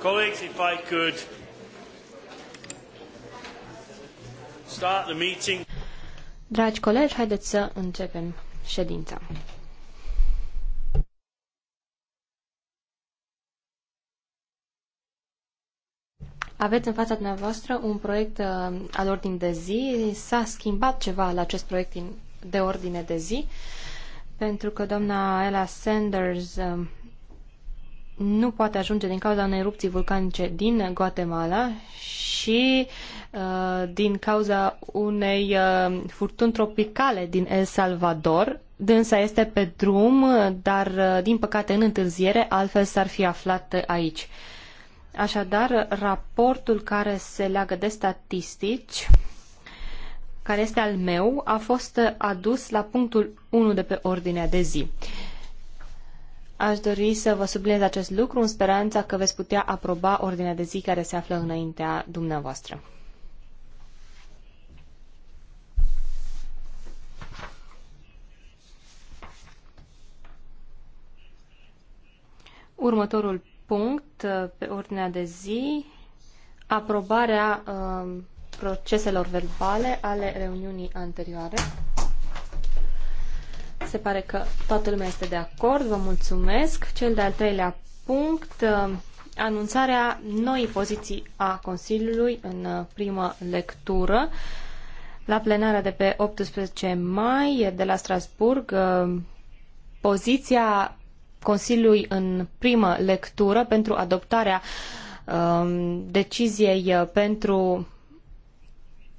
Colleagues, if I could start the meeting. Dragi colegi, haideți să începem ședința. Aveți în fața dumneavoastră un proiect uh, al ordinii de zi. S-a schimbat ceva la acest proiect de ordine de zi, pentru că doamna Ella Sanders uh, nu poate ajunge din cauza unei erupții vulcanice din Guatemala și uh, din cauza unei uh, furtuni tropicale din El Salvador. Dânsa este pe drum, dar uh, din păcate în întârziere, altfel s-ar fi aflat aici. Așadar, raportul care se leagă de statistici, care este al meu, a fost adus la punctul 1 de pe ordinea de zi. Uh, Aș dori să vă subliniez acest lucru în speranța că veți putea aproba ordinea de zi care se află înaintea dumneavoastră. Următorul punct uh, pe ordinea de zi, aprobarea uh, proceselor verbale ale reuniunii anterioare. Se pare că toată lumea este de acord. Vă mulțumesc. Cel de-al treilea punct, uh, anunțarea noii poziții a Consiliului în uh, primă lectură. La plenarea de pe 18 mai uh, de la Strasburg, poziția Consiliului în primă lectură pentru adoptarea um, deciziei pentru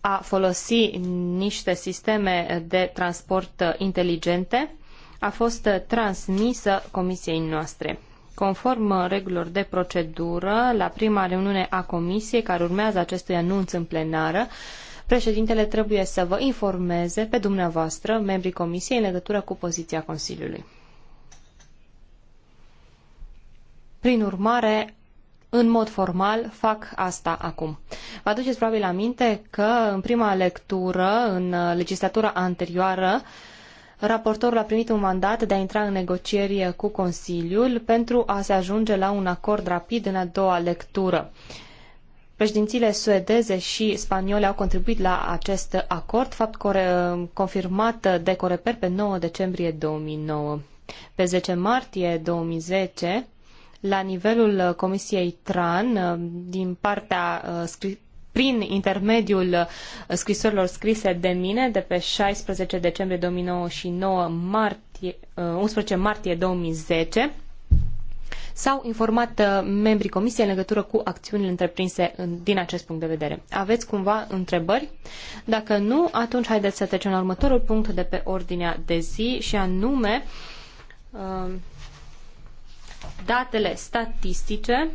a folosi niște sisteme de transport inteligente a fost transmisă comisiei noastre. Conform regulilor de procedură, la prima reuniune a comisiei care urmează acestui anunț în plenară, președintele trebuie să vă informeze pe dumneavoastră, membrii comisiei, în legătură cu poziția Consiliului. Prin urmare, în mod formal fac asta acum. Vă aduceți probabil aminte că în prima lectură, în legislatura anterioară, raportorul a primit un mandat de a intra în negocieri cu Consiliul pentru a se ajunge la un acord rapid în a doua lectură. Președințiile suedeze și spaniole au contribuit la acest acord, fapt confirmat de Coreper pe 9 decembrie 2009. Pe 10 martie 2010, la nivelul uh, Comisiei TRAN uh, din partea uh, prin intermediul scrisorilor scrise de mine de pe 16 decembrie 2009 și 9 martie, 11 martie 2010 s-au informat membrii comisiei în legătură cu acțiunile întreprinse din acest punct de vedere. Aveți cumva întrebări? Dacă nu, atunci haideți să trecem la următorul punct de pe ordinea de zi și anume datele statistice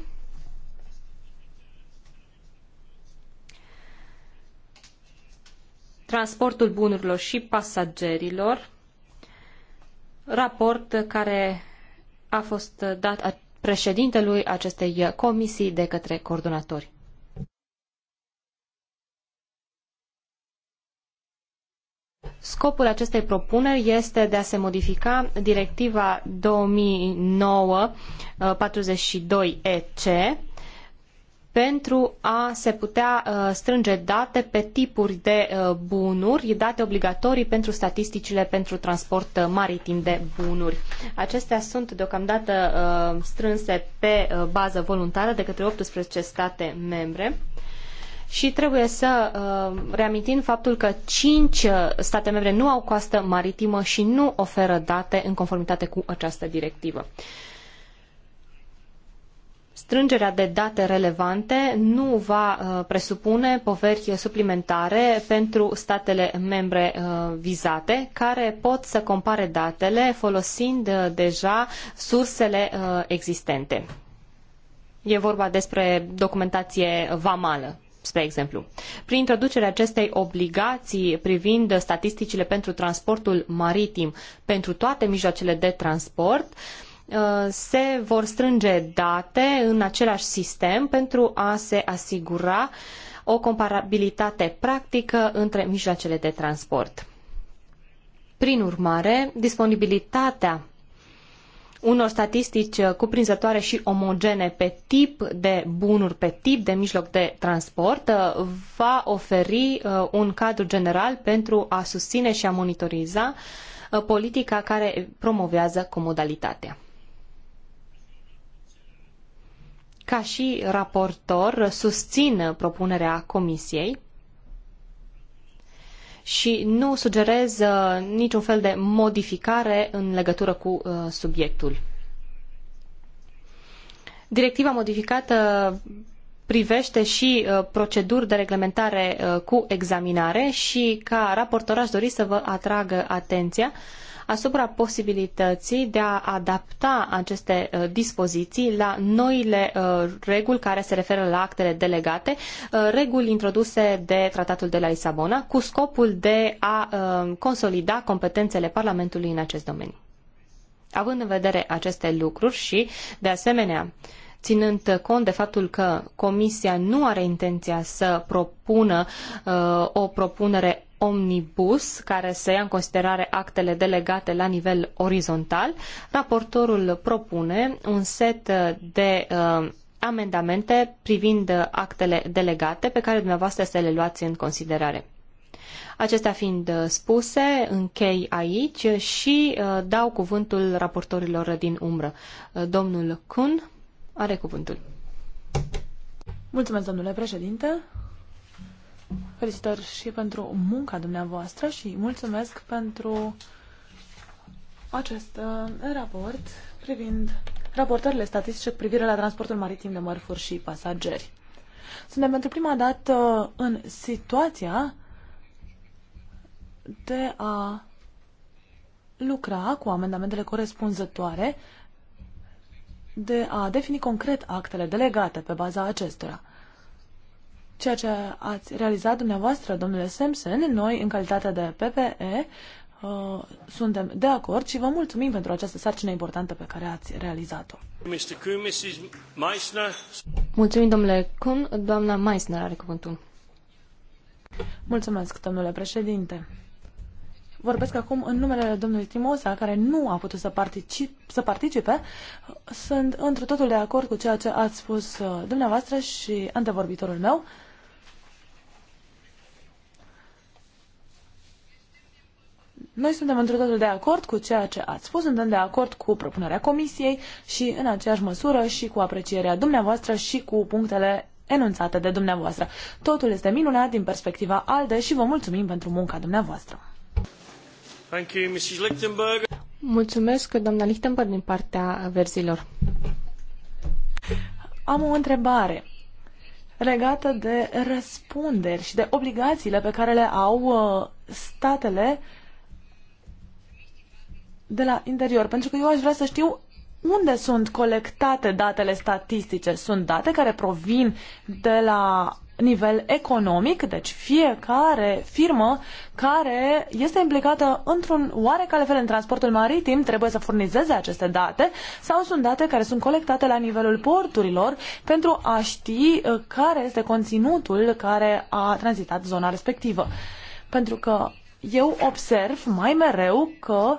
transportul bunurilor și pasagerilor, raport care a fost dat președintelui acestei comisii de către coordonatori. Scopul acestei propuneri este de a se modifica directiva 2009-42-EC uh, pentru a se putea uh, strânge date pe tipuri de uh, bunuri, date obligatorii pentru statisticile pentru transport maritim de bunuri. Acestea sunt deocamdată strânse pe bază voluntară de către 18 state membre și trebuie să uh, reamintim faptul că cinci uh, state membre nu au coastă maritimă și nu oferă date în conformitate cu această directivă. Strângerea de date relevante nu va uh, presupune poveri suplimentare pentru statele membre uh, vizate, care pot să compare datele folosind uh, deja sursele uh, existente. E vorba despre documentație vamală spre exemplu. Prin introducerea acestei obligații privind statisticile pentru transportul maritim pentru toate mijloacele de transport, uh, se vor strânge date în același sistem pentru a se asigura o comparabilitate practică între mijloacele de transport. Prin urmare, disponibilitatea unor statistici uh, cuprinzătoare și omogene pe tip de bunuri, pe tip de mijloc de transport, uh, va oferi uh, un cadru general pentru a susține și a monitoriza politica care promovează comodalitatea. Ca și raportor, susțin propunerea Comisiei și nu sugerez uh, niciun fel de modificare în legătură cu uh, subiectul. Directiva modificată privește și uh, proceduri de reglementare cu examinare și ca raportor aș dori să vă atrag atenția uh, asupra posibilității de a adapta aceste uh, dispoziții la noile uh, reguli care se referă la actele delegate, uh, reguli introduse de Tratatul de la Lisabona, cu scopul de a consolida competențele Parlamentului în acest domeniu. Având în vedere aceste lucruri și, de asemenea, ținând cont de faptul că Comisia nu are intenția să propună uh, o propunere omnibus care să ia în considerare actele delegate la nivel orizontal, raportorul propune un set de uh, amendamente privind actele delegate pe care dumneavoastră să le luați în considerare. Acestea fiind uh, spuse, închei aici și uh, dau cuvântul raportorilor din umbră. Uh, domnul Kun are cuvântul. Mulțumesc, domnule președinte. Felicitări și pentru munca dumneavoastră și mulțumesc pentru acest uh, raport privind raportările statistice cu privire la transportul maritim de mărfuri și pasageri. Suntem pentru prima dată uh, în situația de a lucra cu amendamentele corespunzătoare de a defini concret actele delegate pe baza acestora ceea ce ați realizat dumneavoastră, domnule Simpson, noi, în calitatea de PPE, uh, suntem de acord și vă mulțumim pentru această sarcină importantă pe care ați realizat-o. Mulțumim, domnule Kuhn. Doamna Meissner are cuvântul. Mulțumesc, domnule președinte. Vorbesc acum în numele domnului Timosa, care nu a putut să, particip, să participe. Sunt într totul de acord cu ceea ce ați spus uh, dumneavoastră și antevorbitorul meu. Noi suntem într totul de acord cu ceea ce ați spus, suntem de acord cu propunerea comisiei și în aceeași măsură și cu aprecierea dumneavoastră și cu punctele enunțate de dumneavoastră. Totul este minunat din perspectiva ALDE și vă mulțumim pentru munca dumneavoastră. Thank you, Mrs. Lichtenberg. Mulțumesc, doamna Lichtenberg, din partea verzilor. Am o întrebare legată de răspunderi și de obligațiile pe care le au uh, statele uh, de la interior, pentru că eu aș vrea să știu unde sunt colectate datele statistice. Sunt date care provin de la nivel economic, deci fiecare firmă care este implicată într-un oarecare fel în transportul maritim trebuie să furnizeze aceste date sau sunt date care sunt colectate la nivelul porturilor pentru a ști uh, care este conținutul care a tranzitat zona respectivă. Pentru că eu observ mai mereu că uh,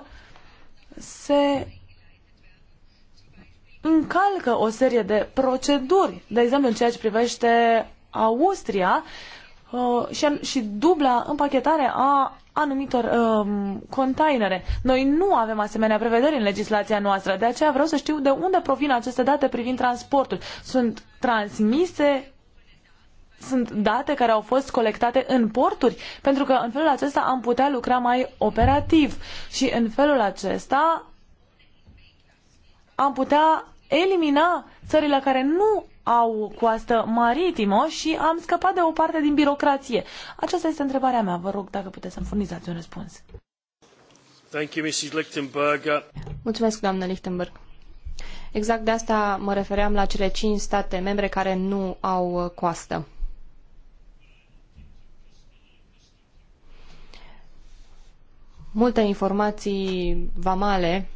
se încalcă o serie de proceduri, de exemplu în ceea ce privește Austria uh, și, și dubla împachetare a anumitor um, containere. Noi nu avem asemenea prevederi în legislația noastră, de aceea vreau să știu de unde provin aceste date privind transportul. Sunt transmise sunt date care au fost colectate în porturi, pentru că în felul acesta am putea lucra mai operativ și în felul acesta am putea elimina țările care nu au coastă maritimă și am scăpat de o parte din birocrație. Aceasta este întrebarea mea. Vă rog dacă puteți să-mi furnizați un răspuns. Thank you, Mrs. Mulțumesc, doamnă Lichtenberg. Exact de asta mă refeream la cele cinci state membre care nu au coastă. Multe informații vamale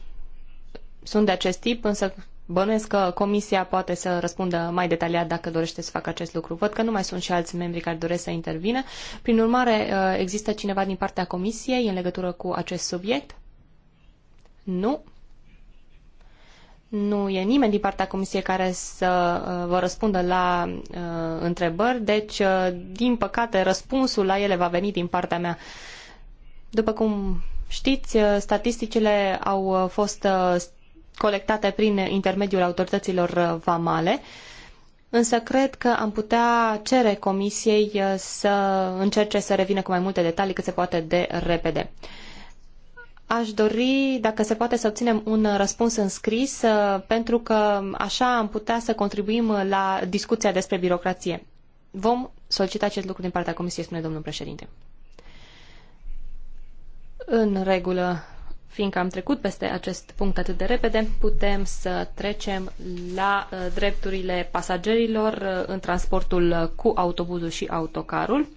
sunt de acest tip, însă bănuiesc că comisia poate să răspundă mai detaliat dacă dorește să facă acest lucru. Văd că nu mai sunt și alți membri care doresc să intervină. Prin urmare, uh, există cineva din partea comisiei în legătură cu acest subiect? Nu. Nu e nimeni din partea comisiei care să uh, vă răspundă la uh, întrebări, deci, uh, din păcate, răspunsul la ele va veni din partea mea. Uh, după cum știți, statisticile au uh, fost uh, colectate prin intermediul autorităților uh, vamale, însă cred că am putea cere comisiei să încerce să revină cu mai multe detalii cât se poate de repede. Aș dori, dacă se poate, să obținem un răspuns în scris, pentru că așa am putea să contribuim la discuția despre birocrație. Vom solicita acest lucru din partea Comisiei, spune domnul președinte. În regulă, fiindcă am trecut peste acest punct atât de repede, putem să trecem la uh, drepturile pasagerilor uh, în transportul uh, cu autobuzul și autocarul.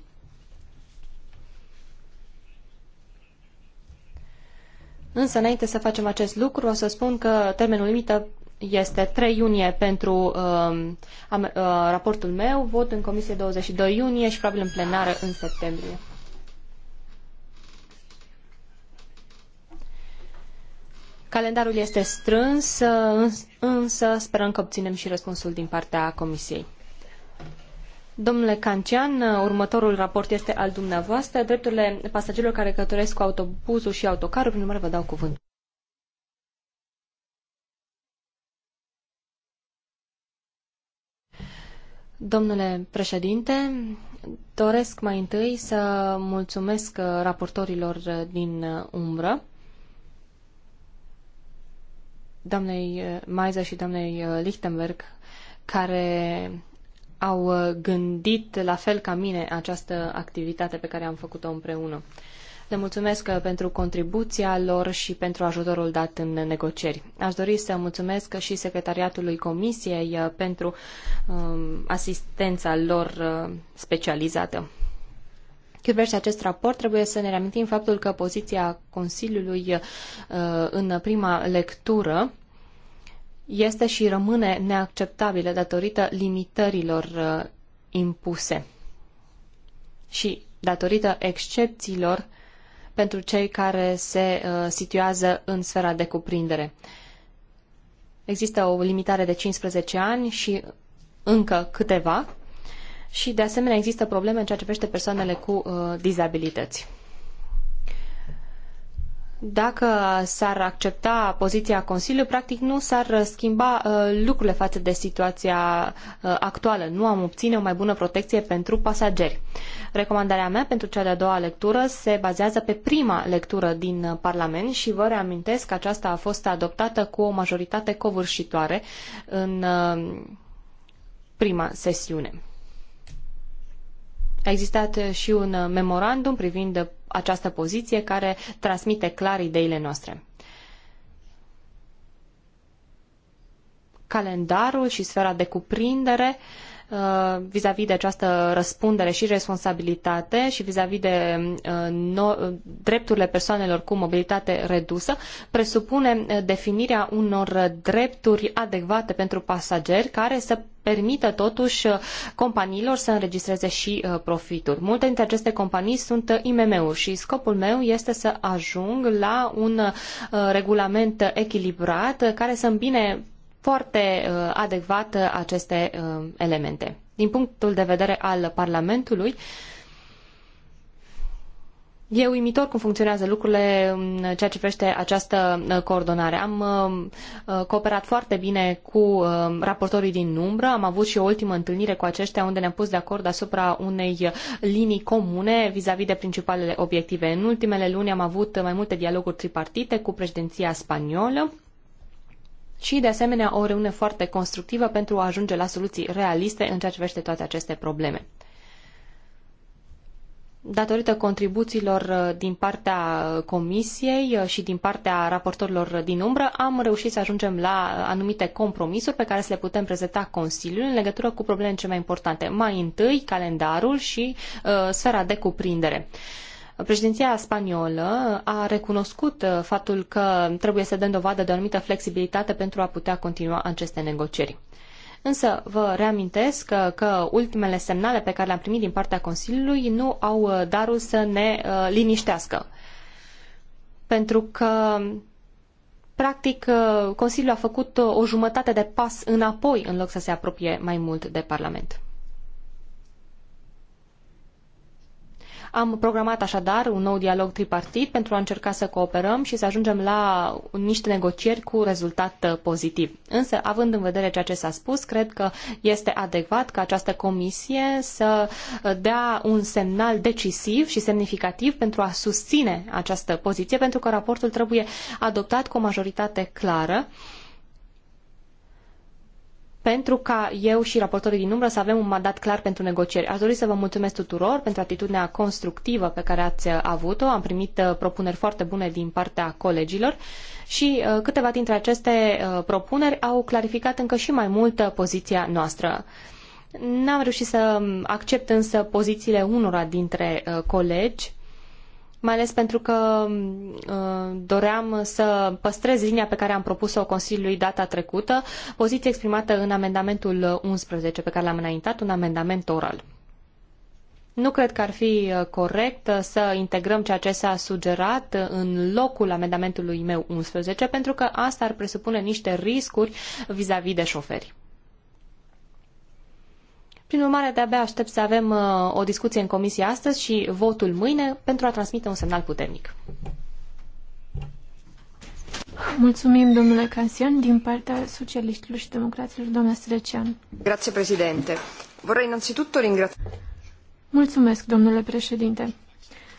Însă, înainte să facem acest lucru, o să spun că termenul limită este 3 iunie pentru uh, am, uh, raportul meu, vot în comisie 22 iunie și probabil în plenară în septembrie. Calendarul este strâns, însă sperăm că obținem și răspunsul din partea Comisiei. Domnule Cancian, următorul raport este al dumneavoastră, drepturile pasagerilor care călătoresc cu autobuzul și autocarul, prin urmare vă dau cuvântul. Domnule președinte, doresc mai întâi să mulțumesc raportorilor din umbră doamnei eh, Maiza și doamnei eh, Lichtenberg, care au eh, gândit la fel ca mine această activitate pe care am făcut-o împreună. Le mulțumesc pentru contribuția lor și pentru ajutorul dat în negocieri. Aș dori să mulțumesc și secretariatului Comisiei pentru um, asistența lor specializată privește acest raport, trebuie să ne reamintim faptul că poziția Consiliului uh, în prima lectură este și rămâne neacceptabilă datorită limitărilor uh, impuse și datorită excepțiilor pentru cei care se uh, situează în sfera de cuprindere. Există o limitare de 15 ani și încă câteva și, de asemenea, există probleme în ceea ce privește persoanele cu uh, dizabilități. Dacă s-ar accepta poziția Consiliului, practic nu s-ar schimba uh, lucrurile față de situația uh, actuală. Nu am obține o mai bună protecție pentru pasageri. Recomandarea mea pentru cea de-a doua lectură se bazează pe prima lectură din uh, Parlament și vă reamintesc că aceasta a fost adoptată cu o majoritate covârșitoare în uh, prima sesiune. A existat și un memorandum privind această poziție care transmite clar ideile noastre. Calendarul și sfera de cuprindere uh, Uh, vis-a-vis de această răspundere și responsabilitate și vis-a-vis de uh, uh, drepturile persoanelor cu mobilitate redusă presupune definirea unor drepturi adecvate pentru pasageri care să permită totuși companiilor să înregistreze și profituri. Multe dintre aceste companii sunt IMM-uri și scopul meu este să ajung la un regulament echilibrat care să îmbine foarte uh, adecvat uh, aceste uh, elemente. Din punctul de vedere al Parlamentului, E uimitor cum funcționează lucrurile în ceea ce privește această coordonare. Am cooperat foarte bine cu raportorii din umbră, am avut și o ultimă întâlnire cu aceștia unde ne-am pus de acord asupra unei linii comune vis a -vis de principalele obiective. În ultimele luni am avut mai multe dialoguri tripartite cu președinția spaniolă și, de asemenea, o reuniune foarte constructivă pentru a ajunge la soluții realiste în ceea ce vește toate aceste probleme. Datorită contribuțiilor uh, din partea uh, comisiei uh, și din partea raportorilor din umbră, am reușit să ajungem la anumite compromisuri pe care să le putem prezenta Consiliului în legătură cu problemele cele mai importante. Mai întâi, calendarul și uh, sfera de cuprindere. Uh, Președinția spaniolă a recunoscut uh, faptul că trebuie să dăm dovadă de o anumită flexibilitate pentru a putea continua aceste negocieri. Însă vă reamintesc că, uh, că ultimele semnale pe care le-am primit din partea Consiliului nu au uh, darul să ne uh, liniștească. Pentru că practic, Consiliul a făcut o jumătate de pas înapoi în loc să se apropie mai mult de Parlament. Am programat așadar un nou dialog tripartit pentru a încerca să cooperăm și să ajungem la niște negocieri cu rezultat pozitiv. Însă, având în vedere ceea ce s-a spus, cred că este adecvat ca această comisie să dea un semnal decisiv și semnificativ pentru a susține această poziție, pentru că raportul trebuie adoptat cu o majoritate clară pentru ca eu și raportorii din umbră să avem un mandat clar pentru negocieri. Aș dori să vă mulțumesc tuturor pentru atitudinea constructivă pe care ați uh, avut-o. Am primit uh, propuneri foarte bune din partea colegilor și uh, câteva dintre aceste propuneri au clarificat încă și mai mult poziția noastră. N-am reușit să accept însă pozițiile unora dintre colegi mai ales pentru că uh, doream să păstrez linia pe care am propus-o Consiliului data trecută, poziție exprimată în amendamentul 11 pe care l-am înaintat, un amendament oral. Nu cred că ar fi uh, corect să integrăm ceea ce s-a sugerat în locul amendamentului meu 11, pentru că asta ar presupune niște riscuri vis-a-vis de șoferi. Prin urmare, de-abia aștept să avem uh, o discuție în comisie astăzi și votul mâine pentru a transmite un semnal puternic. Mulțumim, domnule Cansion, din partea socialiștilor și democraților, doamna Strecean. Grazie, președinte. Vorrei innanzitutto ringrazia... Mulțumesc, domnule președinte.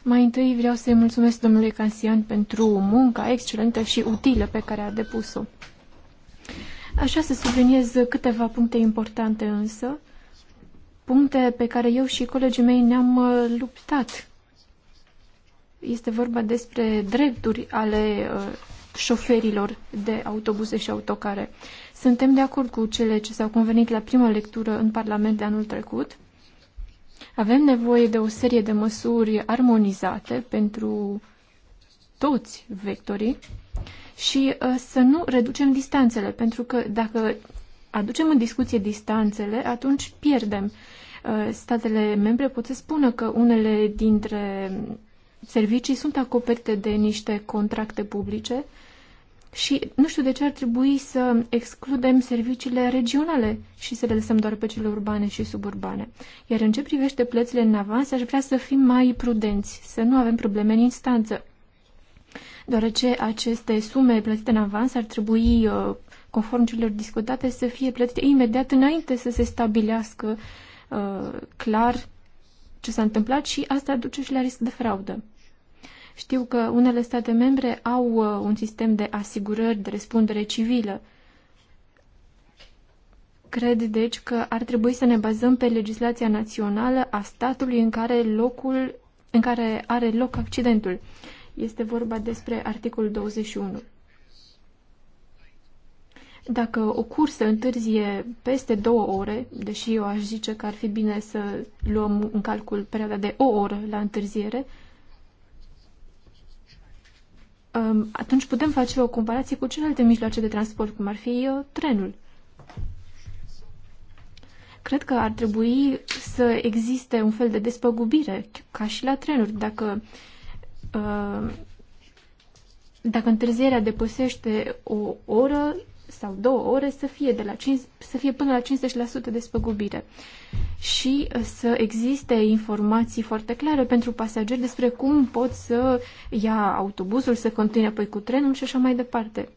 Mai întâi vreau să-i mulțumesc domnului Cansian pentru munca excelentă și utilă pe care a depus-o. Așa să subliniez câteva puncte importante însă, puncte pe care eu și colegii mei ne-am uh, luptat. Este vorba despre drepturi ale uh, șoferilor de autobuze și autocare. Suntem de acord cu cele ce s-au convenit la prima lectură în Parlament de anul trecut. Avem nevoie de o serie de măsuri armonizate pentru toți vectorii și uh, să nu reducem distanțele, pentru că dacă aducem în discuție distanțele, atunci pierdem. Uh, statele membre pot să spună că unele dintre servicii sunt acoperite de niște contracte publice și nu știu de ce ar trebui să excludem serviciile regionale și să le lăsăm doar pe cele urbane și suburbane. Iar în ce privește plățile în avans, aș vrea să fim mai prudenți, să nu avem probleme în instanță, deoarece aceste sume plătite în avans ar trebui, uh, conform celor discutate, să fie plătite imediat înainte să se stabilească Uh, clar ce s-a întâmplat și asta duce și la risc de fraudă. Știu că unele state membre au uh, un sistem de asigurări de răspundere civilă. Cred, deci, că ar trebui să ne bazăm pe legislația națională a statului în care, locul, în care are loc accidentul. Este vorba despre articolul 21. Dacă o cursă întârzie peste două ore, deși eu aș zice că ar fi bine să luăm în calcul perioada de o oră la întârziere, um, atunci putem face o comparație cu celelalte mijloace de transport, cum ar fi uh, trenul. Cred că ar trebui să existe un fel de despăgubire, ca și la trenuri. Dacă, uh, dacă întârzierea depășește o oră, sau două ore să fie, de la 5, să fie până la 50% despăgubire și uh, să existe informații foarte clare pentru pasageri despre cum pot să ia autobuzul, să continue apoi cu trenul și așa mai departe.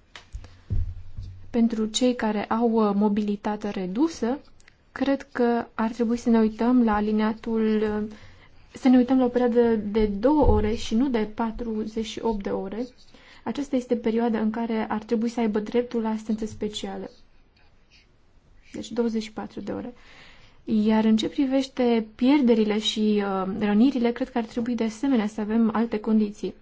Pentru cei care au uh, mobilitate redusă, cred că ar trebui să ne uităm la alineatul uh, să ne uităm la o perioadă de două ore și nu de 48 de ore, aceasta este perioada în care ar trebui să aibă dreptul la asistență specială. Deci 24 de ore. Iar în ce privește pierderile și uh, rănirile, cred că ar trebui de asemenea să avem alte condiții.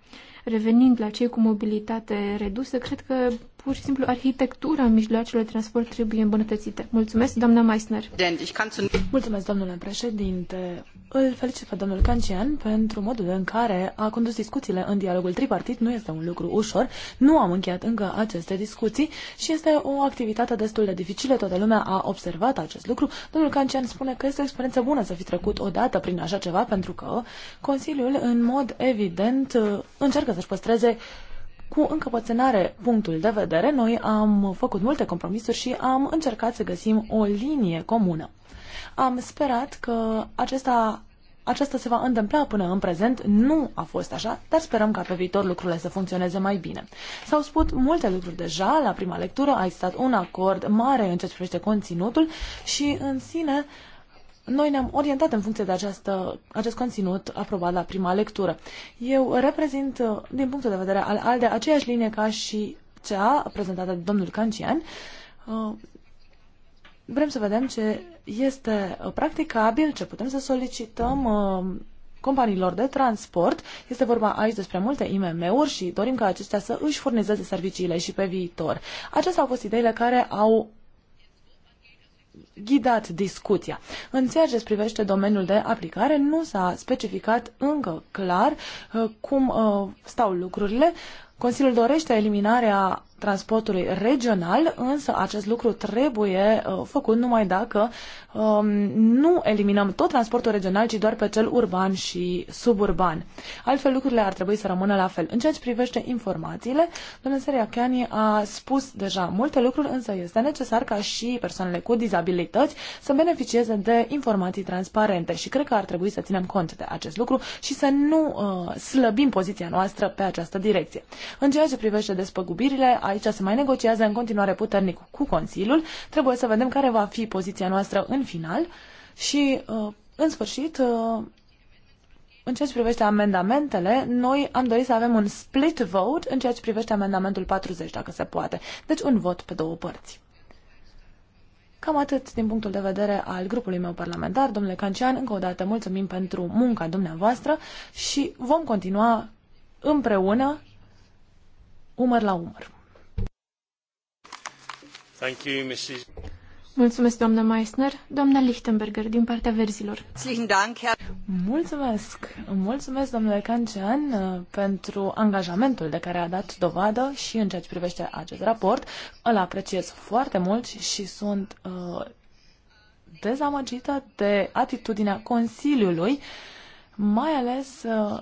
Revenind la cei cu mobilitate redusă, cred că pur și simplu arhitectura mijloacelor de transport trebuie îmbunătățită. Mulțumesc, doamna Meissner. Deci Mulțumesc, domnule președinte. Îl felicit pe domnul Cancian pentru modul în care a condus discuțiile în dialogul tripartit. Nu este un lucru ușor. Nu am încheiat încă aceste discuții și este o activitate destul de dificilă. Toată lumea a observat acest lucru. Domnul Cancian spune că este o experiență bună să fi trecut odată prin așa ceva pentru că Consiliul, în mod evident, încearcă să-și păstreze cu încăpățânare punctul de vedere. Noi am făcut multe compromisuri și am încercat să găsim o linie comună. Am sperat că acesta aceasta se va întâmpla până în prezent, nu a fost așa, dar sperăm ca pe viitor lucrurile să funcționeze mai bine. S-au spus multe lucruri deja, la prima lectură a existat un acord mare în ce privește conținutul și în sine uh, noi ne-am orientat în funcție de această, acest conținut aprobat la prima lectură. Eu reprezint, uh, din punctul de vedere al ALDE, aceeași linie ca și cea prezentată de domnul Cancian. Uh, vrem să vedem ce este uh, practicabil, ce putem să solicităm companiilor de transport. Este vorba aici despre multe IMM-uri și dorim ca acestea să își furnizeze serviciile și pe viitor. Acestea au fost ideile care au ghidat discuția. În ceea ce privește domeniul de aplicare, nu s-a specificat încă clar uh, cum uh, stau lucrurile. Consiliul dorește eliminarea transportului regional, însă acest lucru trebuie uh, făcut numai dacă um, nu eliminăm tot transportul regional, ci doar pe cel urban și suburban. Altfel, lucrurile ar trebui să rămână la fel. În ceea ce privește informațiile, domnul Seria Chiani a spus deja multe lucruri, însă este necesar ca și persoanele cu dizabilități să beneficieze de informații transparente și cred că ar trebui să ținem cont de acest lucru și să nu uh, slăbim poziția noastră pe această direcție. În ceea ce privește despăgubirile, aici se mai negociază în continuare puternic cu Consiliul. Trebuie să vedem care va fi poziția noastră în final și, uh, în sfârșit, uh, în ceea ce privește amendamentele, noi am dorit să avem un split vote în ceea ce privește amendamentul 40, dacă se poate. Deci un vot pe două părți. Cam atât din punctul de vedere al grupului meu parlamentar. Domnule Cancian, încă o dată mulțumim pentru munca dumneavoastră și vom continua împreună, umăr la umăr. Thank you, Mrs. Mulțumesc, doamnă Meissner. Doamna Lichtenberger, din partea verzilor. Mulțumesc! Mulțumesc, domnule Cancean, pentru angajamentul de care a dat dovadă și în ceea ce privește acest raport. Îl apreciez foarte mult și sunt uh, dezamăgită de atitudinea Consiliului, mai ales uh,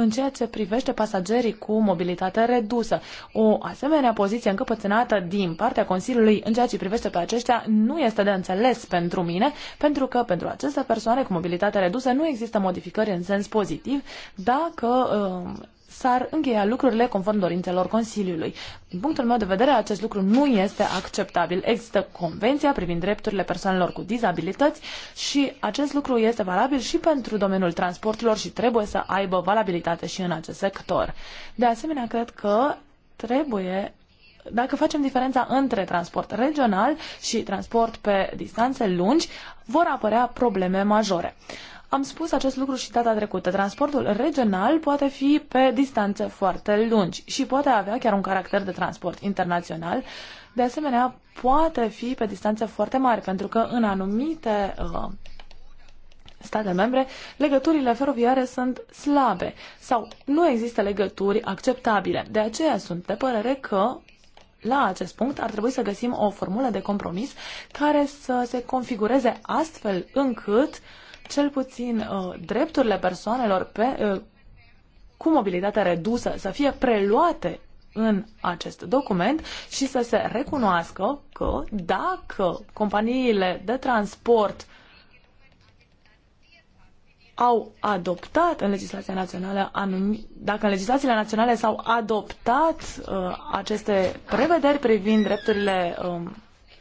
în ceea ce privește pasagerii cu mobilitate redusă. O asemenea poziție încăpățânată din partea Consiliului în ceea ce privește pe aceștia nu este de înțeles pentru mine, pentru că pentru aceste persoane cu mobilitate redusă nu există modificări în sens pozitiv dacă uh, s-ar încheia lucrurile conform dorințelor Consiliului. Din punctul meu de vedere, acest lucru nu este acceptabil. Există Convenția privind drepturile persoanelor cu dizabilități și acest lucru este valabil și pentru domeniul transporturilor și trebuie să aibă valabilitate și în acest sector. De asemenea, cred că trebuie dacă facem diferența între transport regional și transport pe distanțe lungi, vor apărea probleme majore. Am spus acest lucru și data trecută. Transportul regional poate fi pe distanțe foarte lungi și poate avea chiar un caracter de transport internațional. De asemenea, poate fi pe distanțe foarte mari, pentru că în anumite uh, state membre, legăturile feroviare sunt slabe sau nu există legături acceptabile. De aceea sunt de părere că la acest punct ar trebui să găsim o formulă de compromis care să se configureze astfel încât uh, cel puțin uh, drepturile persoanelor pe, uh, cu mobilitate redusă să fie preluate în acest document și să se recunoască că dacă companiile de transport au adoptat în legislația națională anumi, dacă în legislațiile naționale s-au adoptat uh, aceste prevederi privind drepturile uh,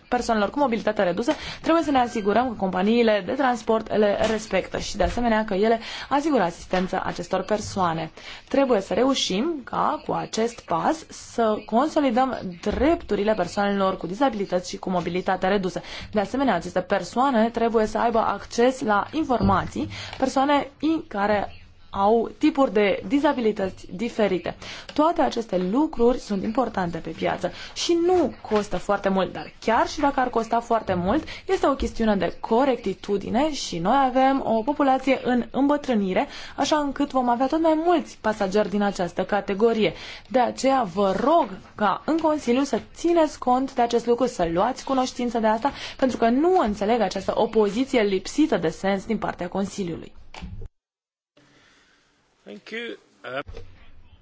persoanelor cu mobilitate redusă, trebuie să ne asigurăm că companiile de transport le respectă și de asemenea că ele asigură asistență acestor persoane. Trebuie să reușim ca cu acest pas să consolidăm drepturile persoanelor cu dizabilități și cu mobilitate redusă. De asemenea, aceste persoane trebuie să aibă acces la informații, persoane care au tipuri de dizabilități diferite. Toate aceste lucruri sunt importante pe piață și nu costă foarte mult, dar chiar și dacă ar costa foarte mult, este o chestiune de corectitudine și noi avem o populație în îmbătrânire, așa încât vom avea tot mai mulți pasageri din această categorie. De aceea vă rog ca în Consiliu să țineți cont de acest lucru, să luați cunoștință de asta, pentru că nu înțeleg această opoziție lipsită de sens din partea Consiliului.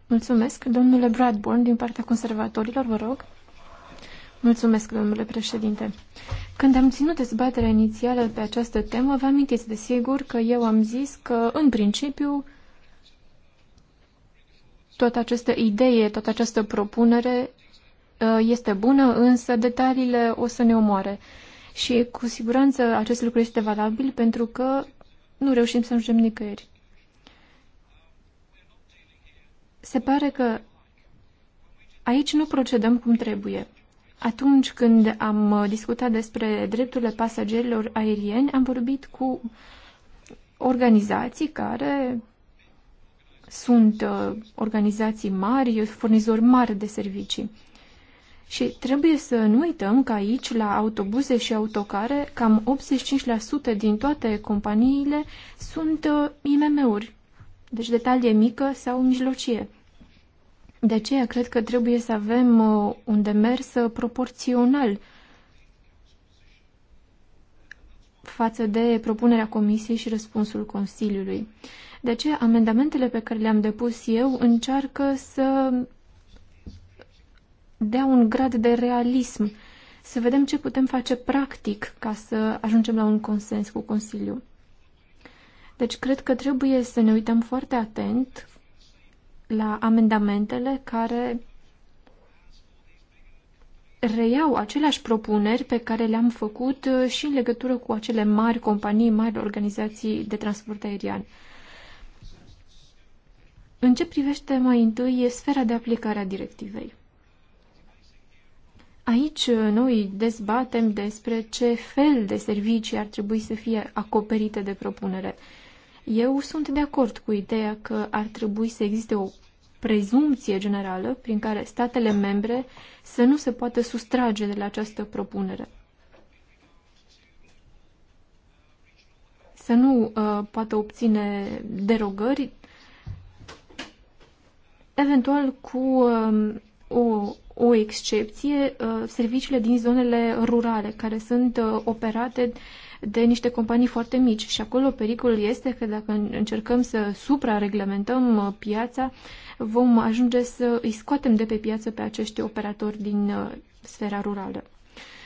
Mulțumesc, domnule Bradburn, din partea conservatorilor, vă rog. Mulțumesc, domnule președinte. Când am ținut dezbaterea inițială pe această temă, vă amintiți de sigur că eu am zis că, în principiu, toată această idee, toată această propunere uh, este bună, însă detaliile o să ne omoare. Și cu siguranță acest lucru este valabil pentru că nu reușim să ajungem nicăieri se pare că aici nu procedăm cum trebuie. Atunci când am discutat despre drepturile pasagerilor aerieni, am vorbit cu organizații care sunt uh, organizații mari, furnizori mari de servicii. Și trebuie să nu uităm că aici, la autobuze și autocare, cam 85% din toate companiile sunt uh, IMM-uri. Deci detalie mică sau mijlocie. De aceea cred că trebuie să avem uh, un demers uh, proporțional față de propunerea Comisiei și răspunsul Consiliului. De aceea, amendamentele pe care le-am depus eu încearcă să dea un grad de realism, să vedem ce putem face practic ca să ajungem la un consens cu Consiliul. Deci cred că trebuie să ne uităm foarte atent la amendamentele care reiau aceleași propuneri pe care le-am făcut uh, și în legătură cu acele mari companii, mari organizații de transport aerian. În ce privește mai întâi e sfera de aplicare a directivei. Aici uh, noi dezbatem despre ce fel de servicii ar trebui să fie acoperite de propunere. Eu sunt de acord cu ideea că ar trebui să existe o prezumție generală prin care statele membre să nu se poată sustrage de la această propunere. Să nu uh, poată obține derogări, eventual cu uh, o, o excepție, uh, serviciile din zonele rurale, care sunt uh, operate uh, de niște companii foarte mici și acolo pericolul este că dacă încercăm să suprareglementăm uh, piața, vom ajunge să îi scoatem de pe piață pe acești operatori din uh, sfera rurală.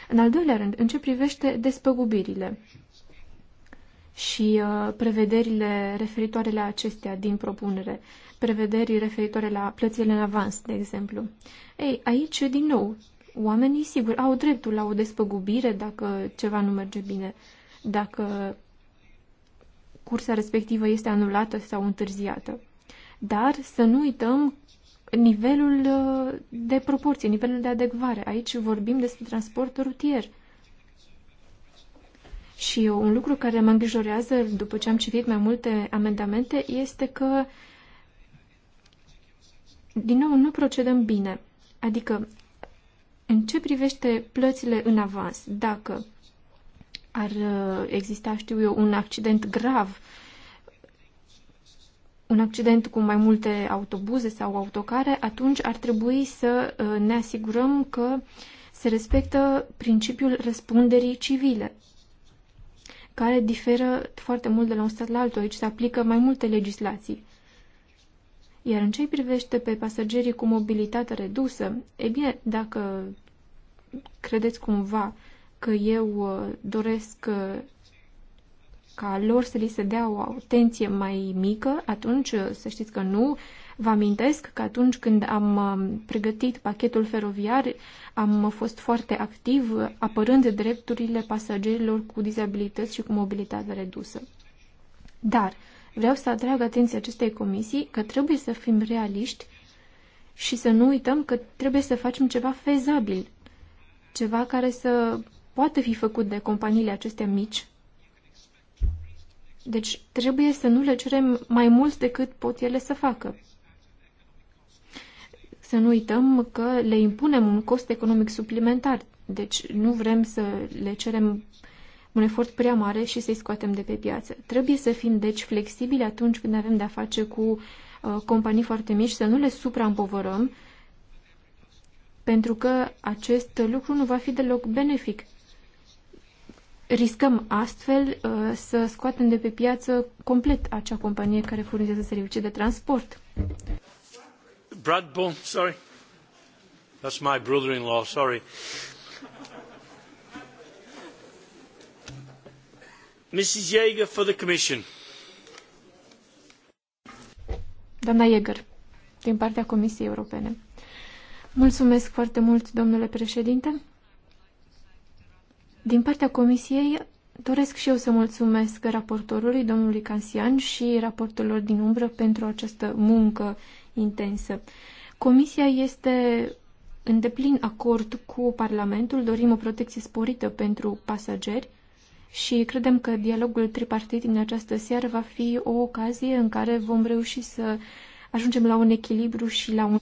În al doilea rând, în ce privește despăgubirile și uh, prevederile referitoare la acestea din propunere, prevederi referitoare la plățile în avans, de exemplu. Ei, aici, din nou, oamenii, sigur, au dreptul la o despăgubire dacă ceva nu merge bine, dacă cursa respectivă este anulată sau întârziată. Dar să nu uităm nivelul uh, de proporție, nivelul de adecvare. Aici vorbim despre transport rutier. Și un lucru care mă îngrijorează după ce am citit mai multe amendamente este că, din nou, nu procedăm bine. Adică, în ce privește plățile în avans, dacă ar uh, exista, știu eu, un accident grav, un accident cu mai multe autobuze sau autocare, atunci ar trebui să uh, ne asigurăm că se respectă principiul răspunderii civile, care diferă foarte mult de la un stat la altul. Aici se aplică mai multe legislații. Iar în ce privește pe pasagerii cu mobilitate redusă, e bine, dacă credeți cumva că eu uh, doresc uh, ca lor să li se dea o atenție mai mică, atunci uh, să știți că nu. Vă amintesc că atunci când am pregătit pachetul feroviar, am fost foarte activ apărând drepturile pasagerilor cu dizabilități și cu mobilitate redusă. Dar vreau să atrag atenția acestei comisii că trebuie să fim realiști și să nu uităm că trebuie să facem ceva fezabil, ceva care să poate fi făcut de companiile acestea mici. Deci trebuie să nu le cerem mai mult decât pot ele să facă. Să nu uităm că le impunem un cost economic suplimentar, deci nu vrem să le cerem un efort prea mare și să-i scoatem de pe piață. Trebuie să fim, deci, flexibili atunci când avem de-a face cu uh, companii foarte mici, să nu le supraîmpovărăm, pentru că acest lucru nu va fi deloc benefic riscăm astfel uh, să scoatem de pe piață complet acea companie care furnizează servicii de transport. Bradbourne, sorry. That's my brother-in-law, sorry. Mrs. Yeager for the Commission. Doamna Yeager, din partea Comisiei Europene. Mulțumesc foarte mult, domnule președinte. Din partea Comisiei, doresc și eu să mulțumesc raportorului, domnului Cansian, și raportorilor din umbră pentru această muncă intensă. Comisia este în deplin acord cu Parlamentul, dorim o protecție sporită pentru pasageri și credem că dialogul tripartit din această seară va fi o ocazie în care vom reuși să ajungem la un echilibru și la un.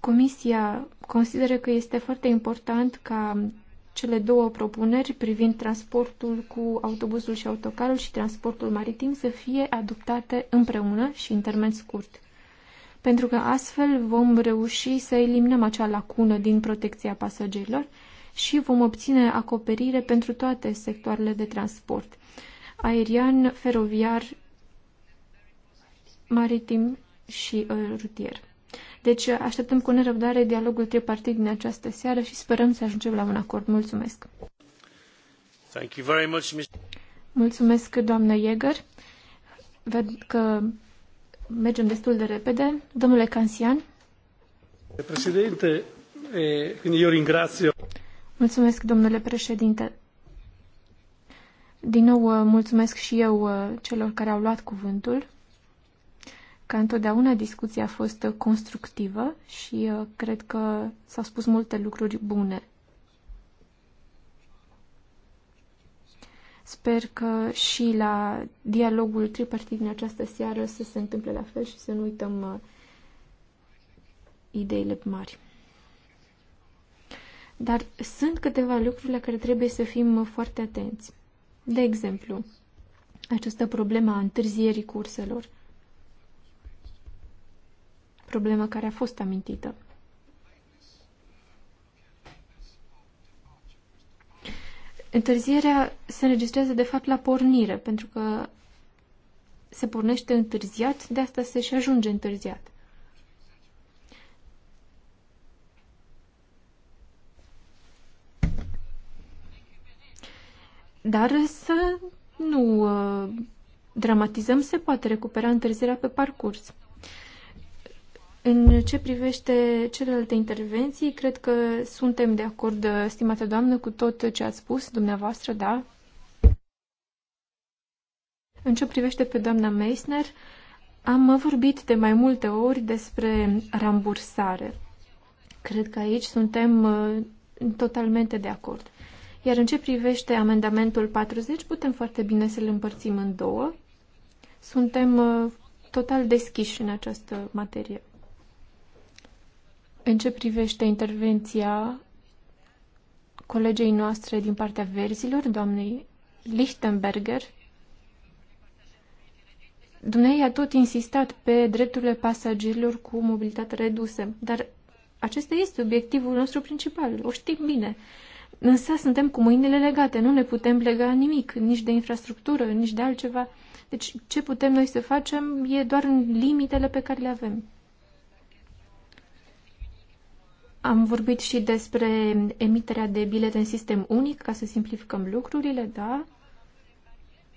Comisia consideră că este foarte important ca cele două propuneri privind transportul cu autobuzul și autocarul și transportul maritim să fie adoptate împreună și în termen scurt. Pentru că astfel vom reuși să eliminăm acea lacună din protecția pasagerilor și vom obține acoperire pentru toate sectoarele de transport, aerian, feroviar, maritim și uh, rutier. Deci așteptăm cu nerăbdare dialogul tripartit din această seară și sperăm să ajungem la un acord. Mulțumesc! Thank you very much, Mr. Mulțumesc, doamnă Jäger. Văd că mergem destul de repede. Domnule Cansian. Președinte, eu ringrazio. Mulțumesc, domnule președinte. Din nou, uh, mulțumesc și eu uh, celor care au luat cuvântul. Ca întotdeauna, discuția a fost constructivă și uh, cred că s-au spus multe lucruri bune. Sper că și la dialogul tripartit din această seară să se întâmple la fel și să nu uităm uh, ideile mari. Dar sunt câteva lucruri la care trebuie să fim foarte atenți. De exemplu, această problemă a întârzierii curselor problemă care a fost amintită. Întârzierea se înregistrează de fapt la pornire, pentru că se pornește întârziat, de asta se și ajunge întârziat. Dar să nu uh, dramatizăm, se poate recupera întârzierea pe parcurs. În ce privește celelalte intervenții, cred că suntem de acord, stimată doamnă, cu tot ce ați spus dumneavoastră, da? În ce privește pe doamna Meissner, am vorbit de mai multe ori despre rambursare. Cred că aici suntem uh, totalmente de acord. Iar în ce privește amendamentul 40, putem foarte bine să-l împărțim în două. Suntem uh, total deschiși în această materie. În ce privește intervenția colegei noastre din partea verzilor, doamnei Lichtenberger, Dumnezeu a tot insistat pe drepturile pasagerilor cu mobilitate redusă, dar acesta este obiectivul nostru principal, o știm bine. Însă suntem cu mâinile legate, nu ne putem lega nimic, nici de infrastructură, nici de altceva. Deci ce putem noi să facem e doar în limitele pe care le avem. Am vorbit și despre emiterea de bilete în sistem unic, ca să simplificăm lucrurile, da?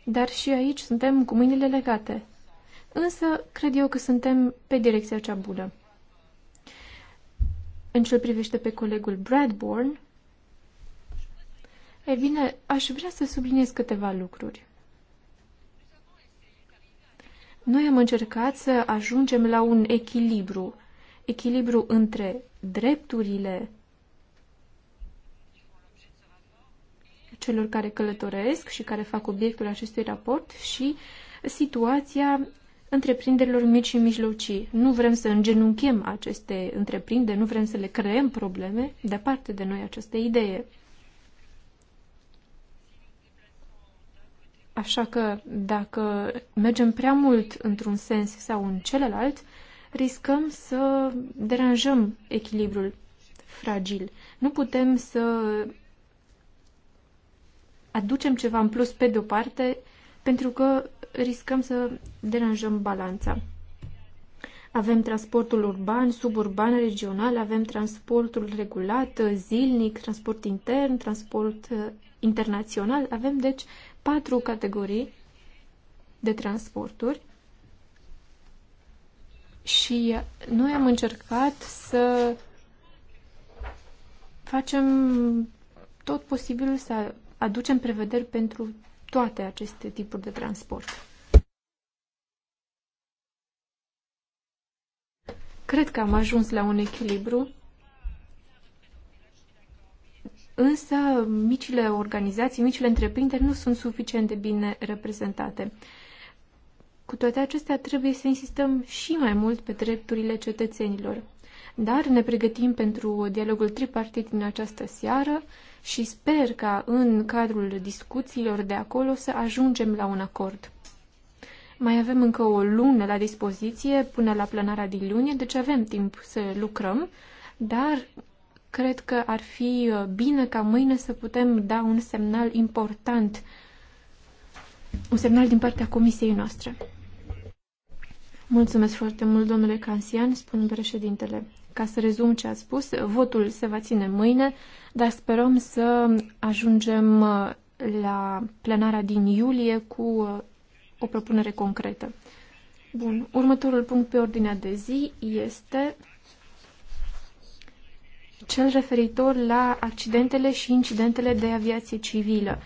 Dar și aici suntem cu mâinile legate. Însă, cred eu că suntem pe direcția cea bună. În ce privește pe colegul Bradborn, e bine, aș vrea să subliniez câteva lucruri. Noi am încercat să ajungem la un echilibru, echilibru între drepturile celor care călătoresc și care fac obiectul acestui raport și situația întreprinderilor mici și mijlocii. Nu vrem să îngenunchem aceste întreprinderi, nu vrem să le creăm probleme, departe de noi această idee. Așa că dacă mergem prea mult într-un sens sau în celălalt, riscăm să deranjăm echilibrul fragil. Nu putem să aducem ceva în plus pe de-o parte, pentru că riscăm să deranjăm balanța. Avem transportul urban, suburban, regional, avem transportul regulat, zilnic, transport intern, transport uh, internațional. Avem, deci, patru categorii de transporturi și noi am încercat să facem tot posibilul să aducem prevederi pentru toate aceste tipuri de transport. Cred că am ajuns la un echilibru, însă micile organizații, micile întreprinderi nu sunt suficient de bine reprezentate. Cu toate acestea, trebuie să insistăm și mai mult pe drepturile cetățenilor. Dar ne pregătim pentru dialogul tripartit din această seară și sper ca în cadrul discuțiilor de acolo să ajungem la un acord. Mai avem încă o lună la dispoziție până la planarea din luni, deci avem timp să lucrăm, dar cred că ar fi bine ca mâine să putem da un semnal important, un semnal din partea comisiei noastre. Mulțumesc foarte mult, domnule Cansian, spun președintele. Ca să rezum ce a spus, votul se va ține mâine, dar sperăm să ajungem uh, la plenara din iulie cu uh, o propunere concretă. Bun, următorul punct pe ordinea de zi este cel referitor la accidentele și incidentele de aviație civilă.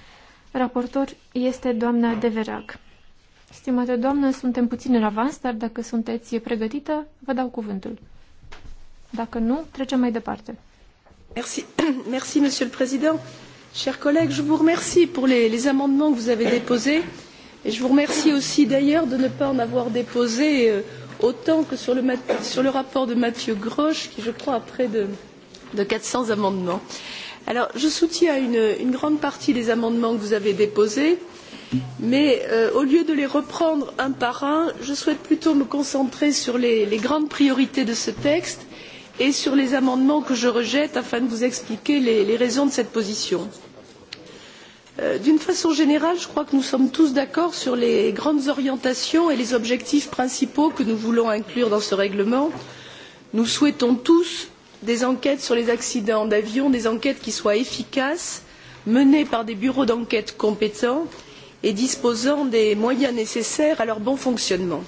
Raportor este doamna Deverac. Stimate doamnă, suntem puțin în avans, dar dacă sunteți pregătită, vă dau cuvântul. Dacă nu, trecem mai departe. Merci, Merci Monsieur le Président. Chers collègues, je vous remercie pour les, les amendements que vous avez déposés et je vous remercie aussi d'ailleurs de ne pas en avoir déposé euh, autant que sur le, sur le rapport de Mathieu Grosch, qui je crois a près de, de 400 amendements. Alors, je soutiens une, une grande partie des amendements que vous avez déposés. Euh, mais euh, au lieu de les reprendre un par un je souhaite plutôt me concentrer sur les, les grandes priorités de ce texte et sur les amendements que je rejette afin de vous expliquer les, les raisons de cette position. Euh, d'une façon générale je crois que nous sommes tous d'accord sur les grandes orientations et les objectifs principaux que nous voulons inclure dans ce règlement. nous souhaitons tous des enquêtes sur les accidents d'avion des enquêtes qui soient efficaces menées par des bureaux d'enquête compétents et et disposant des moyens nécessaires à leur bon fonctionnement.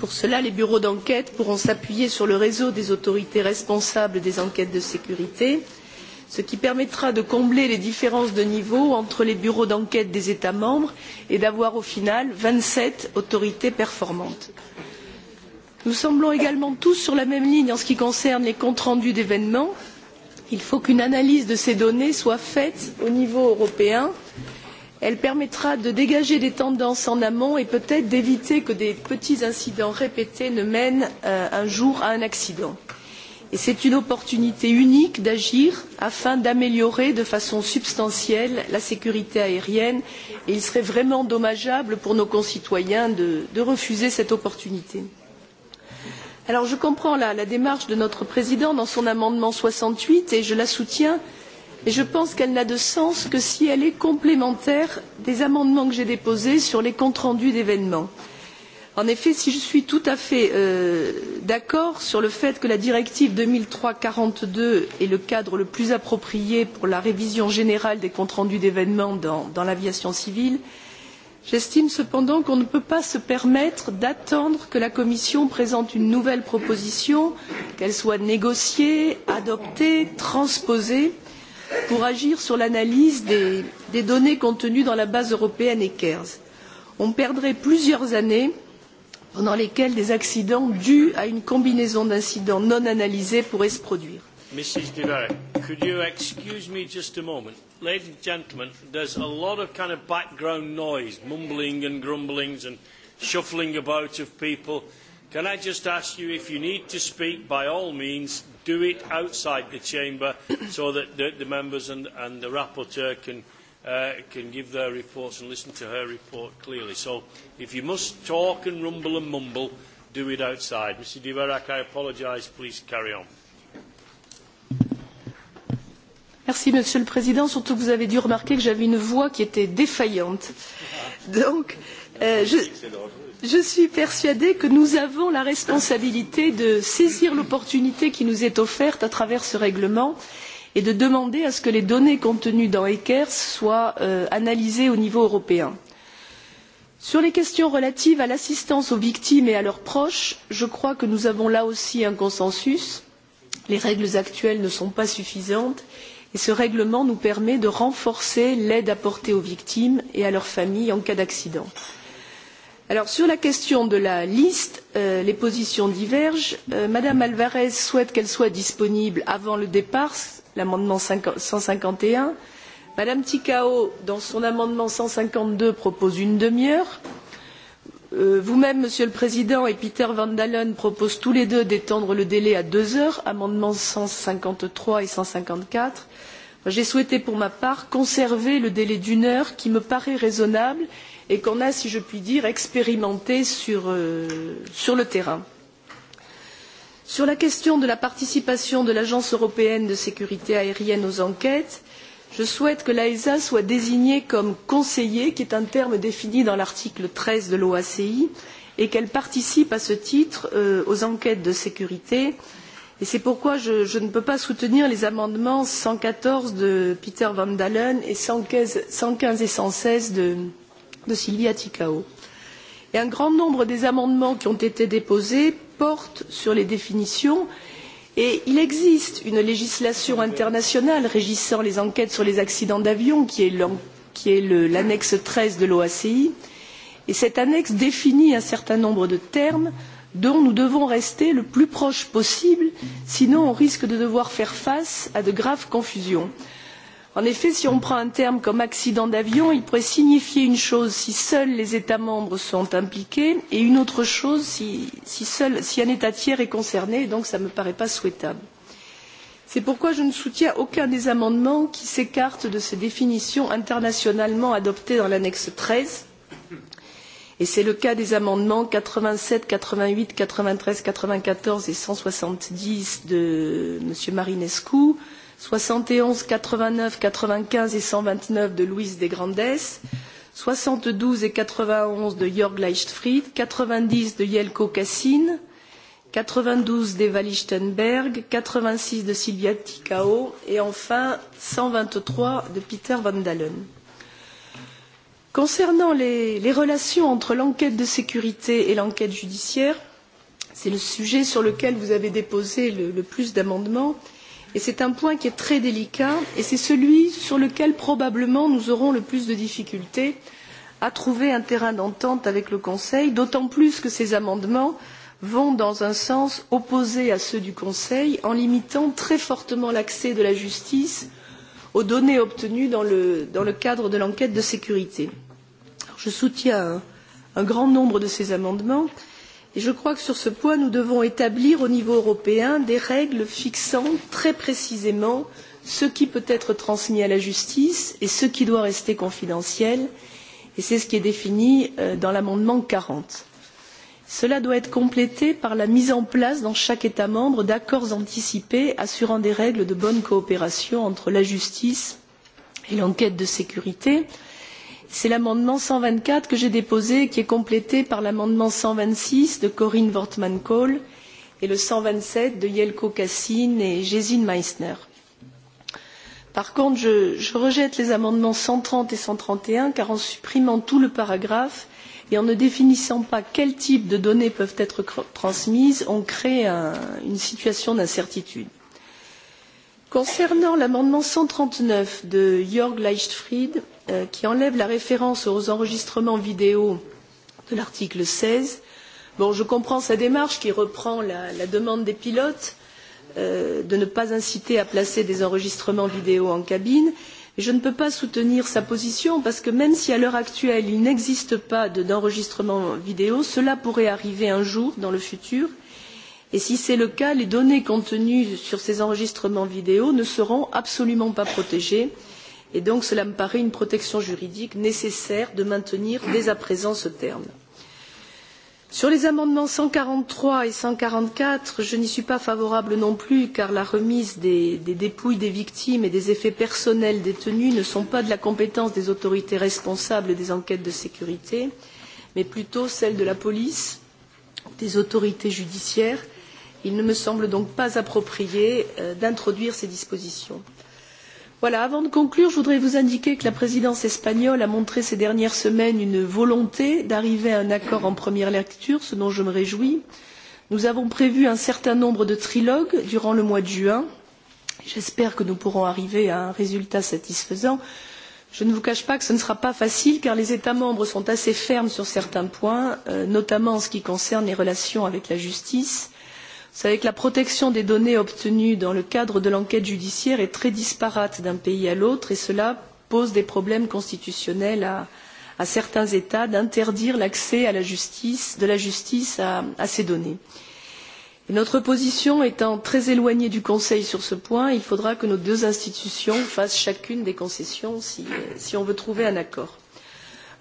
Pour cela, les bureaux d'enquête pourront s'appuyer sur le réseau des autorités responsables des enquêtes de sécurité, ce qui permettra de combler les différences de niveau entre les bureaux d'enquête des États membres et d'avoir au final vingt sept autorités performantes. Nous semblons également tous sur la même ligne en ce qui concerne les comptes rendus d'événements. Il faut qu'une analyse de ces données soit faite au niveau européen elle permettra de dégager des tendances en amont et peut être d'éviter que de petits incidents répétés ne mènent euh, un jour à un accident. c'est une opportunité unique d'agir afin d'améliorer de façon substantielle la sécurité aérienne et il serait vraiment dommageable pour nos concitoyens de, refuser cette opportunité. je comprends la, démarche de notre président dans son amendement soixante huit et je la soutiens mais et je pense qu'elle n'a de sens que si elle est complémentaire des amendements que j'ai déposés sur les comptes rendus d'événements. en effet si je suis tout à fait euh, d'accord sur le fait que la directive deux mille trois quarante deux est le cadre le plus approprié pour la révision générale des comptes rendus d'événements dans, dans l'aviation civile j'estime cependant qu'on ne peut pas se permettre d'attendre que la commission présente une nouvelle proposition qu'elle soit négociée adoptée transposée pour agir sur l'analyse des, des données contenues dans la base européenne ECARES. On perdrait plusieurs années pendant lesquelles des accidents dus à une combinaison d'incidents non analysés pourraient se produire. Mrs. Devere, could you excuse me just a moment? Ladies and gentlemen, there's a lot of kind of background noise, mumbling and grumblings and shuffling about of people. Can I just ask you if you need to speak, by all means, do it outside the chamber so that the, the members and, and the rapporteur can, uh, can give their reports and listen to her report clearly. So if you must talk and rumble and mumble, do it outside. Mr. Diverak, I apologise. Please carry on. Merci, Monsieur le Président. Surtout que vous avez dû remarquer que j'avais une voix qui était défaillante. Donc, euh, je je suis persuadée que nous avons la responsabilité de saisir l'opportunité qui nous est offerte à travers ce règlement et de demander à ce que les données contenues dans ecrs soient euh, analysées au niveau européen. sur les questions relatives à l'assistance aux victimes et à leurs proches je crois que nous avons là aussi un consensus les règles actuelles ne sont pas suffisantes et ce règlement nous permet de renforcer l'aide apportée aux victimes et à leurs familles en cas d'accident. je Alors, sur la question de la liste euh, les positions divergent. Euh, mme alvarez souhaite qu'elle soit disponible avant le départ l'amendement cent cinquante et un mme icu dans son amendement cent cinquante deux propose une demi heure euh, vous même monsieur le président et peter van dalen proposent tous les deux d'étendre le délai à deux heures amendements cent cinquante trois et cent cinquante quatre j'ai souhaité pour ma part conserver le délai d'une heure qui me paraît raisonnable et qu'on a si je puis dire expérimenté sur, euh, le terrain. sur la question de la participation de l'agence européenne de sécurité aérienne aux enquêtes je souhaite que l'aesa soit désignée comme conseiller qui est un terme défini dans l'article treize de l'oaci et qu'elle participe à ce titre euh, aux enquêtes de sécurité et et c'est pourquoi je, je ne peux pas soutenir les amendements cent quatorze de peter van dalen et cent quinze et cent seize de, de silvia icu. un grand nombre des amendements qui ont été déposés portent sur les définitions et il existe une législation internationale régissant les enquêtes sur les accidents d'avion qui est l'annexe xiii de l'oaci et cette annexe définit un certain nombre de termes dont nous devons rester le plus proche possible sinon on risque de devoir faire face à de graves confusions. en effet si on prend un terme comme accident d'avion il pourrait signifier une chose si seuls les états membres sont impliqués et une autre chose si, si, seul, si un état tiers est concerné et donc cela ne me paraît pas souhaitable. c'est pourquoi je ne soutiens aucun des amendements qui s'écartent de ces définitions internationalement adoptées dans l'annexe xiii et c'est le cas des amendements quatre vingt sept quatre vingt huit quatre vingt treize quatre vingt quatorze et cent soixante dix de m. marinescu soixante et onze quatre vingt neuf quatre vingt quinze et cent vingt neuf de luis de grandes soixante douze et quatre vingt onze de jörg leichtfried quatre vingt dix de jelko kacin quatre vingt douze d'eva lichtenberg quatre vingt six de silvia ticu et enfin cent vingt trois de peter van dalen concernant les, les relations entre l'enquête de sécurité et l'enquête judiciaire c'est le sujet sur lequel vous avez déposé le, le plus d'amendements et c'est un point qui est très délicat et c'est celui sur lequel probablement nous aurons le plus de difficultés à trouver un terrain d'entente avec le conseil d'autant plus que ces amendements vont dans un sens opposé à ceux du conseil en limitant très fortement l'accès de la justice aux données obtenues dans le, dans le cadre de l'enquête de sécurité je soutiens un, un grand nombre de ces amendements et je crois que sur ce point nous devons établir au niveau européen des règles fixant très précisément ce qui peut être transmis à la justice et ce qui doit rester confidentiel et c'est ce qui est défini euh, dans l'amendement quarante cela doit être complété par la mise en place dans chaque état membre d'accords anticipés assurant des règles de bonne coopération entre la justice et l'enquête de sécurité c'est l'amendement cent vingt quatre que j'ai déposé et qui est complété par l'amendement cent vingt six de corien wortmann kool et le cent vingt sept de jelko kacin et gesine meissner. par contre je, rejette les amendements cent trente et cent trente et un car en supprimant tout le paragraphe et en ne définissant pas quel type de données peuvent être transmises on crée une situation d'incertitude. concernant l'amendement cent trente neuf de jörg leichtfried Euh, qui enlève la référence aux enregistrements vidéo de l'article 16. Bon, je comprends sa démarche qui reprend la, la demande des pilotes euh, de ne pas inciter à placer des enregistrements vidéo en cabine, mais je ne peux pas soutenir sa position parce que même si à l'heure actuelle il n'existe pas d'enregistrement de, vidéo, cela pourrait arriver un jour dans le futur et si c'est le cas les données contenues sur ces enregistrements vidéo ne seront absolument pas protégées et donc cela me paraît une protection juridique nécessaire de maintenir dès à présent ce terme. Sur les amendements 143 et 144, je n'y suis pas favorable non plus car la remise des, des dépouilles des victimes et des effets personnels des tenues ne sont pas de la compétence des autorités responsables des enquêtes de sécurité, mais plutôt celle de la police, des autorités judiciaires. Il ne me semble donc pas approprié euh, d'introduire ces dispositions. Voilà, avant de conclure je voudrais vous indiquer que la présidence espagnole a montré ces dernières semaines une volonté d'arriver à un accord en première lecture ce dont je me réjouis. nous avons prévu un certain nombre de trilogues durant le mois de juin et j'espère que nous pourrons arriver à un résultat satisfaisant. je ne vous cache pas que ce ne sera pas facile car les états membres sont assez fermes sur certains points euh, notamment en ce qui concerne les relations avec la justice savez que la protection des données obtenues dans le cadre de l'enquête judiciaire est très disparate d'un pays à l'autre et cela pose des problèmes constitutionnels à, à certains États d'interdire l'accès à la justice, de la justice à, à ces données. Et notre position étant très éloignée du Conseil sur ce point, il faudra que nos deux institutions fassent chacune des concessions si, si on veut trouver un accord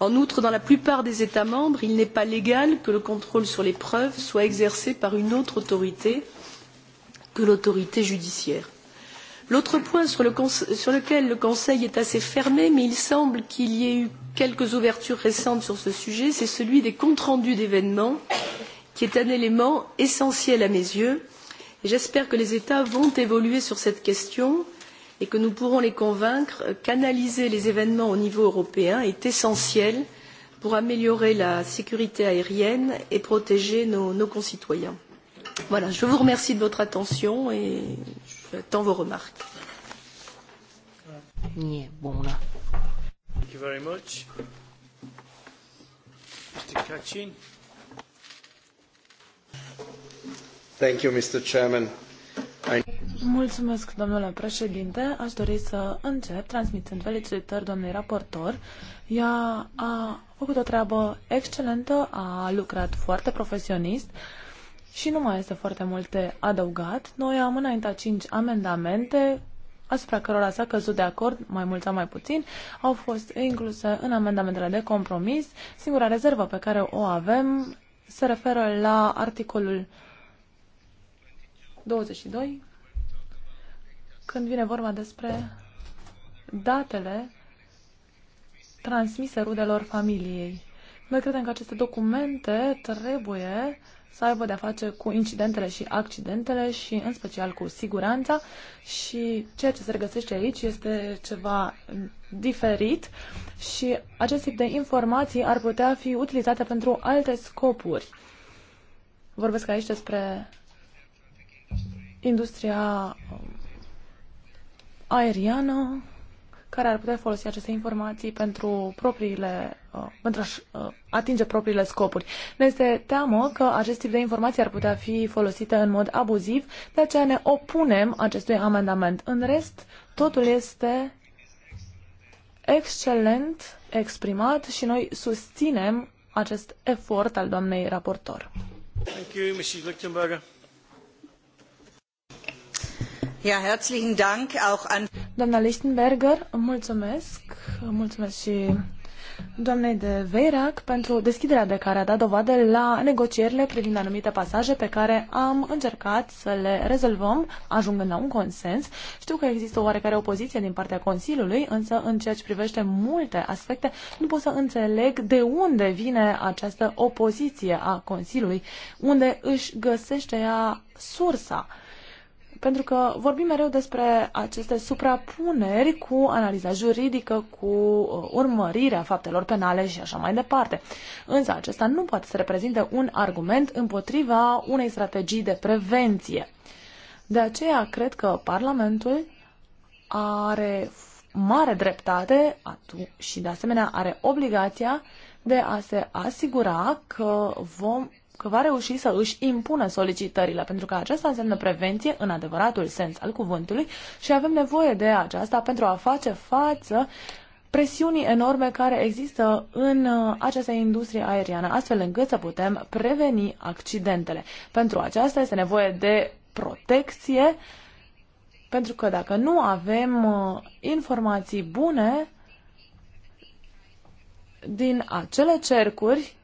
En outre, dans la plupart des États membres, il n'est pas légal que le contrôle sur les preuves soit exercé par une autre autorité que l'autorité judiciaire. L'autre point sur, le sur lequel le Conseil est assez fermé, mais il semble qu'il y ait eu quelques ouvertures récentes sur ce sujet, c'est celui des comptes rendus d'événements, qui est un élément essentiel à mes yeux. et J'espère que les États vont évoluer sur cette question et que nous pourrons les convaincre qu'analyser les événements au niveau européen est essentiel pour améliorer la sécurité aérienne et protéger nos, nos concitoyens. Voilà, je vous remercie de votre attention et j'attends vos remarques. Da. Thank you, Mr. Chairman. Mulțumesc, domnule președinte. Aș dori să încep transmitând felicitări doamnei raportor. Ea a făcut o treabă excelentă, a lucrat foarte profesionist și nu mai este foarte multe adăugat. Noi am înaintat cinci amendamente asupra cărora s-a căzut de acord, mai mult sau mai puțin, au fost incluse în amendamentele de compromis. Singura rezervă pe care o avem se referă la articolul 22, când vine vorba despre datele transmise rudelor familiei. Noi credem că aceste documente trebuie să aibă de-a face cu incidentele și accidentele și în special cu siguranța și ceea ce se regăsește aici este ceva diferit și acest tip de informații ar putea fi utilizate pentru alte scopuri. Vorbesc aici despre industria um, aeriană care ar putea folosi aceste informații pentru propriile, uh, pentru a-și uh, atinge propriile scopuri. Ne este teamă că acest tip de informații ar putea fi folosite în mod abuziv, de aceea ne opunem acestui amendament. În rest, totul este excelent exprimat și noi susținem acest efort al doamnei raportor. Thank you, Mrs. Ja, Doamna Lichtenberger, mulțumesc, mulțumesc și doamnei de Veirac pentru deschiderea de care a dat dovadă la negocierile privind anumite pasaje pe care am încercat să le rezolvăm, ajungând la un consens. Știu că există oarecare opoziție din partea Consiliului, însă în ceea ce privește multe aspecte, nu pot să înțeleg de unde vine această opoziție a Consiliului, unde își găsește ea sursa. Pentru că vorbim mereu despre aceste suprapuneri cu analiza juridică, cu uh, urmărirea faptelor penale și așa mai departe. Însă acesta nu poate să reprezinte un argument împotriva unei strategii de prevenție. De aceea cred că Parlamentul are mare dreptate și de asemenea are obligația de a se asigura că vom că va reuși să își impună solicitările, pentru că aceasta înseamnă prevenție în adevăratul sens al cuvântului și avem nevoie de aceasta pentru a face față presiunii enorme care există în uh, această industrie aeriană, astfel încât să putem preveni accidentele. Pentru aceasta este nevoie de protecție, pentru că dacă nu avem uh, informații bune din acele cercuri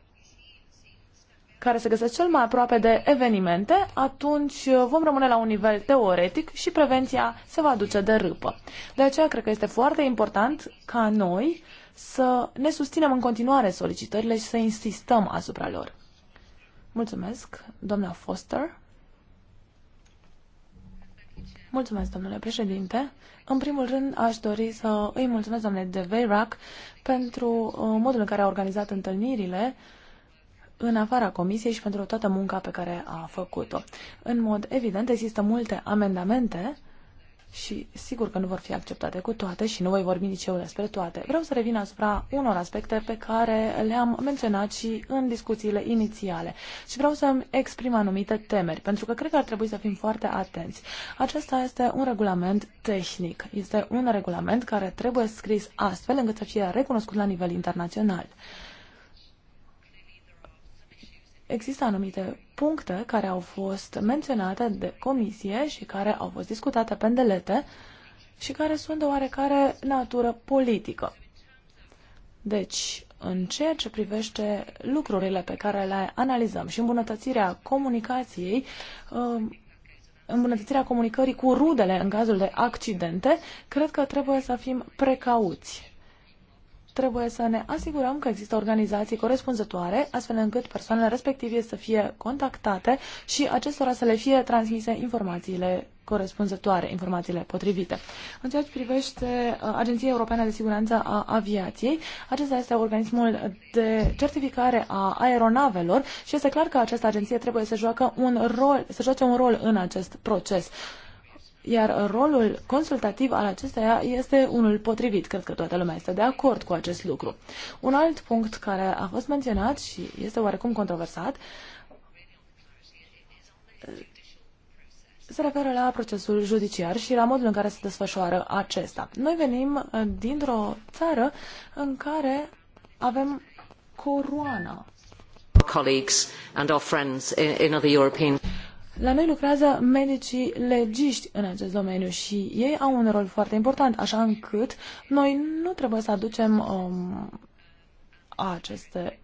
care se găsesc cel mai aproape de evenimente, atunci uh, vom rămâne la un nivel teoretic și prevenția se va duce de râpă. De aceea cred că este foarte important ca noi să ne susținem în continuare solicitările și să insistăm asupra lor. Mulțumesc, doamna Foster. Mulțumesc, domnule președinte. În primul rând, aș dori să îi mulțumesc, doamne de Veirac, pentru uh, modul în care a organizat întâlnirile uh, în afara comisiei și pentru toată munca pe care a făcut-o. În mod evident, există multe amendamente și sigur că nu vor fi acceptate cu toate și nu voi vorbi nici eu despre toate. Vreau să revin asupra unor aspecte pe care le-am menționat și în discuțiile inițiale și vreau să-mi exprim anumite temeri, pentru că cred că ar trebui să fim foarte atenți. Acesta este un regulament tehnic, este un regulament care trebuie scris astfel încât să fie recunoscut la nivel internațional există anumite puncte care au fost menționate de comisie și care au fost discutate pe îndelete și care sunt de oarecare natură politică. Deci, în ceea ce privește lucrurile pe care le analizăm și îmbunătățirea comunicației, um, îmbunătățirea comunicării cu rudele în cazul de accidente, cred că trebuie să fim precauți trebuie să ne asigurăm că există organizații corespunzătoare, astfel încât persoanele respective să fie contactate și acestora să le fie transmise informațiile corespunzătoare, informațiile potrivite. În ceea ce privește uh, Agenția Europeană de Siguranță a Aviației, acesta este organismul de certificare a aeronavelor și este clar că această agenție trebuie să, joacă un rol, să joace un rol în acest proces iar rolul consultativ al acesteia este unul potrivit. Cred că toată lumea este de acord cu acest lucru. Un alt punct care a fost menționat și este oarecum controversat se referă la procesul judiciar și la modul în care se desfășoară acesta. Noi venim uh, dintr-o țară în care avem coroana. Colleagues and our friends in, other European la noi lucrează medicii legiști în acest domeniu și ei au un rol foarte important, așa încât noi nu trebuie să aducem um, aceste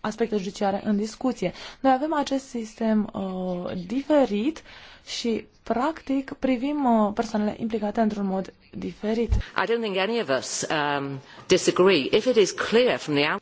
aspecte judiciare în discuție. Noi avem acest sistem uh, diferit și, practic, privim uh, persoanele implicate într-un mod diferit. I don't think any of us um, disagree. If it is clear from the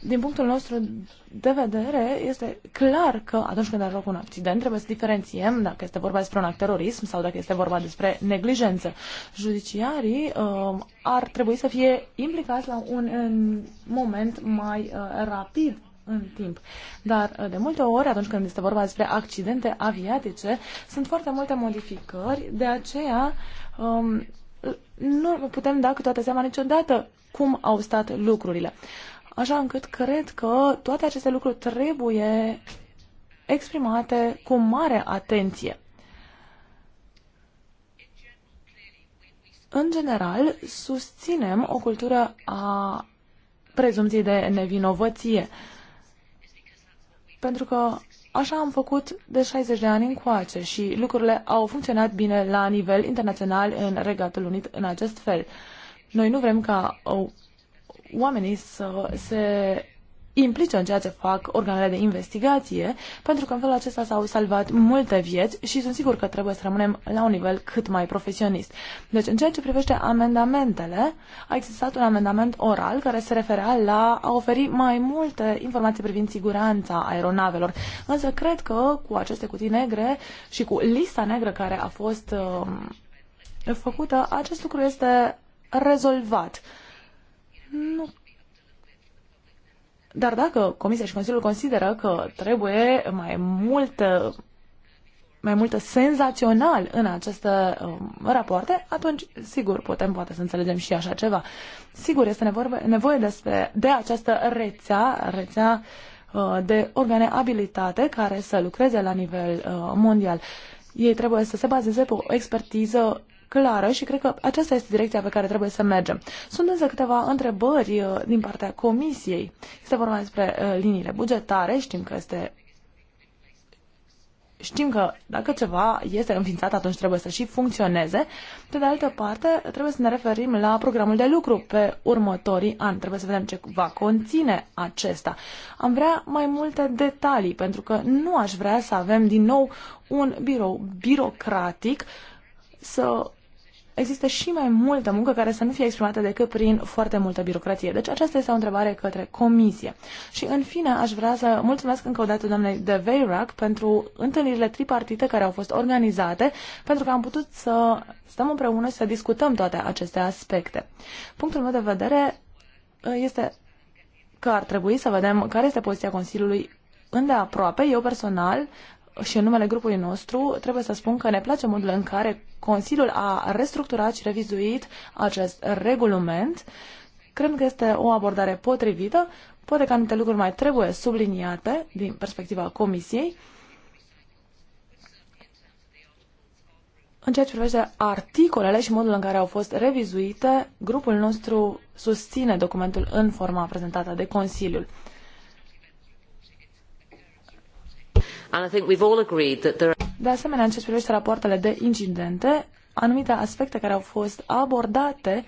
din punctul nostru de vedere, este clar că atunci când are loc un accident, trebuie să diferențiem dacă este vorba despre un act terorism sau dacă este vorba despre neglijență. Judiciarii uh, ar trebui să fie implicați la un, în moment mai uh, rapid în timp. Dar uh, de multe ori, atunci când este vorba despre accidente aviatice, sunt foarte multe modificări, de aceea um, nu putem da câteodată seama niciodată cum au stat lucrurile așa încât cred că toate aceste lucruri trebuie exprimate cu mare atenție. În general, susținem o cultură a prezumției de nevinovăție, pentru că Așa am făcut de 60 de ani încoace și lucrurile au funcționat bine la nivel internațional în Regatul Unit în acest fel. Noi nu vrem ca oamenii să se implice în ceea ce fac organele de investigație, pentru că în felul acesta s-au salvat multe vieți și sunt sigur că trebuie să rămânem la un nivel cât mai profesionist. Deci, în ceea ce privește amendamentele, a existat un amendament oral care se referea la a oferi mai multe informații privind siguranța aeronavelor. Însă, cred că cu aceste cutii negre și cu lista neagră care a fost uh, făcută, acest lucru este rezolvat. Uh, nu. Dar dacă Comisia și Consiliul consideră că trebuie mai multă mai multă senzațional în aceste um, rapoarte, atunci, sigur, putem poate să înțelegem și așa ceva. Sigur, este nevoie, nevoie despre, de această rețea, rețea uh, de organe abilitate care să lucreze la nivel uh, mondial. Ei trebuie să se bazeze pe o expertiză clară și cred că aceasta este direcția pe care trebuie să mergem. Sunt însă câteva întrebări uh, din partea Comisiei. Este vorba despre uh, liniile bugetare, știm că este știm că dacă ceva este înființat, atunci trebuie să și funcționeze. Pe de altă parte, trebuie să ne referim la programul de lucru pe următorii ani. Trebuie să vedem ce va conține acesta. Am vrea mai multe detalii, pentru că nu aș vrea să avem din nou un birou birocratic să există și mai multă muncă care să nu fie exprimată decât prin foarte multă birocrație. Deci aceasta este o întrebare către comisie. Și în fine aș vrea să mulțumesc încă o dată doamnei de Veirac pentru întâlnirile tripartite care au fost organizate, pentru că am putut să stăm împreună și să discutăm toate aceste aspecte. Punctul meu de vedere ă, este că ar trebui să vedem care este poziția Consiliului îndeaproape. Eu personal și în numele grupului nostru, trebuie să spun că ne place modul în care Consiliul a restructurat și revizuit acest regulament. Cred că este o abordare potrivită. Poate că anumite lucruri mai trebuie subliniate din perspectiva Comisiei. În ceea ce privește articolele și modul în care au fost revizuite, grupul nostru susține documentul în forma prezentată de Consiliul. De asemenea, în ce privește rapoartele de incidente, anumite aspecte care au fost abordate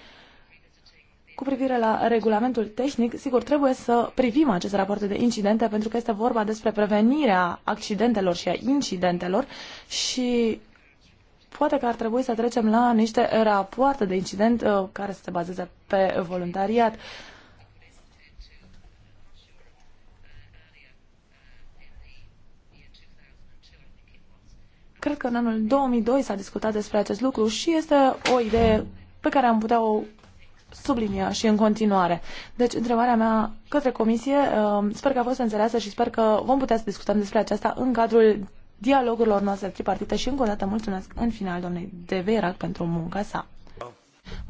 cu privire la regulamentul tehnic, sigur, trebuie să privim aceste rapoarte de incidente pentru că este vorba despre prevenirea accidentelor și a incidentelor și poate că ar trebui să trecem la niște rapoarte de incident uh, care să se bazeze pe voluntariat. Uh, Cred că în anul 2002 s-a discutat despre acest lucru și este o idee pe care am putea o sublinia și în continuare. Deci, întrebarea mea către comisie, um, sper că a fost înțeleasă și sper că vom putea să discutăm despre aceasta în cadrul dialogurilor noastre tripartite și încă o dată mulțumesc în final domnului de Verac pentru munca sa.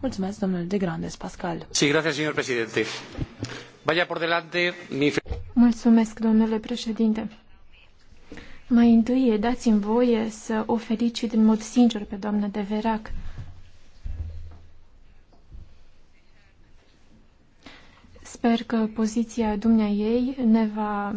Mulțumesc, domnul de Grandes Pascal. Sí, gracias, señor presidente. Vaya por delante mi... Mulțumesc, domnule președinte. Mai întâi, dați-mi voie să o felicit în mod sincer pe doamna de Verac. Sper că poziția dumnea ei ne va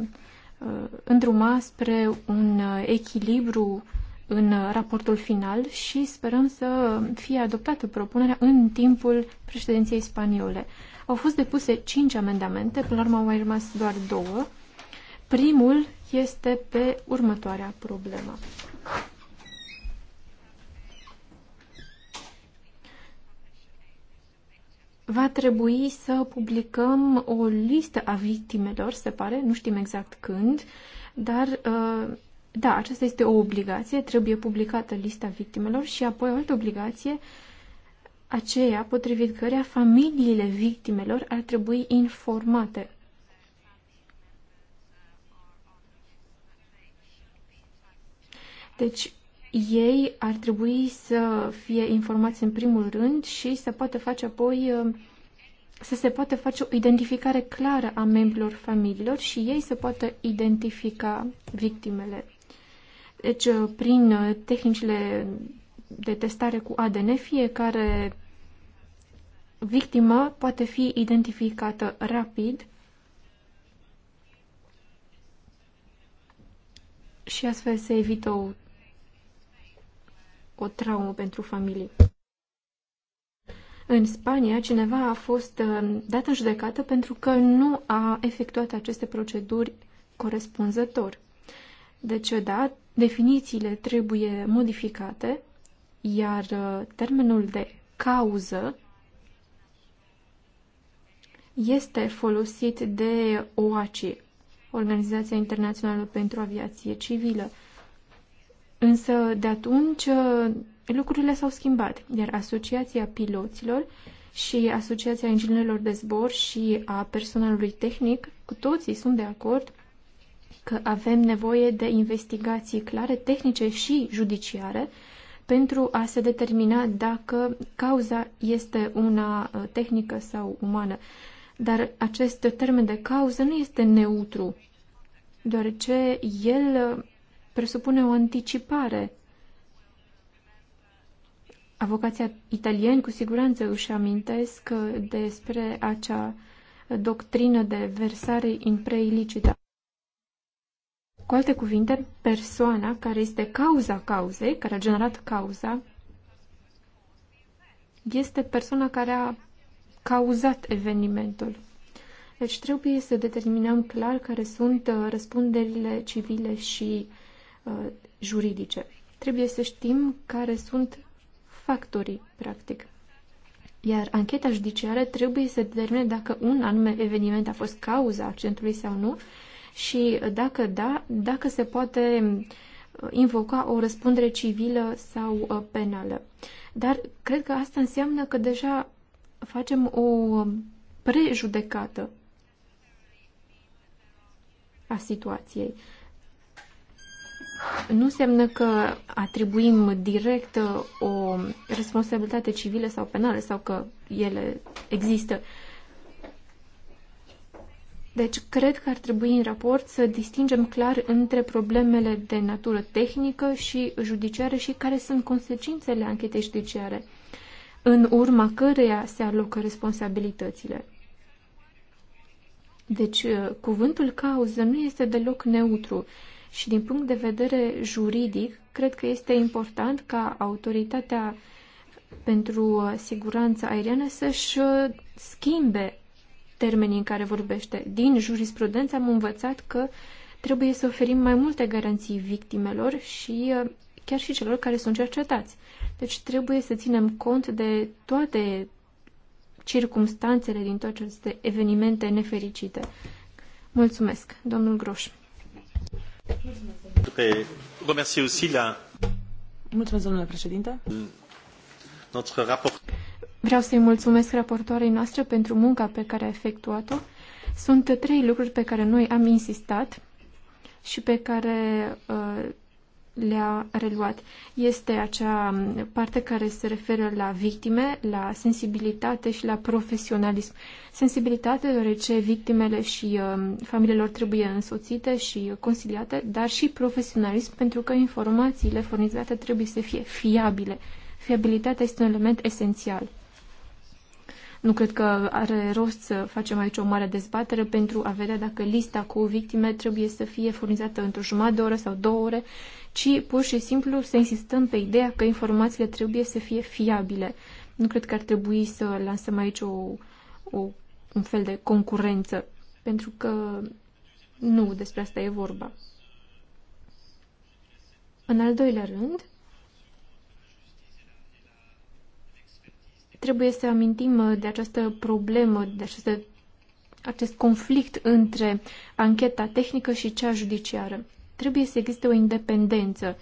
uh, îndruma spre un uh, echilibru în uh, raportul final și sperăm să fie adoptată propunerea în timpul președinției spaniole. Au fost depuse cinci amendamente, până la urmă au mai rămas doar două. Primul este pe următoarea problemă. Va trebui să publicăm o listă a victimelor, se pare, nu știm exact când, dar uh, da, aceasta este o obligație, trebuie publicată lista victimelor și apoi o altă obligație aceea potrivit căreia familiile victimelor ar trebui informate Deci, ei ar trebui să fie informați în primul rând și să poată face apoi uh, să se poată face o identificare clară a membrilor familiilor și ei să poată identifica victimele. Deci, uh, prin uh, tehnicile de testare cu ADN, fiecare victimă poate fi identificată rapid și astfel se evită o o traumă pentru familie. În Spania, cineva a fost uh, dat în judecată pentru că nu a efectuat aceste proceduri corespunzător. Deci, da, definițiile trebuie modificate, iar uh, termenul de cauză este folosit de OACI, Organizația Internațională pentru Aviație Civilă. Însă, de atunci, lucrurile s-au schimbat, iar Asociația Piloților și Asociația Inginerilor de Zbor și a personalului tehnic, cu toții sunt de acord că avem nevoie de investigații clare, tehnice și judiciare, pentru a se determina dacă cauza este una uh, tehnică sau umană. Dar acest termen de cauză nu este neutru, deoarece el presupune o anticipare. Avocația italieni cu siguranță își amintesc despre acea doctrină de versare în preilicită. Cu alte cuvinte, persoana care este cauza cauzei, care a generat cauza, este persoana care a cauzat evenimentul. Deci trebuie să determinăm clar care sunt uh, răspunderile civile și uh, Uh, juridice. Trebuie să știm care sunt factorii, practic. Iar ancheta judiciară trebuie să determine dacă un anume eveniment a fost cauza accidentului sau nu și dacă da, dacă se poate uh, invoca o răspundere civilă sau uh, penală. Dar cred că asta înseamnă că deja facem o prejudecată a situației nu înseamnă că atribuim direct uh, o responsabilitate civilă sau penală sau că ele există. Deci, cred că ar trebui în raport să distingem clar între problemele de natură tehnică și judiciară și care sunt consecințele anchetei judiciare, în urma căreia se alocă responsabilitățile. Deci, uh, cuvântul cauză nu este deloc neutru. Uh, și din punct de vedere juridic, cred că este important ca autoritatea pentru uh, siguranța aeriană să-și uh, schimbe termenii în care vorbește. Din jurisprudență am învățat că trebuie să oferim mai multe garanții victimelor și uh, chiar și celor care sunt cercetați. Deci trebuie să ținem cont de toate circumstanțele din toate aceste evenimente nefericite. Mulțumesc, domnul Groș. Vreau să-i mulțumesc raportoarei noastre pentru munca pe care a efectuat-o. Sunt trei lucruri pe care noi am insistat și pe care uh, le-a reluat. Este acea parte care se referă la victime, la sensibilitate și la profesionalism. Sensibilitate deoarece victimele și uh, familiilor trebuie însoțite și consiliate, dar și profesionalism pentru că informațiile furnizate trebuie să fie fiabile. Fiabilitatea este un element esențial. Nu cred că are rost să facem aici o mare dezbatere pentru a vedea dacă lista cu victime trebuie să fie furnizată într-o jumătate de oră sau două ore ci pur și simplu să insistăm pe ideea că informațiile trebuie să fie fiabile. Nu cred că ar trebui să lansăm aici o, o, un fel de concurență, pentru că nu despre asta e vorba. În al doilea rând, trebuie să amintim uh, de această problemă, de această, acest conflict între ancheta tehnică și cea judiciară. Trebuie să existe o independență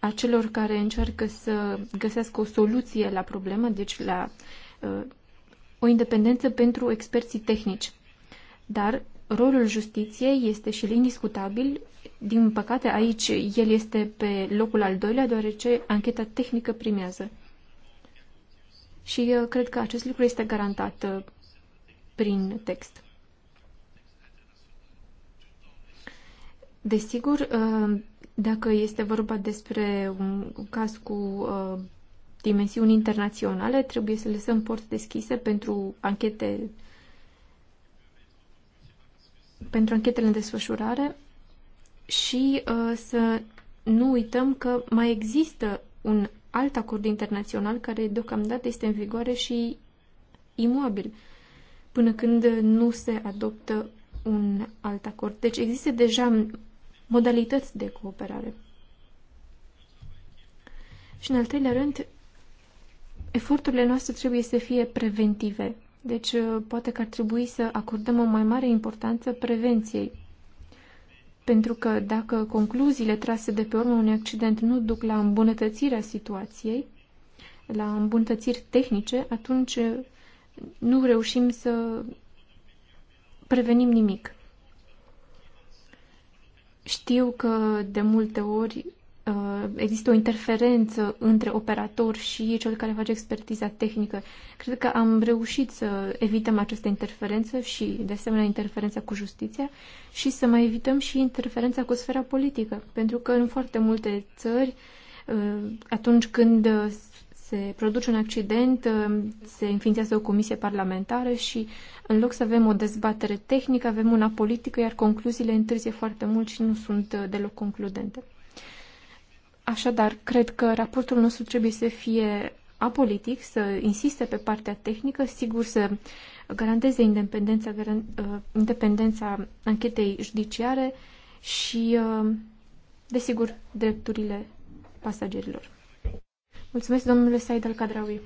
a celor care încearcă să găsească o soluție la problemă, deci la uh, o independență pentru experții tehnici. Dar rolul justiției este și indiscutabil. Din păcate, aici el este pe locul al doilea, deoarece ancheta tehnică primează. Și cred că acest lucru este garantat uh, prin text. Desigur, uh, dacă este vorba despre un caz cu uh, dimensiuni internaționale, trebuie să lăsăm porți deschise pentru anchete pentru anchetele în desfășurare și uh, să nu uităm că mai există un alt acord internațional care deocamdată este în vigoare și imobil până când nu se adoptă un alt acord. Deci există deja modalități de cooperare. Și în al treilea rând, eforturile noastre trebuie să fie preventive. Deci, uh, poate că ar trebui să acordăm o mai mare importanță prevenției. Pentru că dacă concluziile trase de pe urmă unui accident nu duc la îmbunătățirea situației, la îmbunătățiri tehnice, atunci uh, nu reușim să prevenim nimic. Știu că de multe ori uh, există o interferență între operator și cel care face expertiza tehnică. Cred că am reușit să evităm această interferență și, de asemenea, interferența cu justiția și să mai evităm și interferența cu sfera politică. Pentru că în foarte multe țări, uh, atunci când se produce un accident, um, se înființează o comisie parlamentară și în loc să avem o dezbatere tehnică, avem una politică, iar concluziile întârzie foarte mult și nu sunt uh, deloc concludente. Așadar, cred că raportul nostru trebuie să fie apolitic, să insiste pe partea tehnică, sigur să garanteze independența, uh, independența anchetei judiciare și, uh, desigur, drepturile pasagerilor. Mulțumesc, domnule Said Al-Kadraoui.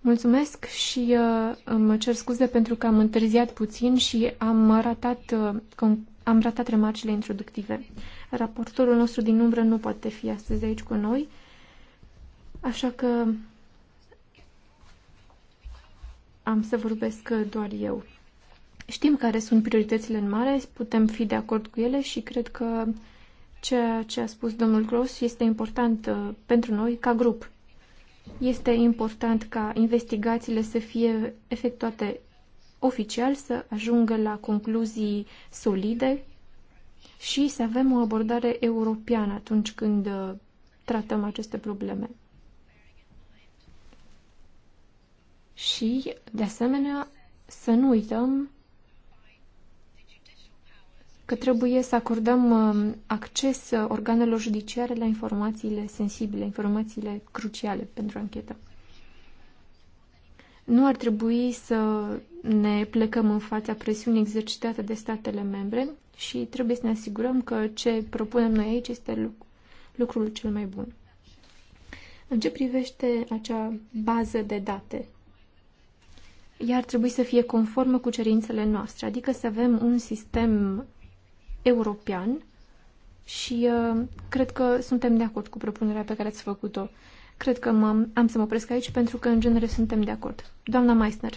Mulțumesc și uh, îmi cer scuze pentru că am întârziat puțin și am ratat, uh, am ratat remarcile introductive. Raportorul nostru din umbră nu poate fi astăzi aici cu noi, așa că am să vorbesc doar eu. Știm care sunt prioritățile în mare, putem fi de acord cu ele și cred că uh, Ceea ce a spus domnul Gross este important uh, pentru noi ca grup. Este important ca investigațiile să fie efectuate oficial, să ajungă la concluzii solide și să avem o abordare europeană atunci când uh, tratăm aceste probleme. Și, de asemenea, să nu uităm că trebuie să acordăm um, acces uh, organelor judiciare la informațiile sensibile, informațiile cruciale pentru anchetă. Nu ar trebui să ne plecăm în fața presiunii exercitate de statele membre și trebuie să ne asigurăm că ce propunem noi aici este lucrul cel mai bun. În ce privește acea bază de date, ea ar trebui să fie conformă cu cerințele noastre, adică să avem un sistem european și uh, cred că suntem de acord cu propunerea pe care ați făcut-o. Cred că mă, am să mă opresc aici pentru că, în genere, suntem de acord. Doamna Meissner.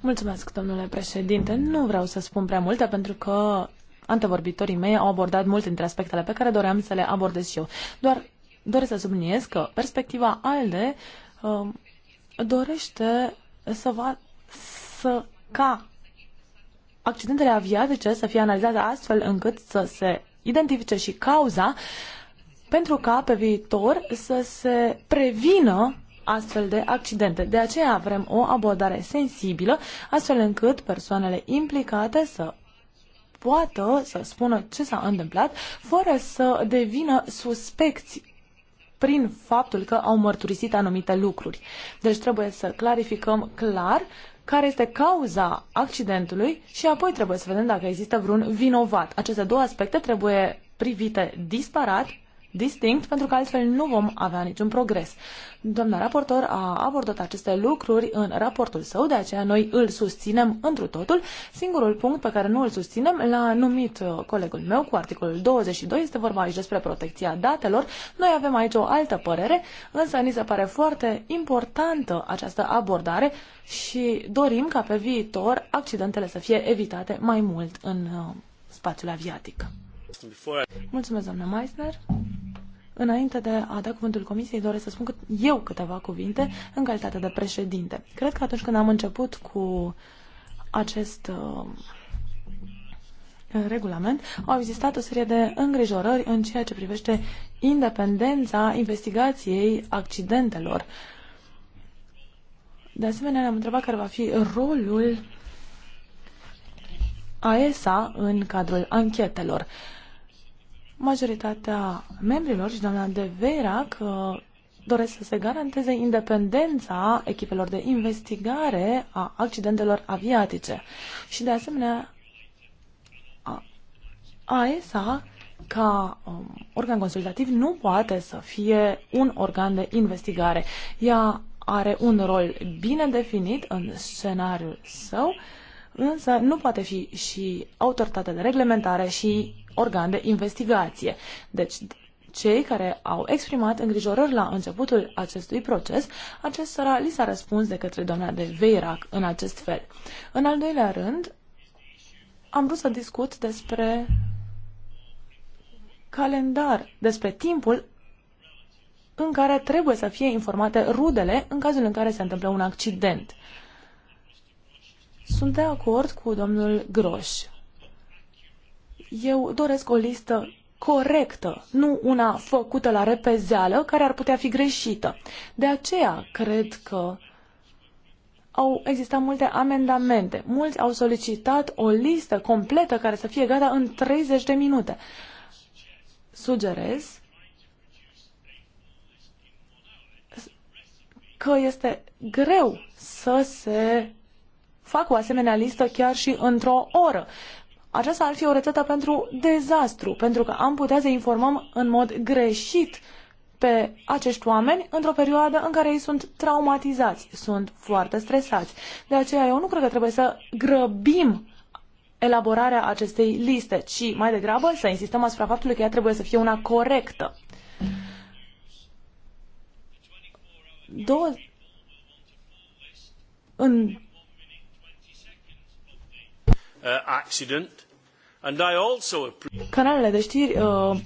Mulțumesc, domnule președinte. Nu vreau să spun prea multe pentru că antevorbitorii mei au abordat multe dintre aspectele pe care doream să le abordez și eu. Doar doresc să subliniez că perspectiva ALDE uh, dorește să, va, să ca accidentele aviatice să fie analizate astfel încât să se identifice și cauza pentru ca pe viitor să se prevină astfel de accidente. De aceea vrem o abordare sensibilă, astfel încât persoanele implicate să poată să spună ce s-a întâmplat, fără să devină suspecți prin faptul că au mărturisit anumite lucruri. Deci trebuie să clarificăm clar care este cauza accidentului și apoi trebuie să vedem dacă există vreun vinovat. Aceste două aspecte trebuie privite disparat distinct, pentru că altfel nu vom avea niciun progres. Doamna raportor a abordat aceste lucruri în raportul său, de aceea noi îl susținem întru totul. Singurul punct pe care nu îl susținem l-a numit uh, colegul meu cu articolul 22, este vorba aici despre protecția datelor. Noi avem aici o altă părere, însă ni se pare foarte importantă această abordare și dorim ca pe viitor accidentele să fie evitate mai mult în uh, spațiul aviatic. Mulțumesc, doamna Meissner. Înainte de a da cuvântul Comisiei, doresc să spun că eu câteva cuvinte în calitate de președinte. Cred că atunci când am început cu acest uh, regulament, au existat o serie de îngrijorări în ceea ce privește independența investigației accidentelor. De asemenea, ne-am întrebat care va fi rolul AESA în cadrul anchetelor. Uh, majoritatea membrilor și doamna De că doresc să se garanteze independența echipelor de investigare a accidentelor aviatice și de asemenea AESA ca um, organ consultativ nu poate să fie un organ de investigare. Ea are un rol bine definit în scenariul său, însă nu poate fi și autoritatea de reglementare și organ de investigație. Deci, cei care au exprimat îngrijorări la începutul acestui proces, acestora li s-a răspuns de către doamna de Veirac în acest fel. În al doilea rând, am vrut să discut despre calendar, despre timpul în care trebuie să fie informate rudele în cazul în care se întâmplă un accident. Sunt de acord cu domnul Groș eu doresc o listă corectă, nu una făcută la repezeală, care ar putea fi greșită. De aceea cred că au existat multe amendamente. Mulți au solicitat o listă completă care să fie gata în 30 de minute. Sugerez că este greu să se facă o asemenea listă chiar și într-o oră aceasta ar fi o rețetă pentru dezastru, pentru că am putea să informăm în mod greșit pe acești oameni într-o perioadă în care ei sunt traumatizați, sunt foarte stresați. De aceea eu nu cred că trebuie să grăbim elaborarea acestei liste, ci mai degrabă să insistăm asupra faptului că ea trebuie să fie una corectă. Două... În Uh, accident. And I also... Canalele de știri uh,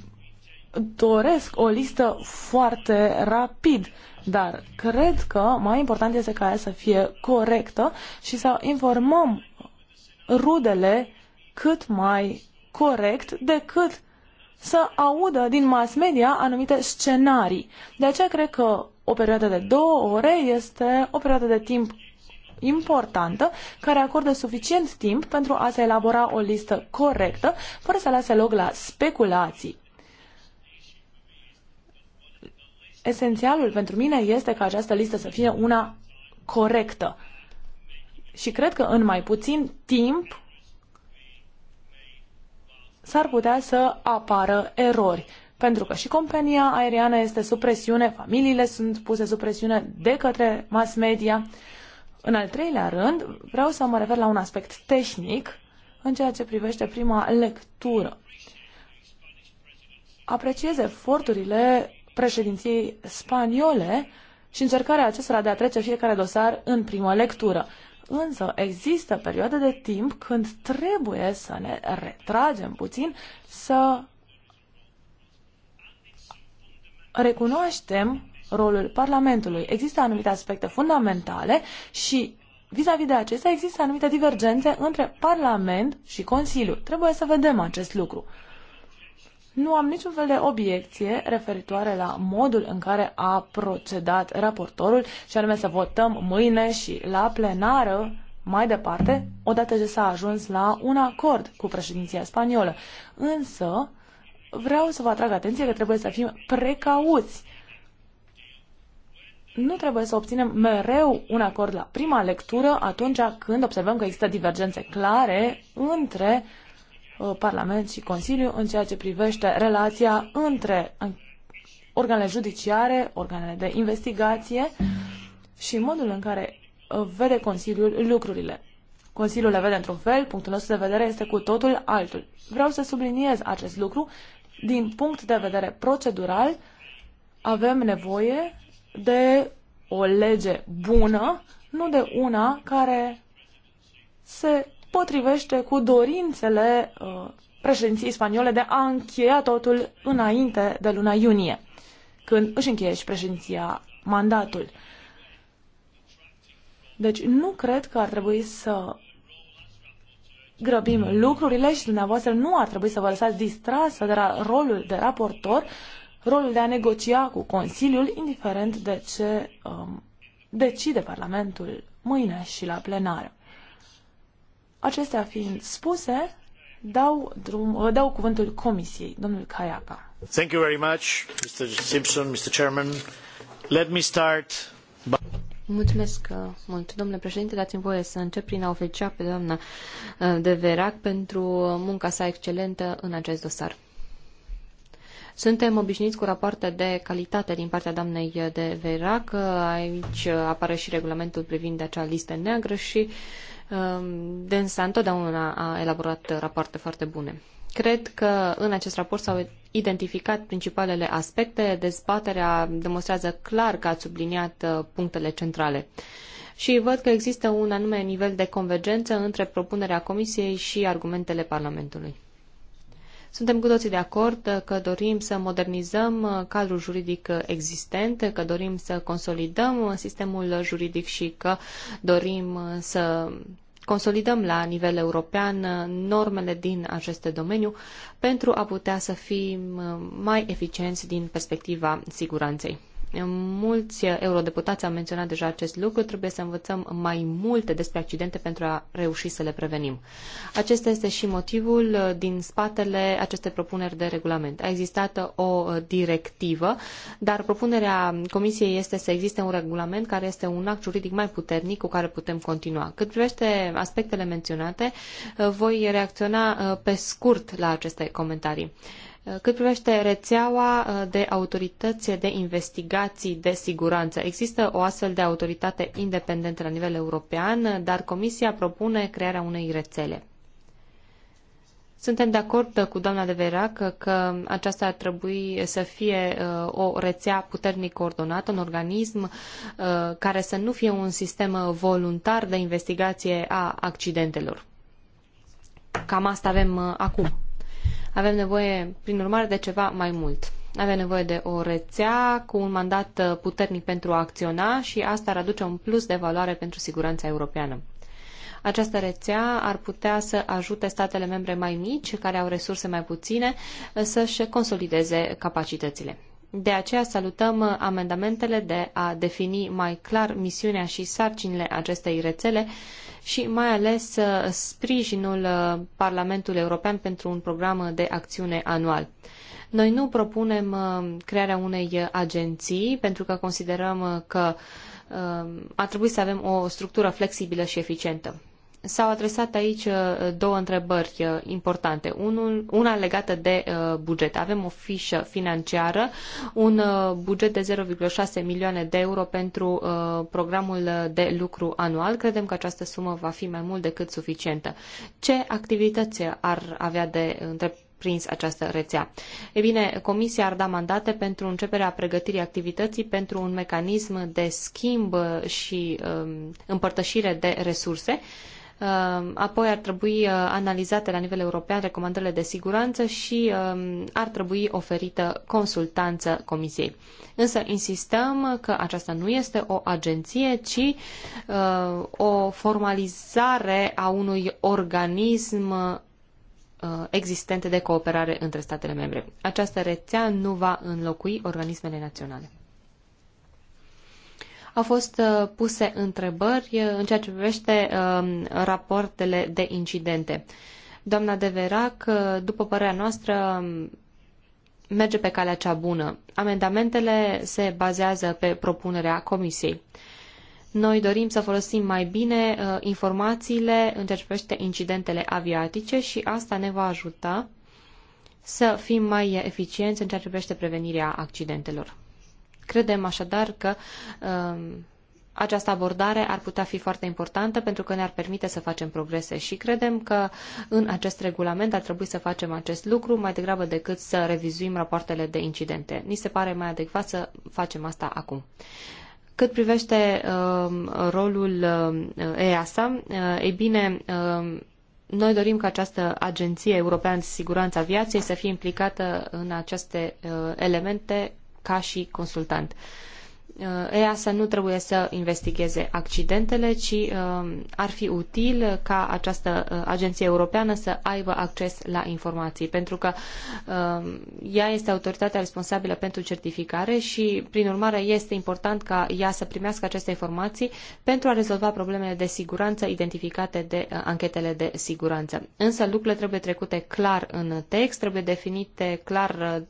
doresc o listă foarte rapid, dar cred că mai important este ca ea să fie corectă și să informăm rudele cât mai corect decât să audă din mass media anumite scenarii. De aceea cred că o perioadă de două ore este o perioadă de timp importantă care acordă suficient timp pentru a se elabora o listă corectă, fără să lase loc la speculații. Esențialul pentru mine este ca această listă să fie una corectă. Și cred că în mai puțin timp s-ar putea să apară erori pentru că și compania aeriană este sub presiune, familiile sunt puse sub presiune de către mass media în al treilea rând, vreau să mă refer la un aspect tehnic în ceea ce privește prima lectură. Apreciez eforturile președinției spaniole și încercarea acestora de a trece fiecare dosar în primă lectură. Însă există perioade de timp când trebuie să ne retragem puțin, să recunoaștem rolul Parlamentului. Există anumite aspecte fundamentale și Vis-a-vis -vis de acestea există anumite divergențe între Parlament și Consiliu. Trebuie să vedem acest lucru. Nu am niciun fel de obiecție referitoare la modul în care a procedat raportorul și anume să votăm mâine și la plenară mai departe, odată ce s-a ajuns la un acord cu președinția spaniolă. Însă, vreau să vă atrag atenția că trebuie să fim precauți nu trebuie să obținem mereu un acord la prima lectură atunci când observăm că există divergențe clare între uh, Parlament și Consiliu în ceea ce privește relația între organele judiciare, organele de investigație și modul în care uh, vede Consiliul lucrurile. Consiliul le vede într-un fel, punctul nostru de vedere este cu totul altul. Vreau să subliniez acest lucru. Din punct de vedere procedural, avem nevoie de o lege bună, nu de una care se potrivește cu dorințele uh, președinției spaniole de a încheia totul înainte de luna iunie, când își încheie și președinția mandatul. Deci nu cred că ar trebui să grăbim lucrurile și dumneavoastră nu ar trebui să vă lăsați distrasă de rolul de raportor rolul de a negocia cu Consiliul, indiferent de ce um, decide Parlamentul mâine și la plenară. Acestea fiind spuse, dau, drum, dau cuvântul Comisiei, domnul Kayaka. Thank you very much, Mr. Simpson, Mr. Chairman. Let me start by... Mulțumesc uh, mult, domnule președinte. Dați-mi voie să încep prin a o felicia pe doamna uh, de Verac pentru munca sa excelentă în acest dosar. Suntem obișnuiți cu rapoarte de calitate din partea doamnei de Verac. Aici apare și regulamentul privind acea listă neagră și um, Densa întotdeauna a elaborat rapoarte foarte bune. Cred că în acest raport s-au identificat principalele aspecte. Dezbaterea demonstrează clar că ați subliniat uh, punctele centrale. Și văd că există un anume nivel de convergență între propunerea Comisiei și argumentele Parlamentului. Suntem cu toții de acord că dorim să modernizăm cadrul juridic existent, că dorim să consolidăm sistemul juridic și că dorim să consolidăm la nivel european normele din acest domeniu pentru a putea să fim mai eficienți din perspectiva siguranței. Mulți eurodeputați au menționat deja acest lucru. Trebuie să învățăm mai multe despre accidente pentru a reuși să le prevenim. Acesta este și motivul uh, din spatele acestei propuneri de regulament. A existat uh, o uh, directivă, dar propunerea Comisiei este să existe un regulament care este un act juridic mai puternic cu care putem continua. Cât privește aspectele menționate, voi reacționa pe scurt la aceste comentarii. Cât privește rețeaua uh, de autorități de investigații de siguranță, există o astfel de autoritate independentă la nivel european, dar Comisia propune crearea unei rețele. Suntem de acord cu doamna de Verac că aceasta ar trebui să fie uh, o rețea puternic coordonată, un organism uh, care să nu fie un sistem voluntar de investigație a accidentelor. Cam asta avem acum avem nevoie, prin urmare, de ceva mai mult. Avem nevoie de o rețea cu un mandat uh, puternic pentru a acționa și asta ar aduce un plus de valoare pentru siguranța europeană. Această rețea ar putea să ajute statele membre mai mici, care au resurse mai puține, uh, să-și consolideze capacitățile. De aceea salutăm uh, amendamentele de a defini mai clar misiunea și sarcinile acestei rețele și mai ales uh, sprijinul uh, Parlamentului European pentru un program de acțiune anual. Noi nu propunem uh, crearea unei agenții pentru că considerăm că ar trebui să avem o structură flexibilă și eficientă. S-au adresat aici uh, două întrebări uh, importante. Unul, una legată de uh, buget. Avem o fișă financiară, un buget de 0,6 milioane de euro pentru programul de lucru anual. Credem că această sumă va fi mai mult decât suficientă. Ce activități ar avea de întreprins? această rețea. E bine, Comisia ar da mandate pentru începerea pregătirii activității pentru un mecanism de schimb și um, împărtășire de resurse Um, apoi ar trebui uh, analizate la nivel european recomandările de siguranță și um, ar trebui oferită consultanță Comisiei. Însă insistăm că aceasta nu este o agenție, ci uh, o formalizare a unui organism uh, existente de cooperare între statele membre. Această rețea nu va înlocui organismele naționale. Au fost uh, puse întrebări uh, în ceea ce privește um, rapoartele de incidente. Doamna Deverac, uh, după părerea noastră, um, merge pe calea cea bună. Amendamentele se bazează pe propunerea Comisiei. Noi dorim să folosim mai bine uh, informațiile în ceea ce privește incidentele aviatice și asta ne va ajuta să fim mai eficienți în ceea ce privește prevenirea accidentelor. Credem așadar că um, această abordare ar putea fi foarte importantă pentru că ne-ar permite să facem progrese și credem că în acest regulament ar trebui să facem acest lucru mai degrabă decât să revizuim rapoartele de incidente. Ni se pare mai adecvat să facem asta acum. Cât privește uh, rolul uh, um, EASA, uh, ei bine, uh, noi dorim ca această Agenție Europeană de Siguranță Aviației să fie implicată în aceste uh, elemente ca și consultant. Uh, EASA nu trebuie să investigheze accidentele, ci uh, ar fi util ca această uh, agenție europeană să aibă acces la informații, pentru că ea este autoritatea responsabilă pentru certificare și, prin urmare, este important ca ea să primească aceste informații pentru a rezolva problemele de siguranță identificate de anchetele de siguranță. Însă lucrurile trebuie trecute clar în text, trebuie definite clar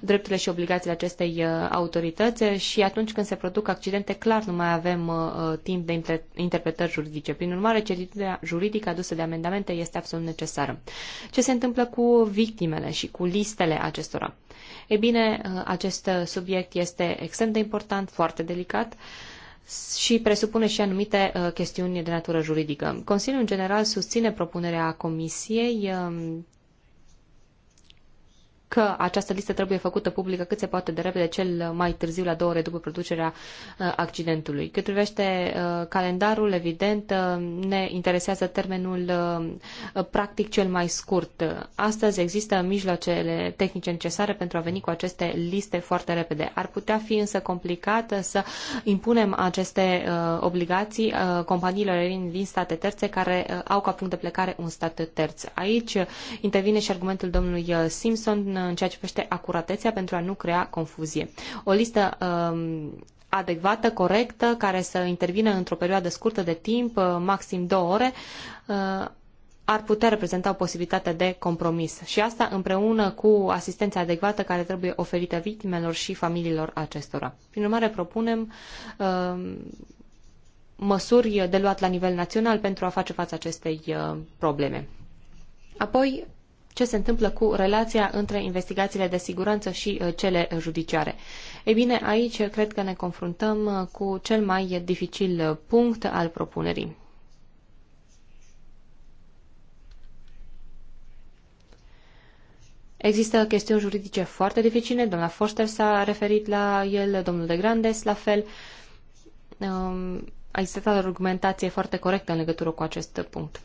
drepturile și obligațiile acestei autorități și atunci când când se produc accidente, clar nu mai avem uh, uh timp de inter- interpretări juridice. Prin urmare, cerința juridică adusă de amendamente este absolut necesară. Ce se întâmplă cu victimele și cu listele acestora? E bine, uh, acest subiect este extrem de important, foarte delicat. și presupune și anumite uh, chestiuni de natură juridică. Consiliul în general susține propunerea Comisiei uh, că această listă trebuie făcută publică cât se poate de repede, cel mai târziu, la două ore după producerea uh, accidentului. Cât privește uh, calendarul, evident, uh, ne interesează termenul practic cel mai scurt. Astăzi există mijloacele tehnice necesare pentru a veni cu aceste liste foarte repede. Ar putea fi însă complicat să impunem aceste obligații companiilor din state terțe care au ca punct de plecare un stat terț. Aici intervine și argumentul domnului Simpson în ceea ce privește acuratețea pentru a nu crea confuzie. O listă um, adecvată, corectă, care să intervină într-o perioadă scurtă de timp, uh, maxim două ore, uh, ar putea reprezenta o posibilitate de compromis și asta împreună cu asistența adecvată care trebuie oferită victimelor și familiilor acestora. Prin urmare, propunem um, măsuri de luat la nivel național pentru a face față acestei uh, probleme. Apoi, ce se întâmplă cu relația între investigațiile de siguranță și uh, cele uh, judiciare. Ei bine, aici uh, cred că ne confruntăm cu cel mai dificil punct al propunerii. Există chestiuni juridice foarte dificile, doamna Foster s-a referit la el, domnul de Grandes la fel. Um, a existat o argumentație foarte corectă în legătură cu acest punct.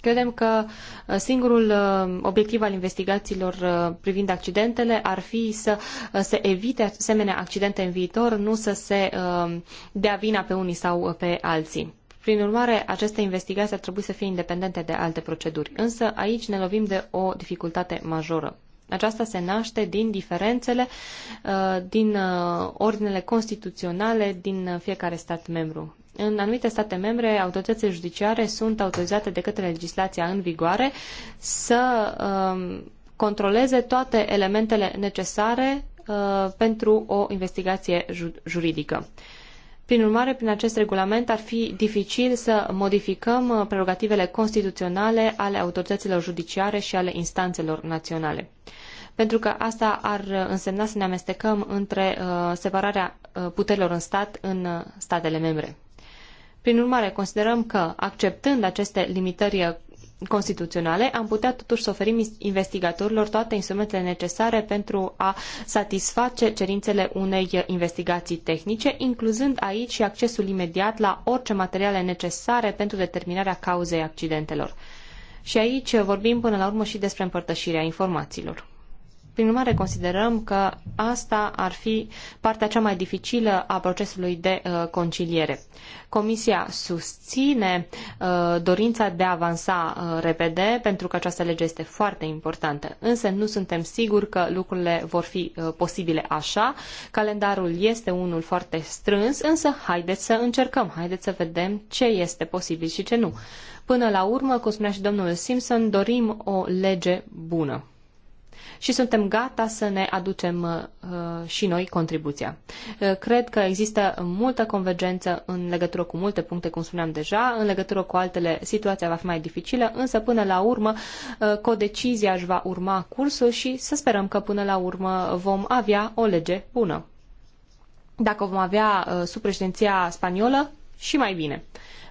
Credem că uh, singurul uh, obiectiv al investigațiilor uh, privind accidentele ar fi să se evite asemenea accidente în viitor, nu să se dea vina pe unii sau pe alții. Prin urmare, aceste investigații ar trebui să fie independente de alte proceduri. Însă aici ne lovim de o dificultate majoră. Aceasta se naște din diferențele din ordinele constituționale din fiecare stat membru. În anumite state membre, autoritățile judiciare sunt autorizate de către legislația în vigoare să um, controleze toate elementele necesare uh, pentru o investigație ju juridică. Prin urmare, prin acest regulament ar fi dificil să modificăm uh, prerogativele constituționale ale autorităților judiciare și ale instanțelor naționale. Pentru că asta ar uh, însemna să ne amestecăm între uh, separarea puterilor în stat în statele membre. Prin urmare, considerăm că, acceptând aceste limitări uh, constituționale, am putea totuși să oferim investigatorilor toate instrumentele necesare pentru a satisface cerințele unei uh, investigații tehnice, incluzând aici și accesul imediat la orice materiale necesare pentru determinarea cauzei accidentelor. Și aici uh, vorbim până la urmă și despre împărtășirea informațiilor. Prin urmare, considerăm că asta ar fi partea cea mai dificilă a procesului de uh, conciliere. Comisia susține uh, dorința de a avansa uh, repede, pentru că această lege este foarte importantă, însă nu suntem siguri că lucrurile vor fi posibile așa. Calendarul este unul foarte strâns, însă haideți să încercăm, haideți să vedem ce este posibil și ce nu. Până la urmă, cum spunea și domnul Simpson, dorim o lege bună și suntem gata să ne aducem uh, și noi contribuția. Uh, cred că există multă convergență în legătură cu multe puncte, cum spuneam deja, în legătură cu altele situația va fi mai dificilă, însă până la urmă uh, codecizia își va urma cursul și să sperăm că până la urmă vom avea o lege bună. Dacă vom avea uh, sub președinția spaniolă, și mai bine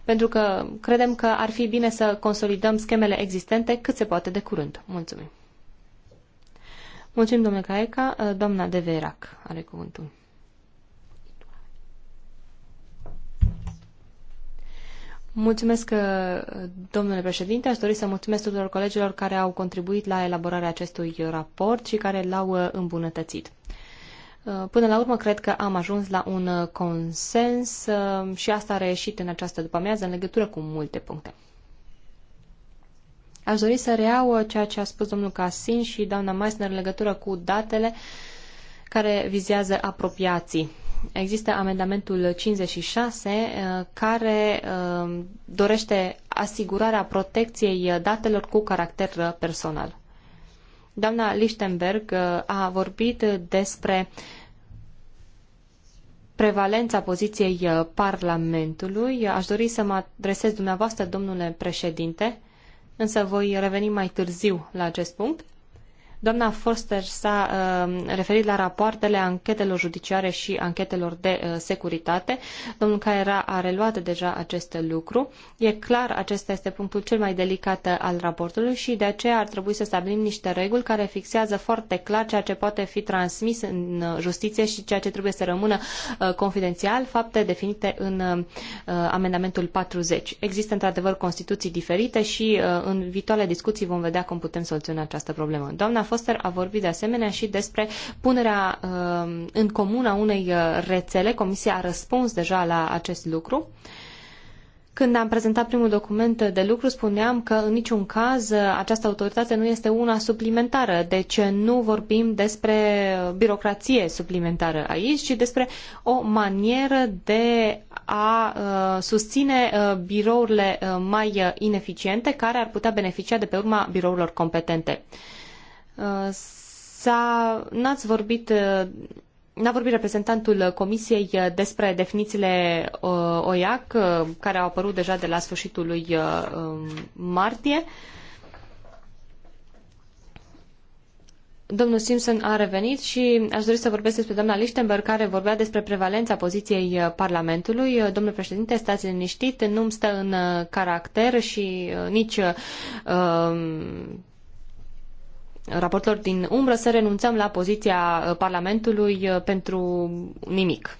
pentru că credem că ar fi bine să consolidăm schemele existente cât se poate de curând. Mulțumim! Mulțumim, domnule Caeca. Uh, doamna de Verac are cuvântul. Mulțumesc, uh, domnule președinte. Aș dori să mulțumesc tuturor colegilor care au contribuit la elaborarea acestui raport și care l-au uh, îmbunătățit. Până la urmă, cred că am ajuns la un consens și asta a reieșit în această după în legătură cu multe puncte. Aș dori să reau uh, ceea ce a spus domnul Casin și doamna Meissner în legătură cu datele care vizează apropiații. Există amendamentul 56 uh, care uh, dorește asigurarea protecției datelor cu caracter personal. Doamna Lichtenberg a vorbit despre prevalența poziției Parlamentului. Aș dori să mă adresez dumneavoastră, domnule președinte, însă voi reveni mai târziu la acest punct. Doamna Foster s-a uh, referit la rapoartele anchetelor judiciare și anchetelor de uh, securitate. Domnul Caera a reluat deja acest lucru. E clar, acesta este punctul cel mai delicat uh, al raportului și de aceea ar trebui să stabilim niște reguli care fixează foarte clar ceea ce poate fi transmis în uh, justiție și ceea ce trebuie să rămână uh, confidențial, fapte definite în uh, uh amendamentul 40. Există într-adevăr constituții diferite și uh, în viitoarele discuții vom vedea cum putem soluționa această problemă. Doamna Foster a vorbit de asemenea și despre punerea um, în comun a unei uh, rețele. Comisia a răspuns deja la acest lucru. Când am prezentat primul document de lucru, spuneam că în niciun caz uh, această autoritate nu este una suplimentară, deci uh, nu vorbim despre birocrație suplimentară aici, ci despre o manieră de a susține birourile mai ineficiente care ar putea beneficia de pe urma birourilor competente. S-a, n-ați vorbit, n-a vorbit reprezentantul Comisiei despre definițiile uh, OIAC, uh, care au apărut deja de la sfârșitul lui uh, um, martie. Domnul Simpson a revenit și aș dori să vorbesc despre doamna Lichtenberg, care vorbea despre prevalența poziției Parlamentului. Domnule președinte, stați liniștit, nu-mi stă în caracter și nici uh, um, raportor din umbră să renunțăm la poziția uh, Parlamentului uh, pentru nimic.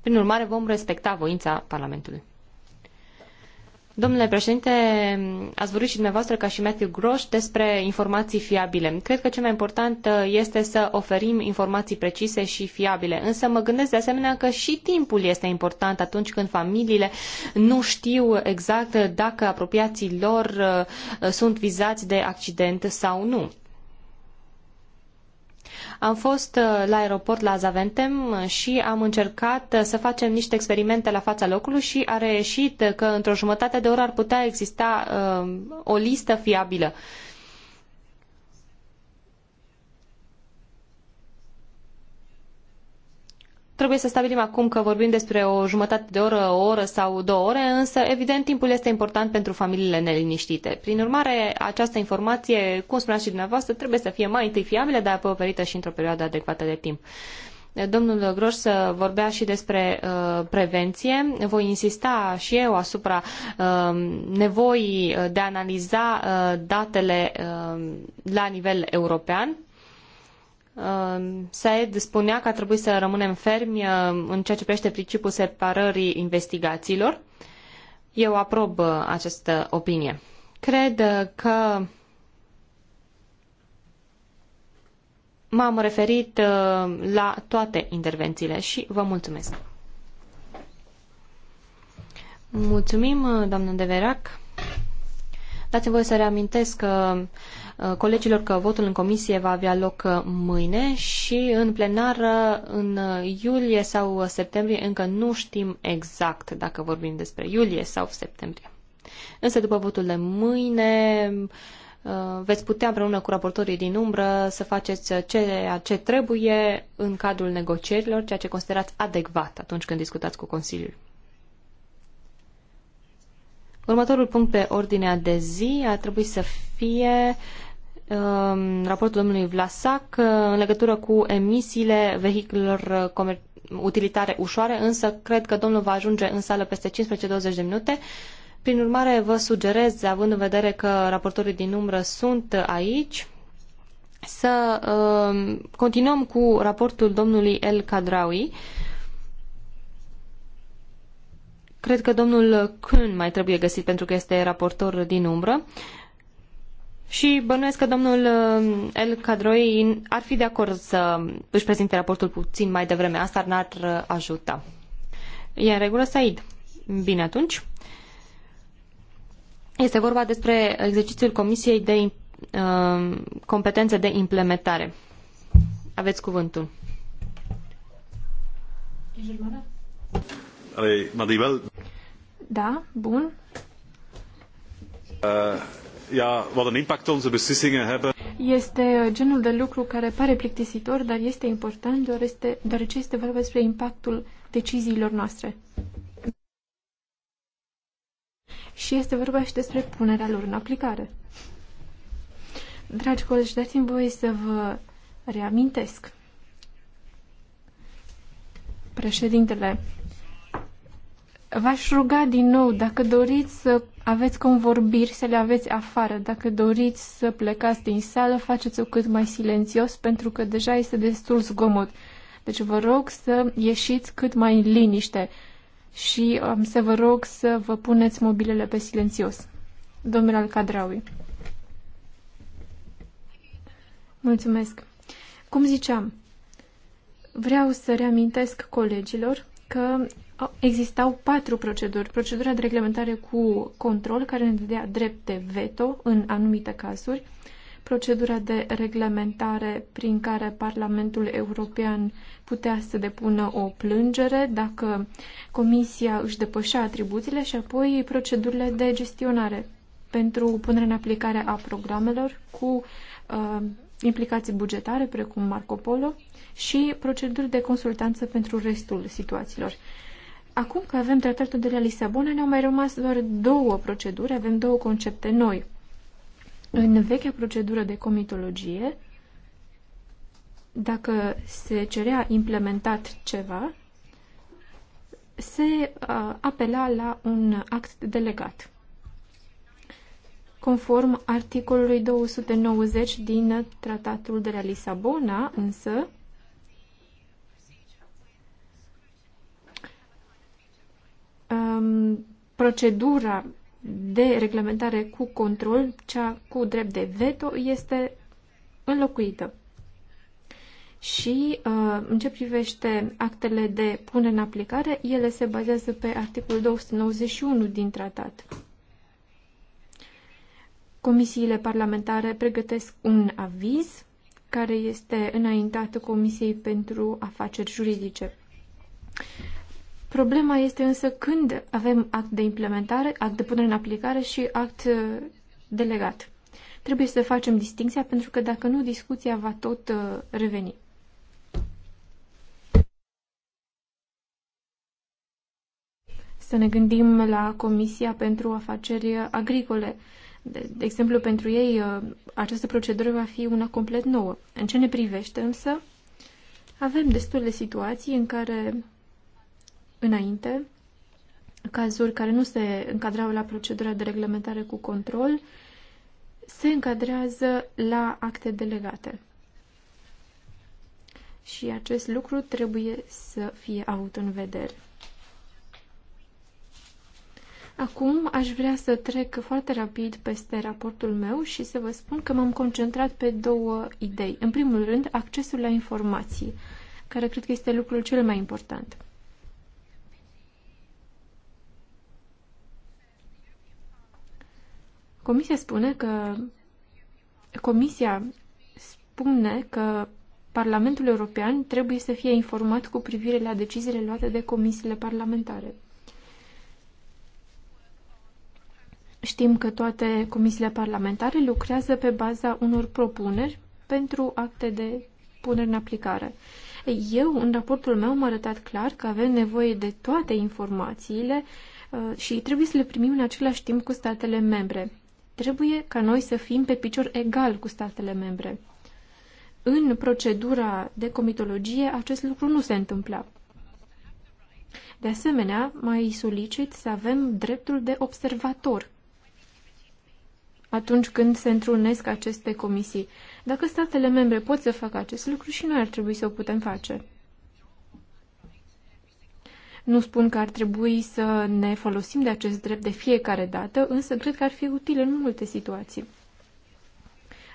Prin urmare, vom respecta voința Parlamentului. Domnule președinte, ați vorbit și dumneavoastră ca și Matthew groș despre informații fiabile. Cred că cel mai important uh, este să oferim informații precise și fiabile, însă mă gândesc de asemenea că și timpul este important atunci când familiile nu știu exact dacă apropiații lor uh, sunt vizați de accident sau nu. Am fost uh, la aeroport la Zaventem uh, și am încercat uh, să facem niște experimente la fața locului și a reieșit că într-o jumătate de oră ar putea exista o listă fiabilă. Uh, trebuie să stabilim acum că vorbim despre o jumătate de oră, o oră sau două ore, însă evident timpul este important pentru familiile neliniștite. Prin urmare, această informație, cum spuneați și dumneavoastră, trebuie să fie mai întâi fiabilă, dar apoi oferită și într-o perioadă adecvată de timp. Domnul Groș vorbea și despre uh, prevenție. Voi insista și eu asupra uh, nevoii de a analiza uh, datele uh, la nivel european Uh, Said spunea că ar trebui să rămânem fermi uh, în ceea ce privește principiul separării investigațiilor. Eu aprob uh, această opinie. Cred că m-am referit la toate intervențiile și vă mulțumesc. Mulțumim, doamnă Deverac. Dați-mi voie să reamintesc că uh, uh, colegilor că votul în comisie va avea loc uh, mâine și în plenară în iulie sau septembrie încă nu știm exact dacă vorbim despre iulie sau septembrie. Însă după votul de mâine veți putea împreună cu raportorii din umbră să faceți ceea ce trebuie în cadrul negocierilor, ceea ce considerați adecvat atunci când discutați cu Consiliul. Următorul punct pe ordinea de zi ar trebui să fie um, raportul domnului Vlasac uh, în legătură cu emisiile vehiculelor uh, utilitare ușoare, însă cred că domnul va ajunge în sală peste 15-20 de minute. Prin urmare, vă sugerez, având în vedere că raportorii din umbră sunt aici, să uh, continuăm cu raportul domnului El Kadraui Cred că domnul Kuhn mai trebuie găsit pentru că este raportor din umbră. Și bănuiesc că domnul uh, El Cadroi ar fi de acord să își prezinte raportul puțin mai devreme. Asta n-ar ajuta. E în regulă, Said? Bine atunci. Este vorba despre exercițiul Comisiei de uh, competențe de implementare. Aveți cuvântul. E germană? Maribel. Da, bun. Ja, wat een impact onze beslissingen hebben. Este genul de lucru care pare plictisitor, dar este important deoarece, deoarece este vorba despre impactul deciziilor noastre. Și este vorba și despre punerea lor în aplicare. Dragi colegi, dați-mi voie să vă reamintesc. Președintele V-aș ruga din nou, dacă doriți să aveți convorbiri, să le aveți afară. Dacă doriți să plecați din sală, faceți-o cât mai silențios, pentru că deja este destul zgomot. Deci vă rog să ieșiți cât mai în liniște și um, să vă rog să vă puneți mobilele pe silențios. Domnul Alcadraui. Mulțumesc. Cum ziceam, vreau să reamintesc colegilor că existau patru proceduri. Procedura de reglementare cu control, care ne dădea drept de veto în anumite cazuri, procedura de reglementare prin care Parlamentul European putea să depună o plângere dacă Comisia își depășea atribuțiile și apoi procedurile de gestionare pentru punerea în aplicare a programelor cu uh, implicații bugetare, precum Marco Polo, și proceduri de consultanță pentru restul situațiilor. Acum că avem tratatul de la Lisabona, ne-au mai rămas doar două proceduri, avem două concepte noi. În vechea procedură de comitologie, dacă se cerea implementat ceva, se apela la un act delegat. Conform articolului 290 din Tratatul de la Lisabona, însă, um, procedura de reglementare cu control, cea cu drept de veto, este înlocuită. Și uh, în ce privește actele de punere în aplicare, ele se bazează pe articolul 291 din tratat. Comisiile parlamentare pregătesc un aviz care este înaintat Comisiei pentru Afaceri Juridice. Problema este însă când avem act de implementare, act de punere în aplicare și act uh, delegat. Trebuie să facem distinția pentru că dacă nu, discuția va tot uh, reveni. Să ne gândim la Comisia pentru Afaceri Agricole. De, exemplu, pentru ei uh, această procedură va fi una complet nouă. În ce ne privește însă, avem destul de situații în care înainte, cazuri care nu se încadrau la procedura de reglementare cu control, se încadrează la acte delegate. Și acest lucru trebuie să fie avut în vedere. Acum aș vrea să trec foarte rapid peste raportul meu și să vă spun că m-am concentrat pe două idei. În primul rând, accesul la informații, care cred că este lucrul cel mai important. Comisia spune că Comisia spune că Parlamentul European trebuie să fie informat cu privire la deciziile luate de comisiile parlamentare. Știm că toate comisiile parlamentare lucrează pe baza unor propuneri pentru acte de punere în aplicare. Eu, în raportul meu, am arătat clar că avem nevoie de toate informațiile uh, și trebuie să le primim în același timp cu statele membre. Trebuie ca noi să fim pe picior egal cu statele membre. În procedura de comitologie acest lucru nu se întâmpla. De asemenea, mai solicit să avem dreptul de observator atunci când se întrunesc aceste comisii. Dacă statele membre pot să facă acest lucru și noi ar trebui să o putem face. Nu spun că ar trebui să ne folosim de acest drept de fiecare dată, însă cred că ar fi util în multe situații.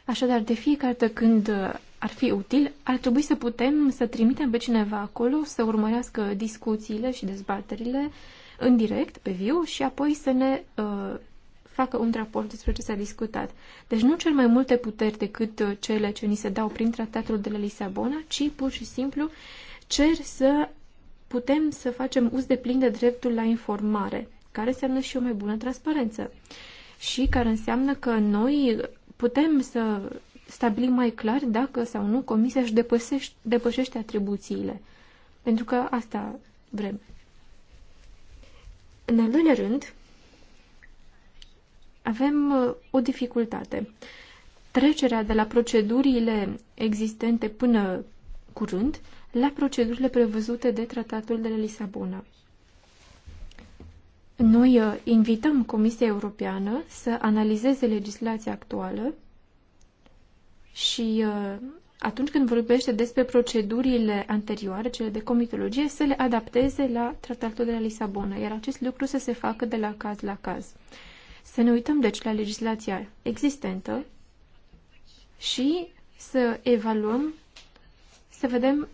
Așadar, de fiecare dată când ar fi util, ar trebui să putem să trimitem pe cineva acolo să urmărească discuțiile și dezbaterile în direct, pe viu, și apoi să ne uh, facă un raport despre ce s-a discutat. Deci nu cel mai multe puteri decât uh, cele ce ni se dau prin tratatul de la Lisabona, ci pur și simplu cer să putem să facem uz de plin de dreptul la informare, care înseamnă și o mai bună transparență și care înseamnă că noi putem să stabilim mai clar dacă sau nu comisia își depășește, depășește atribuțiile. Pentru că asta vrem. În al doilea rând, avem uh, o dificultate. Trecerea de la procedurile existente până curând la procedurile prevăzute de Tratatul de la Lisabona. Noi uh, invităm Comisia Europeană să analizeze legislația actuală și uh, atunci când vorbește despre procedurile anterioare, cele de comitologie, să le adapteze la Tratatul de la Lisabona, iar acest lucru să se facă de la caz la caz. Să ne uităm, deci, la legislația existentă și să evaluăm, să vedem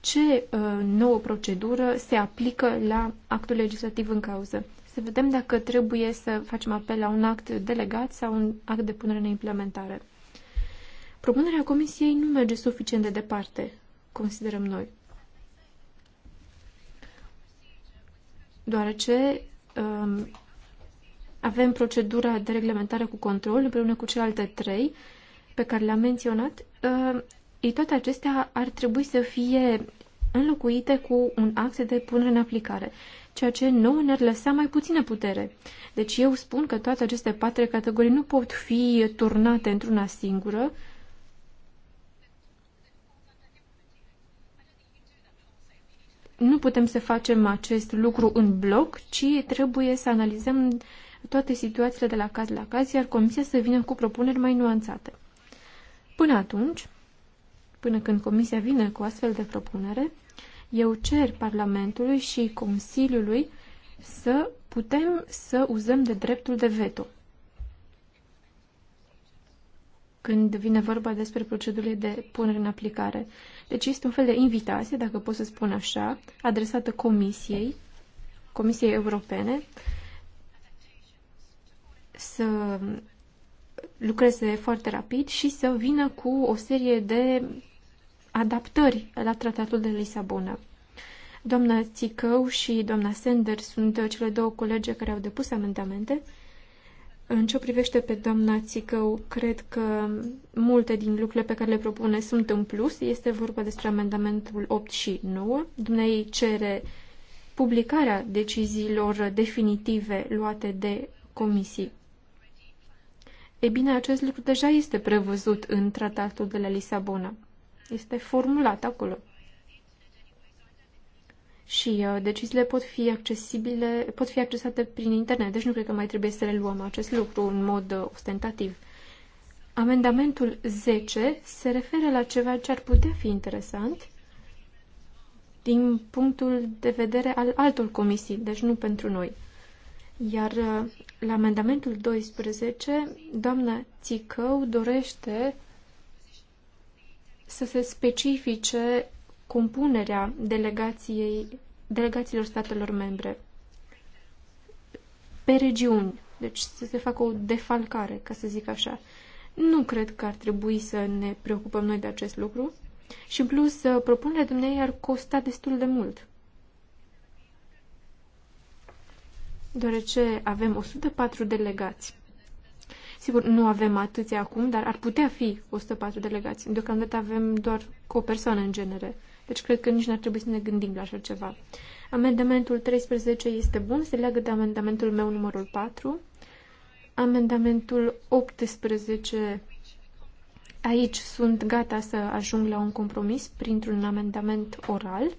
ce uh, nouă procedură se aplică la actul legislativ în cauză. Să vedem dacă trebuie să facem apel la un act delegat sau un act de punere în implementare. Propunerea Comisiei nu merge suficient de departe, considerăm noi. Deoarece um, avem procedura de reglementare cu control împreună cu celelalte trei pe care le-am menționat, uh, ei, toate acestea ar trebui să fie înlocuite cu un act de punere în aplicare, ceea ce nouă ne-ar lăsa mai puțină putere. Deci eu spun că toate aceste patru categorii nu pot fi turnate într-una singură, nu putem să facem acest lucru în bloc, ci trebuie să analizăm toate situațiile de la caz la caz, iar comisia să vină cu propuneri mai nuanțate. Până atunci, până când Comisia vine cu astfel de propunere, eu cer Parlamentului și Consiliului să putem să uzăm de dreptul de veto. Când vine vorba despre procedurile de punere în aplicare. Deci este un fel de invitație, dacă pot să spun așa, adresată Comisiei, Comisiei Europene, să lucreze foarte rapid și să vină cu o serie de adaptări la Tratatul de Lisabona. Doamna Țicău și doamna Sender sunt cele două colege care au depus amendamente. În ce privește pe doamna Țicău, cred că multe din lucrurile pe care le propune sunt în plus. Este vorba despre amendamentul 8 și 9. Dumnezeu cere publicarea deciziilor definitive luate de comisii. E bine, acest lucru deja este prevăzut în tratatul de la Lisabona. Este formulat acolo. Și uh, deciziile pot fi accesibile, pot fi accesate prin internet, deci nu cred că mai trebuie să le luăm acest lucru în mod uh, ostentativ. Amendamentul 10 se referă la ceva ce ar putea fi interesant din punctul de vedere al altor comisii, deci nu pentru noi. Iar uh, la amendamentul 12, doamna Țicău dorește să se specifice compunerea delegației, delegațiilor statelor membre pe regiuni, deci să se facă o defalcare, ca să zic așa. Nu cred că ar trebui să ne preocupăm noi de acest lucru și, în plus, uh, propunerea dumneavoastră ar costa destul de mult. Deoarece avem 104 delegați Sigur, nu avem atâția acum, dar ar putea fi 104 delegații. Deocamdată avem doar cu o persoană în genere. Deci cred că nici n-ar trebui să ne gândim la așa ceva. Amendamentul 13 este bun, se leagă de amendamentul meu numărul 4. Amendamentul 18, aici sunt gata să ajung la un compromis printr-un amendament oral,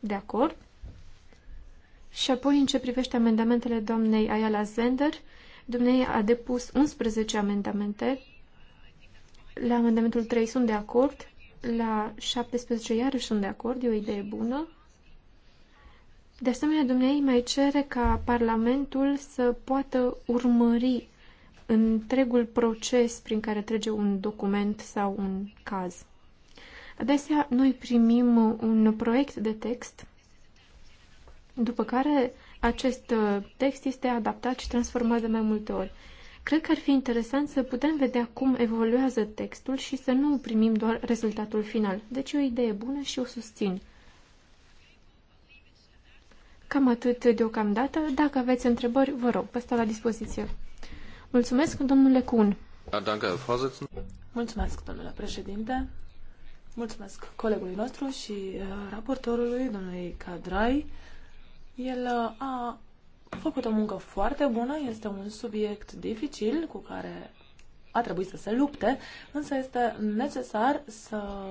de acord. Și apoi, în ce privește amendamentele doamnei Ayala Zender, Dumnezeu a depus 11 amendamente. La amendamentul 3 sunt de acord, la 17 iarăși sunt de acord, e o idee bună. De asemenea, Dumnezeu mai cere ca Parlamentul să poată urmări întregul proces prin care trece un document sau un caz. Adesea noi primim un proiect de text, după care acest uh, text este adaptat și transformat de mai multe ori. Cred că ar fi interesant să putem vedea cum evoluează textul și să nu primim doar rezultatul final. Deci e o idee bună și o susțin. Cam atât deocamdată. Dacă aveți întrebări, vă rog, vă stau la dispoziție. Mulțumesc, domnule Kuhn. Da, Mulțumesc, domnule președinte. Mulțumesc colegului nostru și uh, raportorului, domnului Cadrai. El uh, a făcut o muncă foarte bună, este un subiect dificil cu care a trebuit să se lupte, însă este necesar să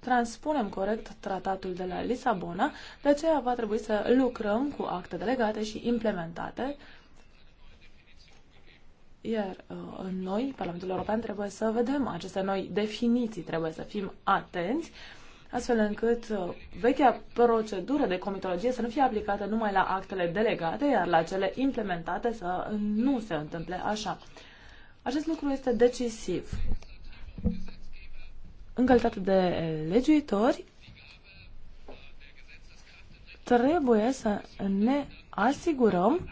transpunem corect tratatul de la Lisabona, de aceea va trebui să lucrăm cu acte delegate și implementate, iar uh, noi, Parlamentul European, trebuie să vedem aceste noi definiții, trebuie să fim atenți astfel încât uh, vechea procedură de comitologie să nu fie aplicată numai la actele delegate, iar la cele implementate să nu se întâmple așa. Acest lucru este decisiv. În calitate de legiuitori, trebuie să ne asigurăm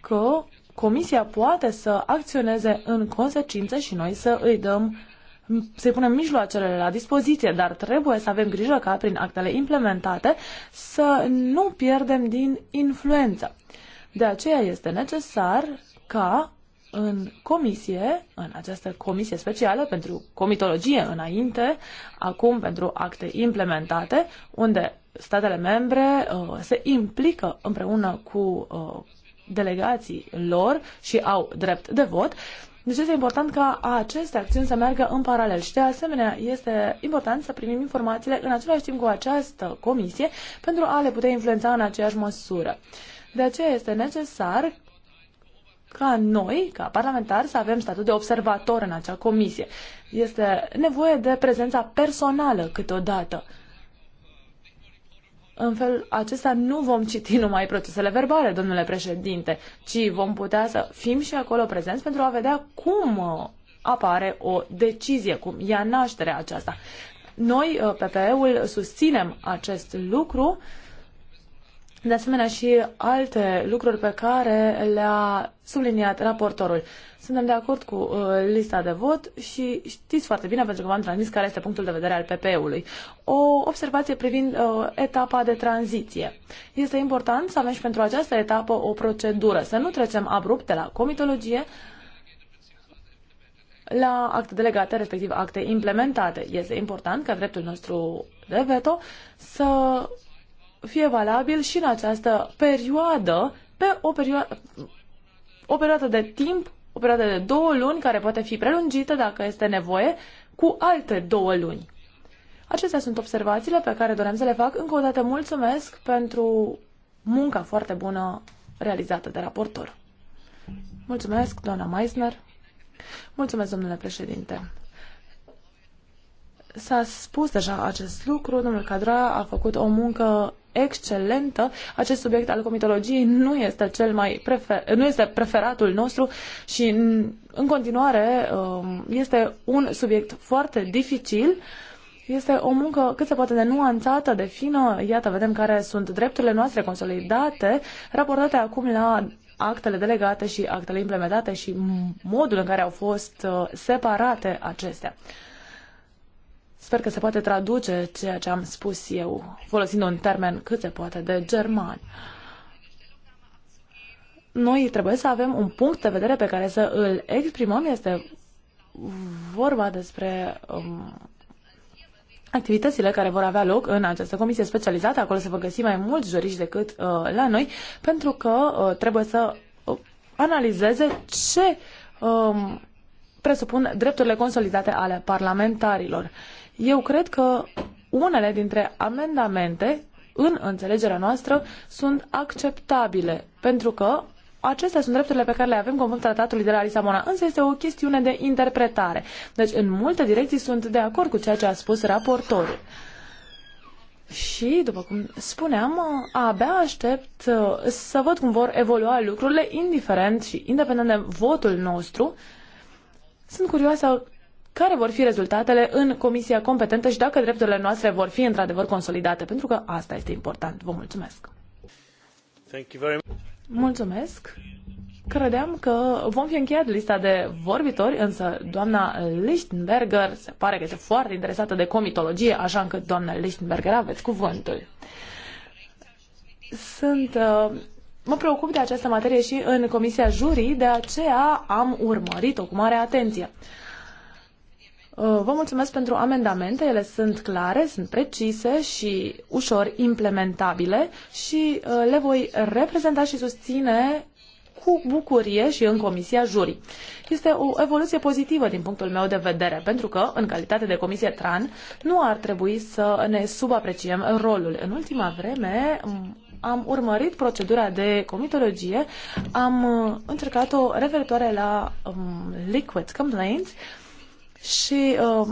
că Comisia poate să acționeze în consecință și noi să îi dăm uh, să-i punem mijloacele la dispoziție, dar trebuie să avem grijă ca prin actele implementate să nu pierdem din influență. De aceea este necesar ca în comisie, în această comisie specială pentru comitologie înainte, acum pentru acte implementate, unde statele membre uh, se implică împreună cu uh, delegații lor și au drept de vot, deci este important ca aceste acțiuni să meargă în paralel și de asemenea este important să primim informațiile în același timp cu această comisie pentru a le putea influența în aceeași măsură. De aceea este necesar ca noi, ca parlamentari, să avem statut de observator în acea comisie. Este nevoie de prezența personală câteodată. În felul acesta nu vom citi numai procesele verbale, domnule președinte, ci vom putea să fim și acolo prezenți pentru a vedea cum uh, apare o decizie, cum ia naștere aceasta. Noi, uh, PPE-ul, susținem acest lucru uh, de asemenea și alte lucruri pe care le-a subliniat raportorul. Suntem de acord cu uh, lista de vot și știți foarte bine, pentru că v-am transmis care este punctul de vedere al PP-ului. O observație privind uh, etapa de tranziție. Este important să avem și pentru această etapă o procedură, să nu trecem abrupt de la comitologie la acte delegate, respectiv acte implementate. Este important ca dreptul nostru de veto să fie valabil și în această perioadă, pe o perioadă, o perioadă de timp, o perioadă de două luni, care poate fi prelungită dacă este nevoie, cu alte două luni. Acestea sunt observațiile pe care doream să le fac. Încă o dată mulțumesc pentru munca foarte bună realizată de raportor. Mulțumesc, doamna Meisner. Mulțumesc, domnule președinte. S-a spus deja acest lucru, domnul Cadra a făcut o muncă excelentă. Acest subiect al comitologiei nu este cel mai prefer, nu este preferatul nostru și în continuare um, este un subiect foarte dificil. Este o muncă cât se poate de nuanțată, de fină. Iată, vedem care sunt drepturile noastre consolidate, raportate acum la actele delegate și actele implementate și modul în care au fost uh, separate acestea. Sper că se poate traduce ceea ce am spus eu, folosind un termen cât se poate de german. Noi trebuie să avem un punct de vedere pe care să îl exprimăm. Este vorba despre um, activitățile care vor avea loc în această comisie specializată. Acolo se vor găsi mai mulți juriști decât uh, la noi, pentru că uh, trebuie să uh, analizeze ce um, presupun drepturile consolidate ale parlamentarilor. Eu cred că unele dintre amendamente în înțelegerea noastră sunt acceptabile, pentru că acestea sunt drepturile pe care le avem conform tratatului de la Lisabona, însă este o chestiune de interpretare. Deci, în multe direcții sunt de acord cu ceea ce a spus raportorul. Și, după cum spuneam, abia aștept uh, să văd cum vor evolua lucrurile, indiferent și independent de votul nostru. Sunt curioasă care vor fi rezultatele în comisia competentă și dacă drepturile noastre vor fi într-adevăr consolidate, pentru că asta este important. Vă mulțumesc! Mulțumesc! Credeam că vom fi încheiat lista de vorbitori, însă doamna Lichtenberger se pare că este foarte interesată de comitologie, așa încât, doamna Lichtenberger, aveți cuvântul. Sunt uh, Mă preocup de această materie și în Comisia Jurii, de aceea am urmărit-o cu mare atenție. Uh, vă mulțumesc pentru amendamente, ele sunt clare, sunt precise și ușor implementabile și uh, le voi reprezenta și susține cu bucurie și în comisia Juri. Este o evoluție pozitivă din punctul meu de vedere, pentru că, în calitate de comisie TRAN, nu ar trebui să ne subapreciem rolul. În ultima vreme am urmărit procedura de comitologie, am uh, încercat o referitoare la um, liquid complaints, uh, și uh,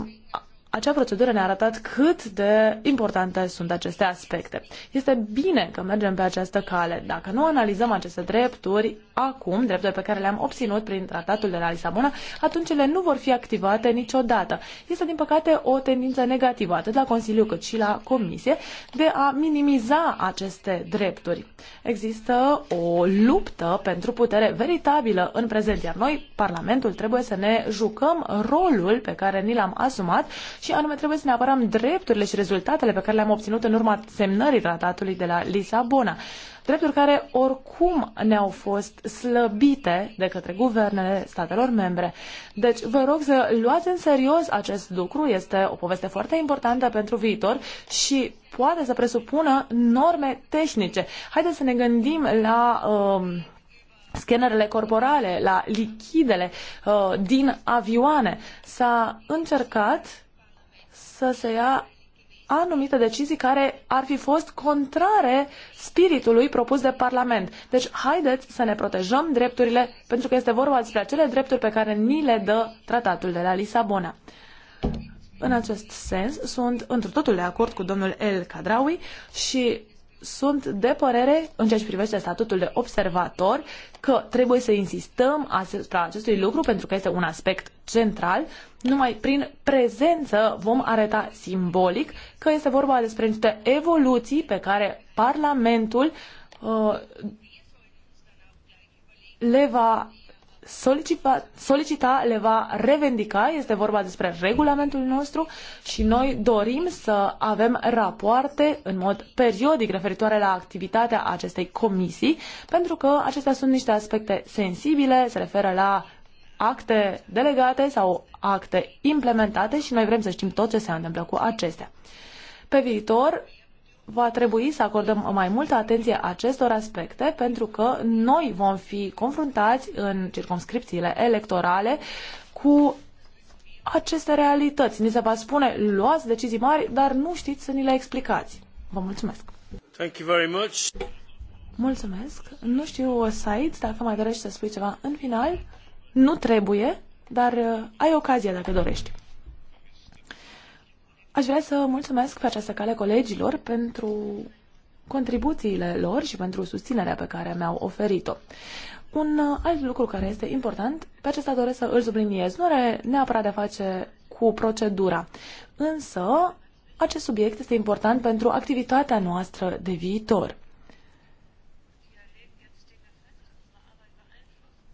acea procedură ne-a arătat cât de importante sunt aceste aspecte. Este bine că mergem pe această cale. Dacă nu analizăm aceste drepturi acum, drepturi pe care le-am obținut prin tratatul de la Lisabona, atunci ele nu vor fi activate niciodată. Este, din păcate, o tendință negativă, atât la Consiliu cât și la Comisie, de a minimiza aceste drepturi. Există o luptă pentru putere veritabilă în prezent, iar noi, Parlamentul, trebuie să ne jucăm rolul pe care ni l-am asumat și anume trebuie să ne apărăm drepturile și rezultatele pe care le-am obținut în urma semnării tratatului de la Lisabona. Drepturi care oricum ne-au fost slăbite de către guvernele statelor membre. Deci vă rog să luați în serios acest lucru, este o poveste foarte importantă pentru viitor și poate să presupună norme tehnice. Haideți să ne gândim la um, scanerele corporale, la lichidele uh, din avioane. S-a încercat să se ia anumite decizii care ar fi fost contrare spiritului propus de Parlament. Deci haideți să ne protejăm drepturile, pentru că este vorba despre acele drepturi pe care ni le dă tratatul de la Lisabona. În acest sens, sunt într totul de acord cu domnul El Cadraui și sunt de părere, în ceea ce privește statutul de observator, că trebuie să insistăm asupra acestui lucru pentru că este un aspect central. Numai prin prezență vom arăta simbolic că este vorba despre niște evoluții pe care Parlamentul uh, le va solicita, solicita, le va revendica. Este vorba despre regulamentul nostru și noi dorim să avem rapoarte în mod periodic referitoare la activitatea acestei comisii, pentru că acestea sunt niște aspecte sensibile, se referă la acte delegate sau acte implementate și noi vrem să știm tot ce se întâmplă cu acestea. Pe viitor, va trebui să acordăm mai multă atenție acestor aspecte pentru că noi vom fi confruntați în circumscripțiile electorale cu aceste realități. Ni se va spune, luați decizii mari, dar nu știți să ni le explicați. Vă mulțumesc! Thank you very much. Mulțumesc! Nu știu, Said, dacă mai dorești să spui ceva în final, nu trebuie, dar uh, ai ocazia dacă dorești. Aș vrea să mulțumesc pe această cale colegilor pentru contribuțiile lor și pentru susținerea pe care mi-au oferit-o. Un uh, alt lucru care este important, pe acesta doresc să îl subliniez, nu are neapărat de a face cu procedura, însă acest subiect este important pentru activitatea noastră de viitor.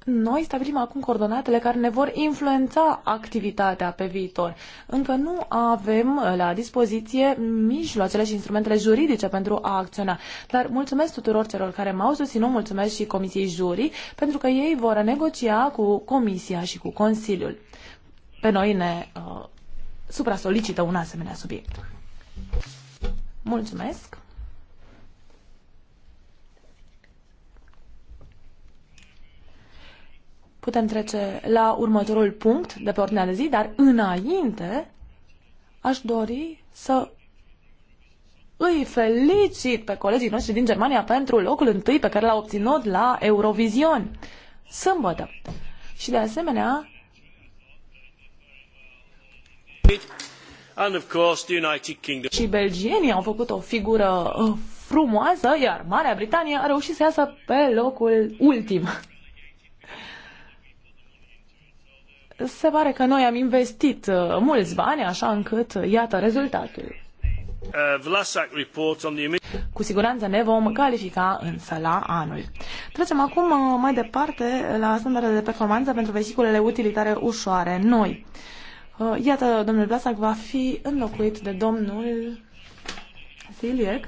noi stabilim acum coordonatele care ne vor influența activitatea pe viitor. Încă nu avem la dispoziție mijloacele și instrumentele juridice pentru a acționa. Dar mulțumesc tuturor celor care m-au susținut, mulțumesc și Comisiei Jurii, pentru că ei vor negocia cu Comisia și cu Consiliul. Pe noi ne uh, supra-solicită un asemenea subiect. Mulțumesc! putem trece la următorul punct de pe ordinea de zi, dar înainte aș dori să îi felicit pe colegii noștri din Germania pentru locul întâi pe care l-a obținut la Eurovision sâmbătă. Și de asemenea And of course, the United Kingdom. Și belgienii au făcut o figură uh, frumoasă, iar Marea Britanie a reușit să iasă pe locul ultim. se pare că noi am investit uh, mulți bani, așa încât, uh, iată, rezultatul. Uh, Cu siguranță ne vom califica însă la anul. Trecem acum mai departe la standardele de performanță pentru vehiculele utilitare ușoare, noi. Iată, domnul Vlasac va fi înlocuit de domnul Siliec,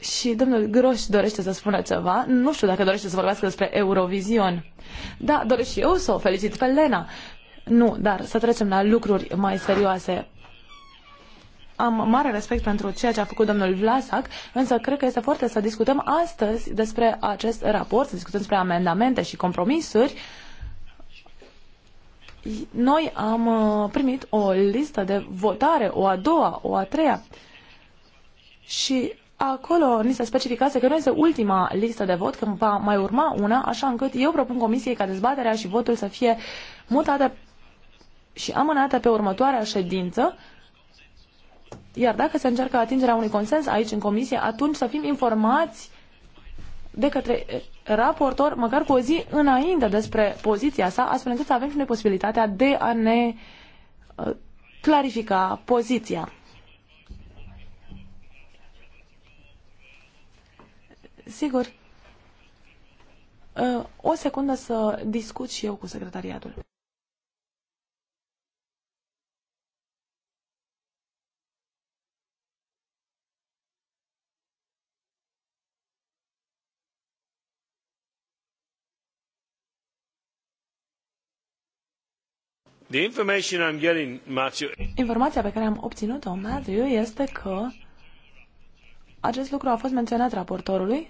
Și domnul Groș dorește să spună ceva. Nu știu dacă dorește să vorbească despre Eurovision. Da, doresc și eu să o felicit pe Lena. Nu, dar să trecem la lucruri mai serioase. Am mare respect pentru ceea ce a făcut domnul Vlasac, însă cred că este foarte să discutăm astăzi despre acest raport, să discutăm despre amendamente și compromisuri. Noi am uh, primit o listă de votare, o a doua, o a treia. Și Acolo ni se specificase că nu este ultima listă de vot, că va mai urma una, așa încât eu propun comisiei ca dezbaterea și votul să fie mutate și amânate pe următoarea ședință, iar dacă se încearcă atingerea unui consens aici în comisie, atunci să fim informați de către eh, raportor, măcar cu o zi înainte despre poziția sa, astfel încât să avem și noi posibilitatea de a ne eh, clarifica poziția. Sigur, uh, o secundă să discut și eu cu secretariatul. The information I'm getting, Matthew... Informația pe care am obținut-o, Matthew, este că acest lucru a fost menționat raportorului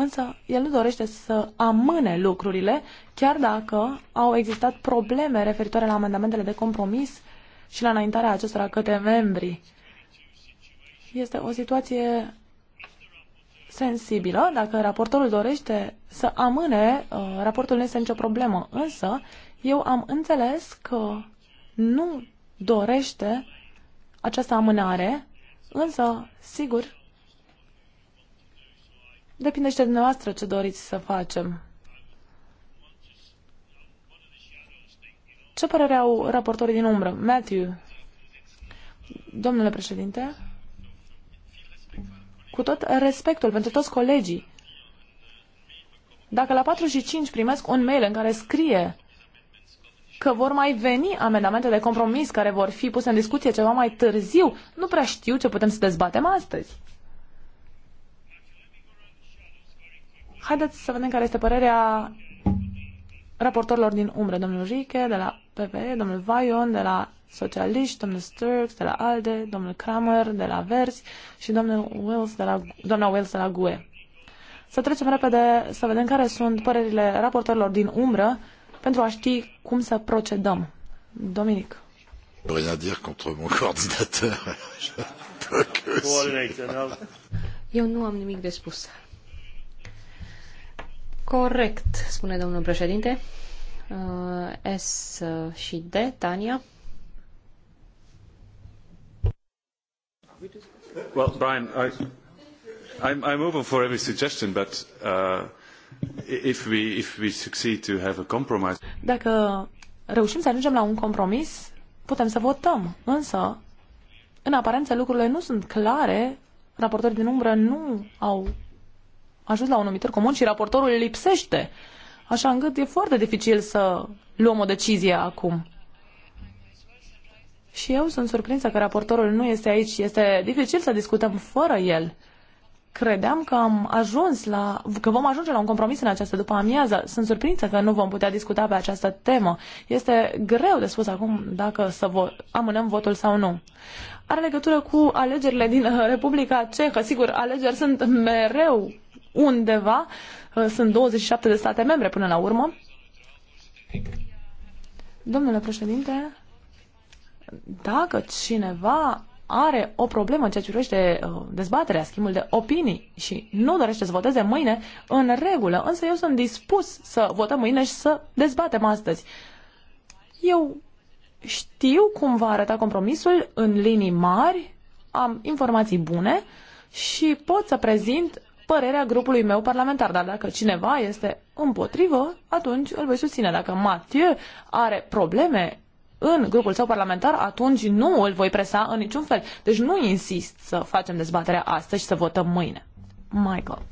Însă, el nu dorește să amâne lucrurile, chiar dacă au existat probleme referitoare la amendamentele de compromis și la înaintarea acestora către membri. Este o situație sensibilă. Dacă raportorul dorește să amâne, uh, raportul nu este nicio problemă. Însă, eu am înțeles că nu dorește această amânare, însă, sigur, Depinde și de dumneavoastră ce doriți să facem. Ce părere au raportorii din umbră? Matthew. Domnule președinte, cu tot respectul pentru toți colegii, dacă la 45 primesc un mail în care scrie că vor mai veni amendamente de compromis care vor fi puse în discuție ceva mai târziu, nu prea știu ce putem să dezbatem astăzi. Haideți să vedem care este părerea raportorilor din umbră, domnul Riche de la PPE, domnul Vaion de la Socialiști, domnul Sturks de la ALDE, domnul Kramer de la Verzi și domnul Wills de la, doamna Wills de la GUE. Să trecem repede să vedem care sunt părerile raportorilor din umbră pentru a ști cum să procedăm. Dominic. Rien dire contre mon coordinateur. Eu nu am nimic de spus. Corect, spune domnul președinte. Uh, S și D, Tania. Well, Brian, I, I'm, I'm open for every suggestion, but uh, if, we, if we succeed to have a compromise... Dacă reușim să ajungem la un compromis, putem să votăm. Însă, în aparență, lucrurile nu sunt clare. Raportorii din umbră nu au ajuns la un numitor comun și raportorul lipsește. Așa încât e foarte dificil să luăm o decizie acum. Și eu sunt surprinsă că raportorul nu este aici. Este dificil să discutăm fără el. Credeam că am ajuns la, că vom ajunge la un compromis în această după amiază. Sunt surprinsă că nu vom putea discuta pe această temă. Este greu de spus acum dacă să vo- amânăm votul sau nu. Are legătură cu alegerile din uh, Republica Cehă. Sigur, alegeri sunt mereu undeva, uh, sunt 27 de state membre până la urmă. Domnule președinte, dacă cineva are o problemă în ceea ce privește uh, dezbaterea, schimbul de opinii și nu dorește să voteze mâine, în regulă, însă eu sunt dispus să votăm mâine și să dezbatem astăzi. Eu știu cum va arăta compromisul în linii mari, am informații bune și pot să prezint părerea grupului meu parlamentar, dar dacă cineva este împotrivă, atunci îl voi susține. Dacă Mathieu are probleme în grupul său parlamentar, atunci nu îl voi presa în niciun fel. Deci nu insist să facem dezbaterea astăzi și să votăm mâine. Michael.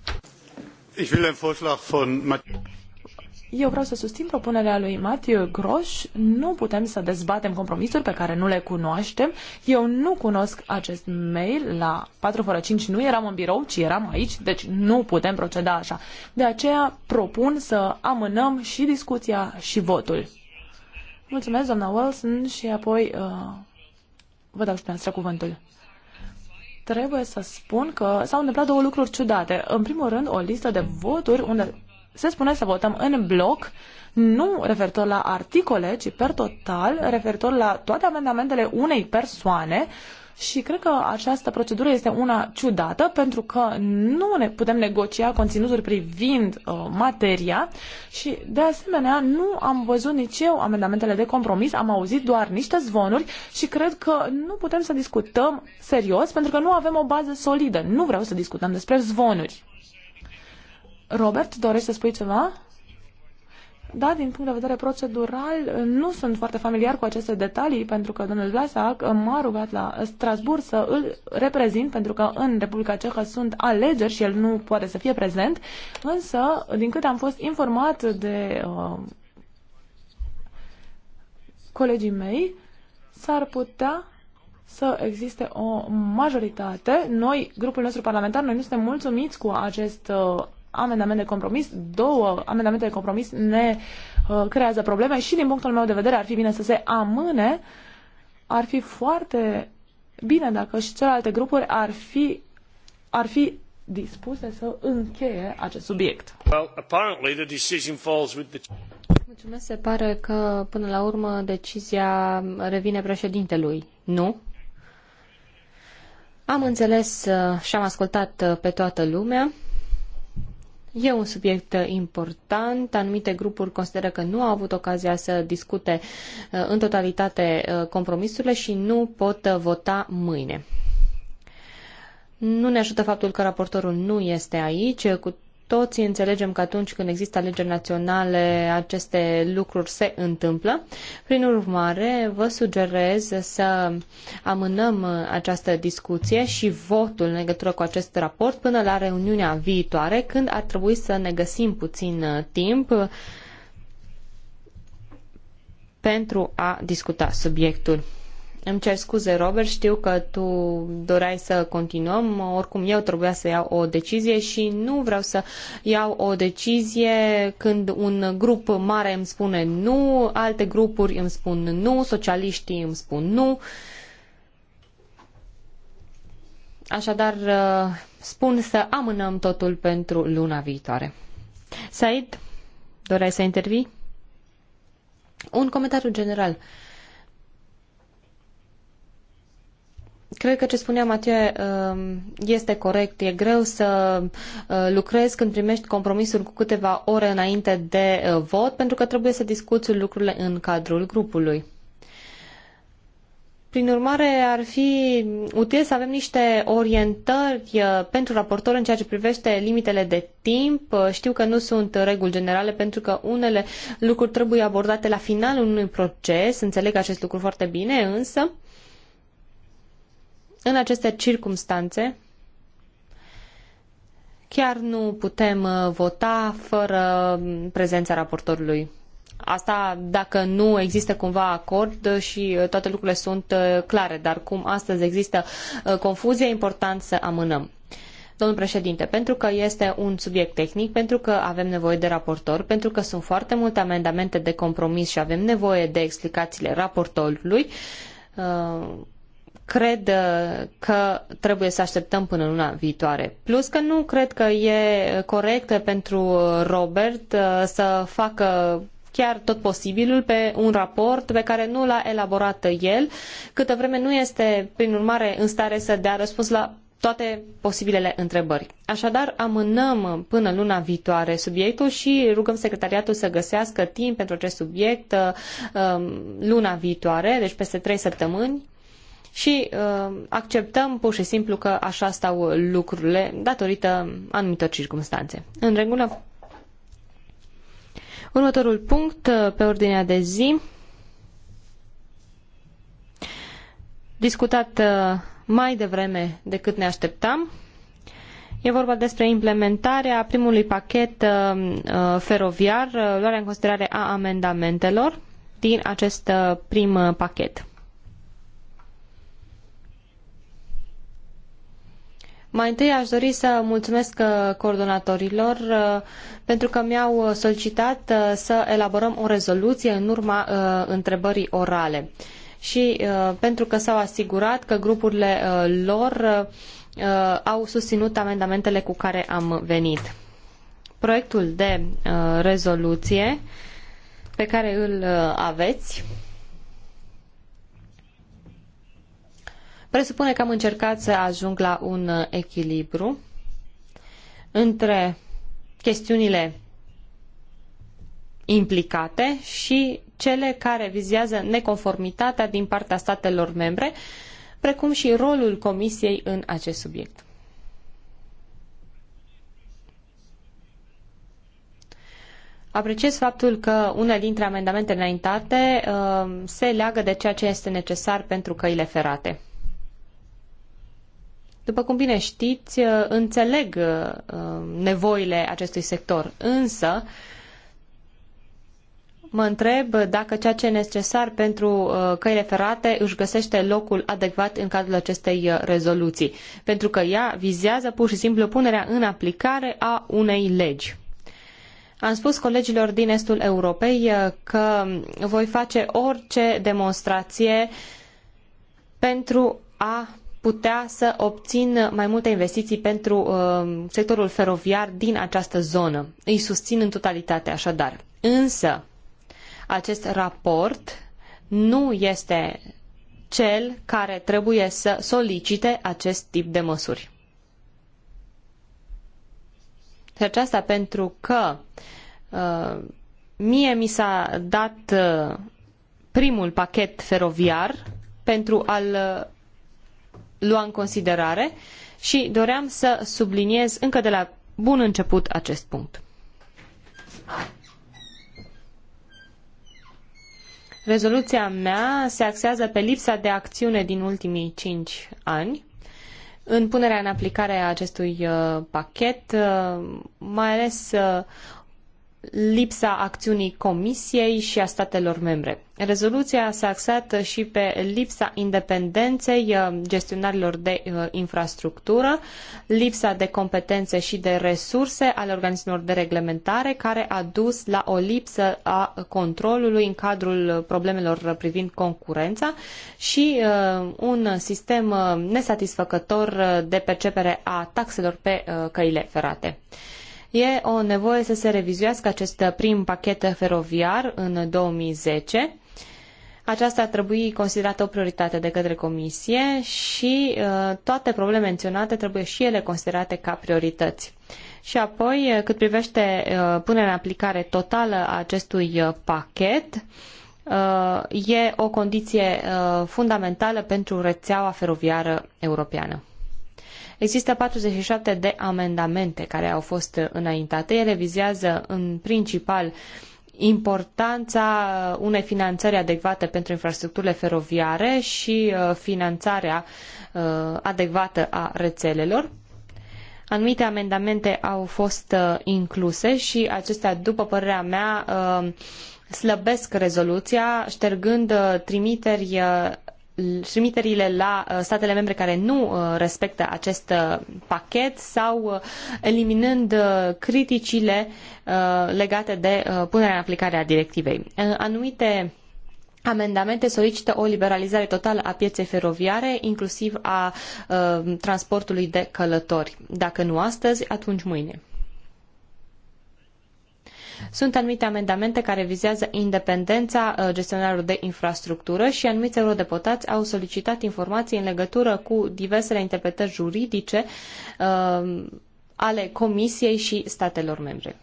Eu vreau să susțin propunerea lui Matthew Groș. Nu putem să dezbatem compromisuri pe care nu le cunoaștem. Eu nu cunosc acest mail. La 4 fără 5 nu eram în birou, ci eram aici, deci nu putem proceda așa. De aceea propun să amânăm și discuția și votul. Mulțumesc, doamna Wilson, și apoi uh, vă dau și dumneavoastră cuvântul trebuie să spun că s-au întâmplat două lucruri ciudate. În primul rând, o listă de voturi unde se spune să votăm în bloc, nu referitor la articole, ci per total, referitor la toate amendamentele unei persoane și cred că această procedură este una ciudată pentru că nu ne putem negocia conținuturi privind uh, materia și de asemenea nu am văzut nici eu amendamentele de compromis, am auzit doar niște zvonuri și cred că nu putem să discutăm serios pentru că nu avem o bază solidă. Nu vreau să discutăm despre zvonuri. Robert, dorești să spui ceva? Da, din punct de vedere procedural, nu sunt foarte familiar cu aceste detalii, pentru că domnul Vlasac m-a rugat la Strasburg să îl reprezint, pentru că în Republica Cehă sunt alegeri și el nu poate să fie prezent, însă, din câte am fost informat de uh, colegii mei, s-ar putea să existe o majoritate. Noi, grupul nostru parlamentar, noi nu suntem mulțumiți cu acest uh, amendament de compromis. Două amendamente de compromis ne uh, creează probleme și din punctul meu de vedere ar fi bine să se amâne. Ar fi foarte bine dacă și celelalte grupuri ar fi, ar fi dispuse să încheie acest subiect. Well, apparently the decision falls with the... Mulțumesc, se pare că până la urmă decizia revine președintelui, nu? Am înțeles uh, și am ascultat uh, pe toată lumea. E un subiect important. Anumite grupuri consideră că nu au avut ocazia să discute uh, în totalitate uh, compromisurile și nu pot uh, vota mâine. Nu ne ajută faptul că raportorul nu este aici. Cu toții înțelegem că atunci când există alegeri naționale, aceste lucruri se întâmplă. Prin urmare, vă sugerez să amânăm această discuție și votul în legătură cu acest raport până la reuniunea viitoare, când ar trebui să ne găsim puțin uh, timp pentru a discuta subiectul. Îmi cer scuze, Robert, știu că tu doreai să continuăm, oricum eu trebuia să iau o decizie și nu vreau să iau o decizie când un grup mare îmi spune nu, alte grupuri îmi spun nu, socialiștii îmi spun nu. Așadar, uh, spun să amânăm totul pentru luna viitoare. Said, doreai să intervii? Un comentariu general. Uh, Cred că ce spunea Matei, um, este corect. E greu să uh, lucrezi când primești compromisul cu câteva ore înainte de uh, vot, pentru că trebuie să discuți lucrurile în cadrul grupului. Prin urmare, ar fi util să avem niște orientări uh, pentru raportor în ceea ce privește limitele de timp. Știu că nu sunt reguli generale pentru că unele lucruri trebuie abordate la finalul unui proces, înțeleg acest lucru foarte bine, însă în aceste circumstanțe, chiar nu putem uh, vota fără mm, prezența raportorului. Asta dacă nu există cumva acord și uh, toate lucrurile sunt uh, clare, dar cum astăzi există confuzie, e important să amânăm. Domnul președinte, pentru că este un subiect tehnic, pentru că avem nevoie de raportor, pentru că sunt foarte multe amendamente de compromis și avem nevoie de explicațiile raportorului, cred uh, că trebuie să așteptăm până luna viitoare. Plus că nu cred că e corect pentru Robert uh, să facă chiar tot posibilul pe un raport pe care nu l-a elaborat el, câtă vreme nu este, prin urmare, în stare să dea răspuns la toate posibilele întrebări. Așadar, amânăm până luna viitoare subiectul și rugăm secretariatul să găsească timp pentru acest subiect uh, um, luna viitoare, deci peste trei săptămâni, și uh, acceptăm pur și simplu că așa stau lucrurile datorită anumitor circunstanțe. În regulă? Următorul punct uh, pe ordinea de zi discutat uh, mai devreme decât ne așteptam. E vorba despre implementarea primului pachet uh, feroviar, luarea în considerare a amendamentelor din acest prim pachet. Mai întâi aș dori să mulțumesc uh, coordonatorilor uh, pentru că mi-au uh, solicitat să elaborăm o rezoluție în urma întrebării orale și pentru că s-au asigurat că grupurile lor au susținut amendamentele cu care am venit. Proiectul de rezoluție pe care îl aveți presupune că am încercat să ajung la un uh, echilibru între chestiunile implicate și cele care vizează neconformitatea din partea statelor membre, precum și rolul Comisiei în acest subiect. Apreciez faptul că unele dintre amendamente înaintate uh, se leagă de ceea ce este necesar pentru căile ferate. După cum bine știți, uh, înțeleg uh, nevoile acestui sector, însă mă întreb dacă ceea ce e necesar pentru uh, căile ferate își găsește locul adecvat în cadrul acestei rezoluții, pentru că ea vizează pur și simplu punerea în aplicare a unei legi. Am spus colegilor din estul Europei că voi face orice demonstrație pentru a putea să obțin mai multe investiții pentru uh, sectorul feroviar din această zonă. Îi susțin în totalitate, așadar. Însă, acest raport nu este cel care trebuie să solicite acest tip de măsuri. Și aceasta pentru că uh, mie mi s-a dat uh, primul pachet feroviar pentru a-l lua în considerare și doream să subliniez încă de la bun început acest punct. Rezoluția mea se axează pe lipsa de acțiune din ultimii cinci ani în punerea în aplicare a acestui uh, pachet, uh, mai ales uh, lipsa acțiunii Comisiei și a statelor membre. Rezoluția s-a axat și pe lipsa independenței uh, gestionarilor de uh, infrastructură, lipsa de competențe și de resurse ale organismelor de reglementare, care a dus la o lipsă a controlului în cadrul problemelor privind concurența și uh, un sistem nesatisfăcător de percepere a taxelor pe căile ferate. E o nevoie să se revizuiască acest prim pachet feroviar în 2010. Aceasta ar trebui considerată o prioritate de către Comisie și uh, toate problemele menționate trebuie și ele considerate ca priorități. Și apoi, uh, cât privește uh, punerea în aplicare totală a acestui uh, pachet, uh, e o condiție uh, fundamentală pentru rețeaua feroviară europeană. Există 47 de amendamente care au fost înaintate. Ele vizează în principal importanța unei finanțări adecvate pentru infrastructurile feroviare și uh, finanțarea uh, adecvată a rețelelor. Anumite amendamente au fost uh, incluse și acestea, după părerea mea, slăbesc rezoluția, ștergând trimiteri trimiterile la uh, statele membre care nu uh, respectă acest uh, pachet sau eliminând criticile legate de punerea în aplicare a directivei. Anumite amendamente solicită o liberalizare totală a pieței feroviare, inclusiv a transportului de călători. Dacă nu astăzi, atunci mâine. Sunt anumite amendamente care vizează independența uh, gestionarului de infrastructură și anumiți eurodeputați au solicitat informații în legătură cu diversele interpretări juridice uh, ale Comisiei și statelor membre.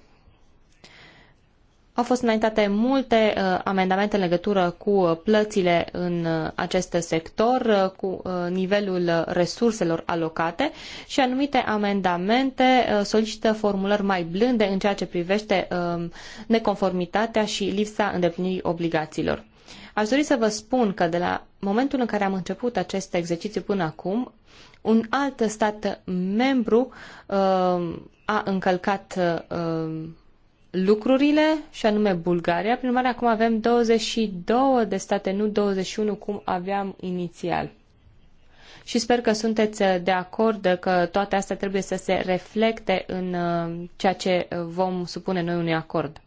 Au fost înaintate multe uh, amendamente în legătură cu uh, plățile în uh, acest sector, cu nivelul resurselor alocate și anumite amendamente solicită formulări mai blânde în ceea ce privește um, neconformitatea și lipsa îndeplinirii obligațiilor. Aș dori să vă spun că de la momentul în care am început acest exercițiu până acum, un alt stat membru um, a încălcat um, lucrurile, și anume Bulgaria. Prin urmare, acum avem 22 de state, nu 21 cum aveam inițial. Și sper că sunteți uh, de acord că toate astea trebuie să se reflecte în uh, ceea ce uh, vom supune noi unui acord.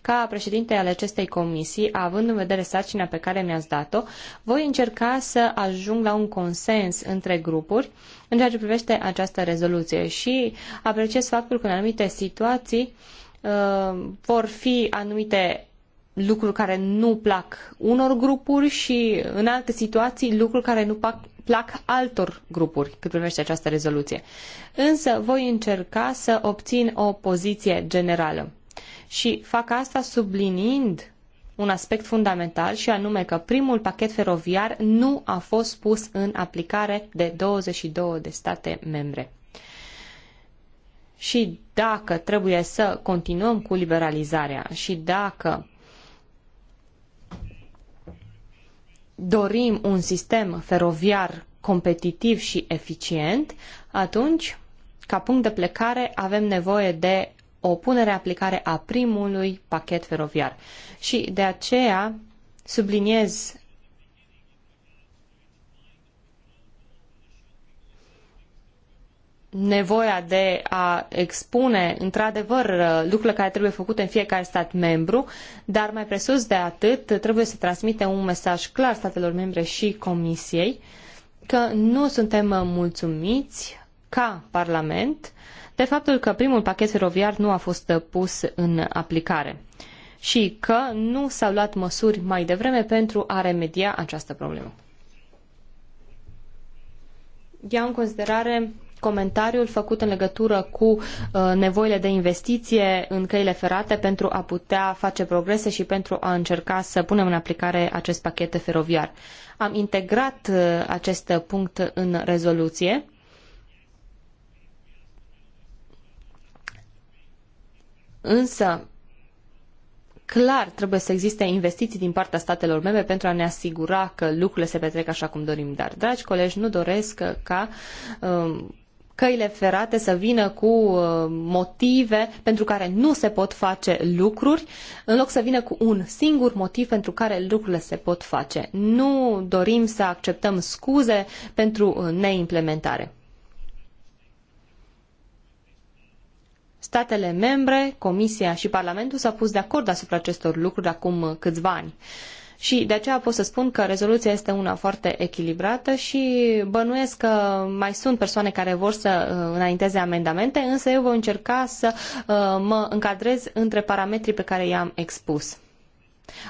Ca președinte al acestei comisii, având în vedere sarcina pe care mi-ați dat-o, voi încerca să ajung la un consens între grupuri în ceea ce privește această rezoluție și apreciez faptul că în anumite situații uh, Uh, vor fi anumite lucruri care nu plac unor grupuri și în alte situații lucruri care nu plac, plac altor grupuri cât primește această rezoluție. Însă voi încerca să obțin o poziție generală. Și fac asta subliniind un aspect fundamental și anume că primul pachet feroviar nu a fost pus în aplicare de 22 de state membre. Și dacă trebuie să continuăm cu liberalizarea și dacă dorim un sistem feroviar competitiv și eficient, atunci, ca punct de plecare, avem nevoie de o punere aplicare a primului pachet feroviar. Și de aceea subliniez nevoia de a expune, într-adevăr, uh, lucrurile care trebuie făcute în fiecare stat membru, dar mai presus de atât, trebuie să transmitem un mesaj clar statelor membre și Comisiei că nu suntem uh, mulțumiți ca Parlament de faptul că primul pachet feroviar nu a fost uh, pus în aplicare și că nu s-au luat măsuri mai devreme pentru a remedia această problemă. Iau în considerare comentariul făcut în legătură cu uh, nevoile de investiție în căile ferate pentru a putea face progrese și pentru a încerca să punem în aplicare acest pachet feroviar. Am integrat uh, acest punct în rezoluție. Însă, clar trebuie să existe investiții din partea statelor membre pentru a ne asigura că lucrurile se petrec așa cum dorim. Dar, dragi colegi, nu doresc ca um, căile ferate să vină cu uh, motive pentru care nu se pot face lucruri, în loc să vină cu un singur motiv pentru care lucrurile se pot face. Nu dorim să acceptăm scuze pentru uh, neimplementare. Statele membre, Comisia și Parlamentul s-au pus de acord asupra acestor lucruri acum câțiva ani. Și de aceea pot să spun că rezoluția este una foarte echilibrată și bănuiesc că mai sunt persoane care vor să uh, înainteze amendamente, însă eu voi încerca să uh, mă încadrez între parametrii pe care i-am expus.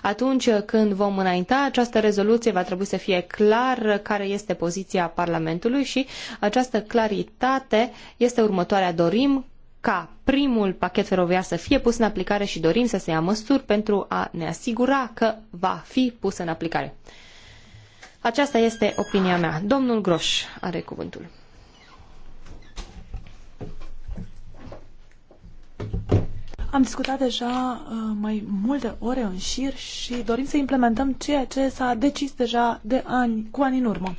Atunci când vom înainta această rezoluție, va trebui să fie clar care este poziția Parlamentului și această claritate este următoarea. Dorim ca primul pachet feroviar să fie pus în aplicare și dorim să se ia măsuri pentru a ne asigura că va fi pus în aplicare. Aceasta este opinia mea. Domnul Groș are cuvântul. Am discutat deja uh, mai multe ore în șir și dorim să implementăm ceea ce s-a decis deja de ani, cu ani în urmă.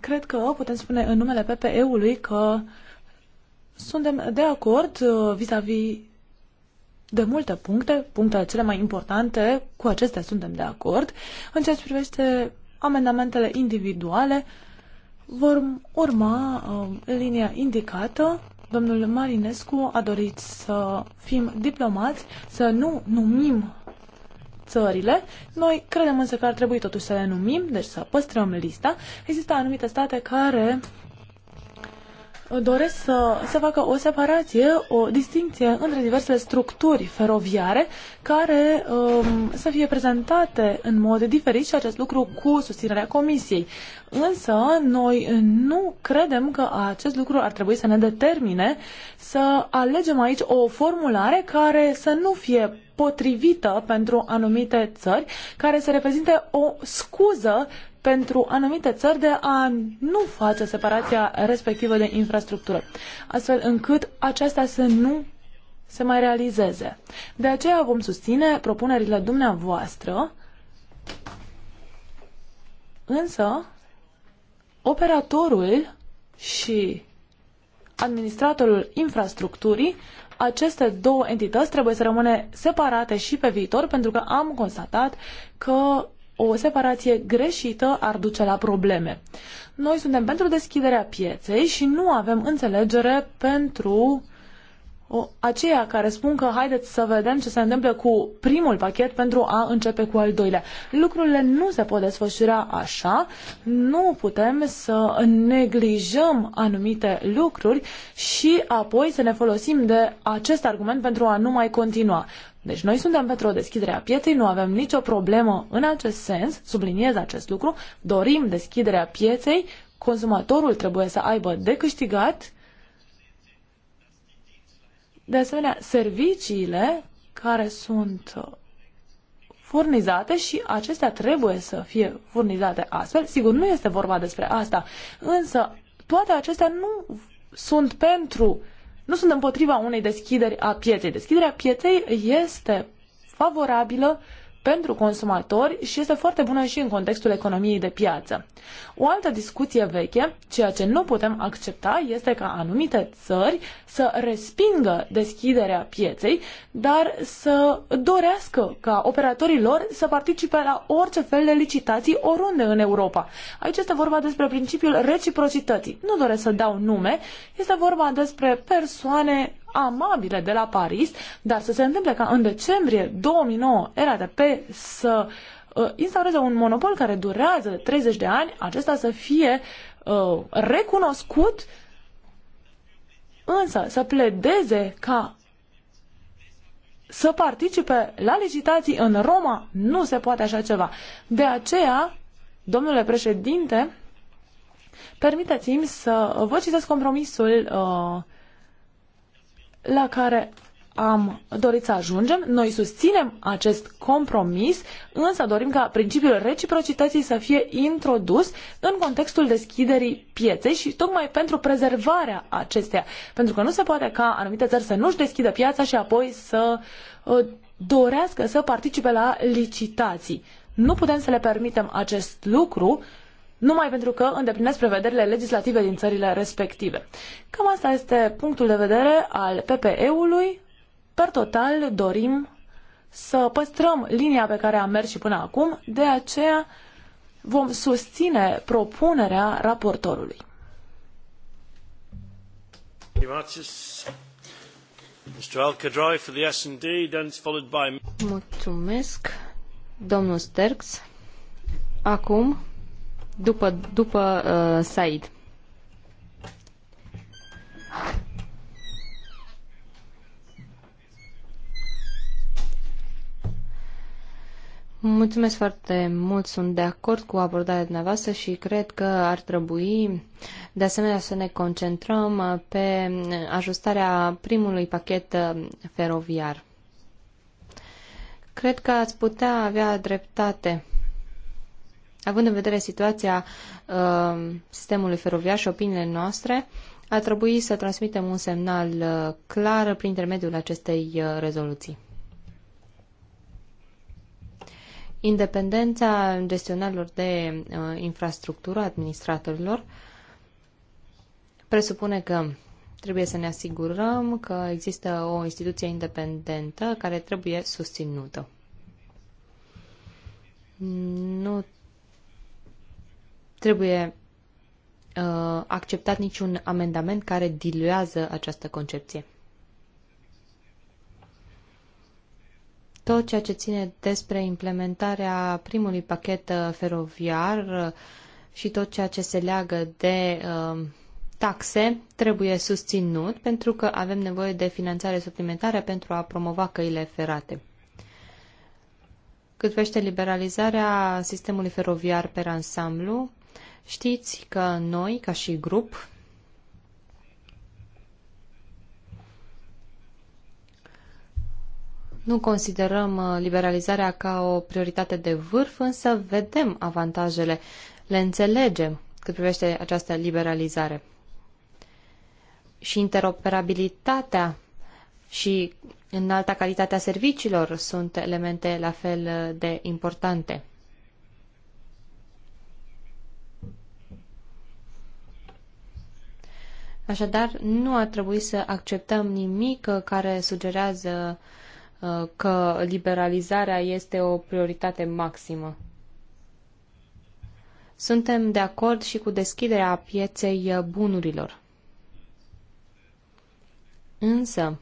Cred că putem spune în numele PPE-ului că uh, suntem de acord uh, vis-a-vis -vis de multe puncte, punctele cele mai importante, cu acestea suntem de acord. În ceea ce privește amendamentele individuale, vor urma uh, linia indicată. Domnul Marinescu a dorit să fim diplomați, să nu numim țările. Noi credem însă că ar trebui totuși să le numim, deci să păstrăm lista. Există anumite state care doresc să se facă o separație, o distinție între diversele structuri feroviare care um, să fie prezentate în mod diferit și acest lucru cu susținerea Comisiei. Însă, noi nu credem că acest lucru ar trebui să ne determine să alegem aici o formulare care să nu fie potrivită pentru anumite țări, care să reprezinte o scuză pentru anumite țări de a nu face separația respectivă de infrastructură, astfel încât aceasta să nu se mai realizeze. De aceea vom susține propunerile dumneavoastră, însă operatorul și administratorul infrastructurii, aceste două entități trebuie să rămâne separate și pe viitor, pentru că am constatat că o separație greșită ar duce la probleme. Noi suntem pentru deschiderea pieței și nu avem înțelegere pentru o, aceia care spun că haideți să vedem ce se întâmplă cu primul pachet pentru a începe cu al doilea. Lucrurile nu se pot desfășura așa, nu putem să neglijăm anumite lucruri și apoi să ne folosim de acest argument pentru a nu mai continua. Deci noi suntem pentru o deschidere a pieței, nu avem nicio problemă în acest sens, subliniez acest lucru, dorim deschiderea pieței, consumatorul trebuie să aibă de câștigat de asemenea, serviciile care sunt uh, furnizate și acestea trebuie să fie furnizate astfel. Sigur, nu este vorba despre asta, însă toate acestea nu sunt pentru, nu sunt împotriva unei deschideri a pieței. Deschiderea pieței este favorabilă pentru consumatori și este foarte bună și în contextul economiei de piață. O altă discuție veche, ceea ce nu putem accepta, este ca anumite țări să respingă deschiderea pieței, dar să dorească ca operatorii lor să participe la orice fel de licitații oriunde în Europa. Aici este vorba despre principiul reciprocității. Nu doresc să dau nume, este vorba despre persoane amabile de la Paris, dar să se întâmple ca în decembrie 2009 pe să uh, instaureze un monopol care durează 30 de ani, acesta să fie uh, recunoscut uh, însă să pledeze ca să participe la licitații în Roma, nu se poate așa ceva. De aceea, domnule președinte, permiteți-mi să vă citesc compromisul uh, la care am dorit să ajungem. Noi susținem acest compromis, însă dorim ca principiul reciprocității să fie introdus în contextul deschiderii pieței și tocmai pentru prezervarea acesteia. Pentru că nu se poate ca anumite țări să nu-și deschidă piața și apoi să uh, dorească să participe la licitații. Nu putem să le permitem acest lucru numai pentru că îndeplinesc prevederile legislative din țările respective. Cam asta este punctul de vedere al PPE-ului Per total dorim să păstrăm linia pe care am mers și până acum, de aceea vom susține propunerea raportorului. Mulțumesc, domnul Sterks. Acum, după, după uh, Said. Mulțumesc foarte mult, sunt de acord cu abordarea dumneavoastră și cred că ar trebui de asemenea să ne concentrăm pe ajustarea primului pachet feroviar. Cred că ați putea avea dreptate. Având în vedere situația uh, sistemului feroviar și opiniile noastre, ar trebui să transmitem un semnal uh, clar prin intermediul acestei uh, rezoluții. independența gestionarilor de uh, infrastructură, administratorilor, presupune că trebuie să ne asigurăm că există o instituție independentă care trebuie susținută. Nu trebuie uh, acceptat niciun amendament care diluează această concepție. Tot ceea ce ține despre implementarea primului pachet uh, feroviar uh, și tot ceea ce se leagă de uh, taxe trebuie susținut pentru că avem nevoie de finanțare suplimentară pentru a promova căile ferate. Cât vește liberalizarea sistemului feroviar pe ansamblu, știți că noi, ca și grup, Nu considerăm uh, liberalizarea ca o prioritate de vârf, însă vedem avantajele, le înțelegem cât privește această liberalizare. Și interoperabilitatea și înalta calitatea serviciilor sunt elemente la fel uh, de importante. Așadar, nu ar trebui să acceptăm nimic uh, care sugerează uh, că liberalizarea este o prioritate maximă. Suntem de acord și cu deschiderea pieței bunurilor. Însă,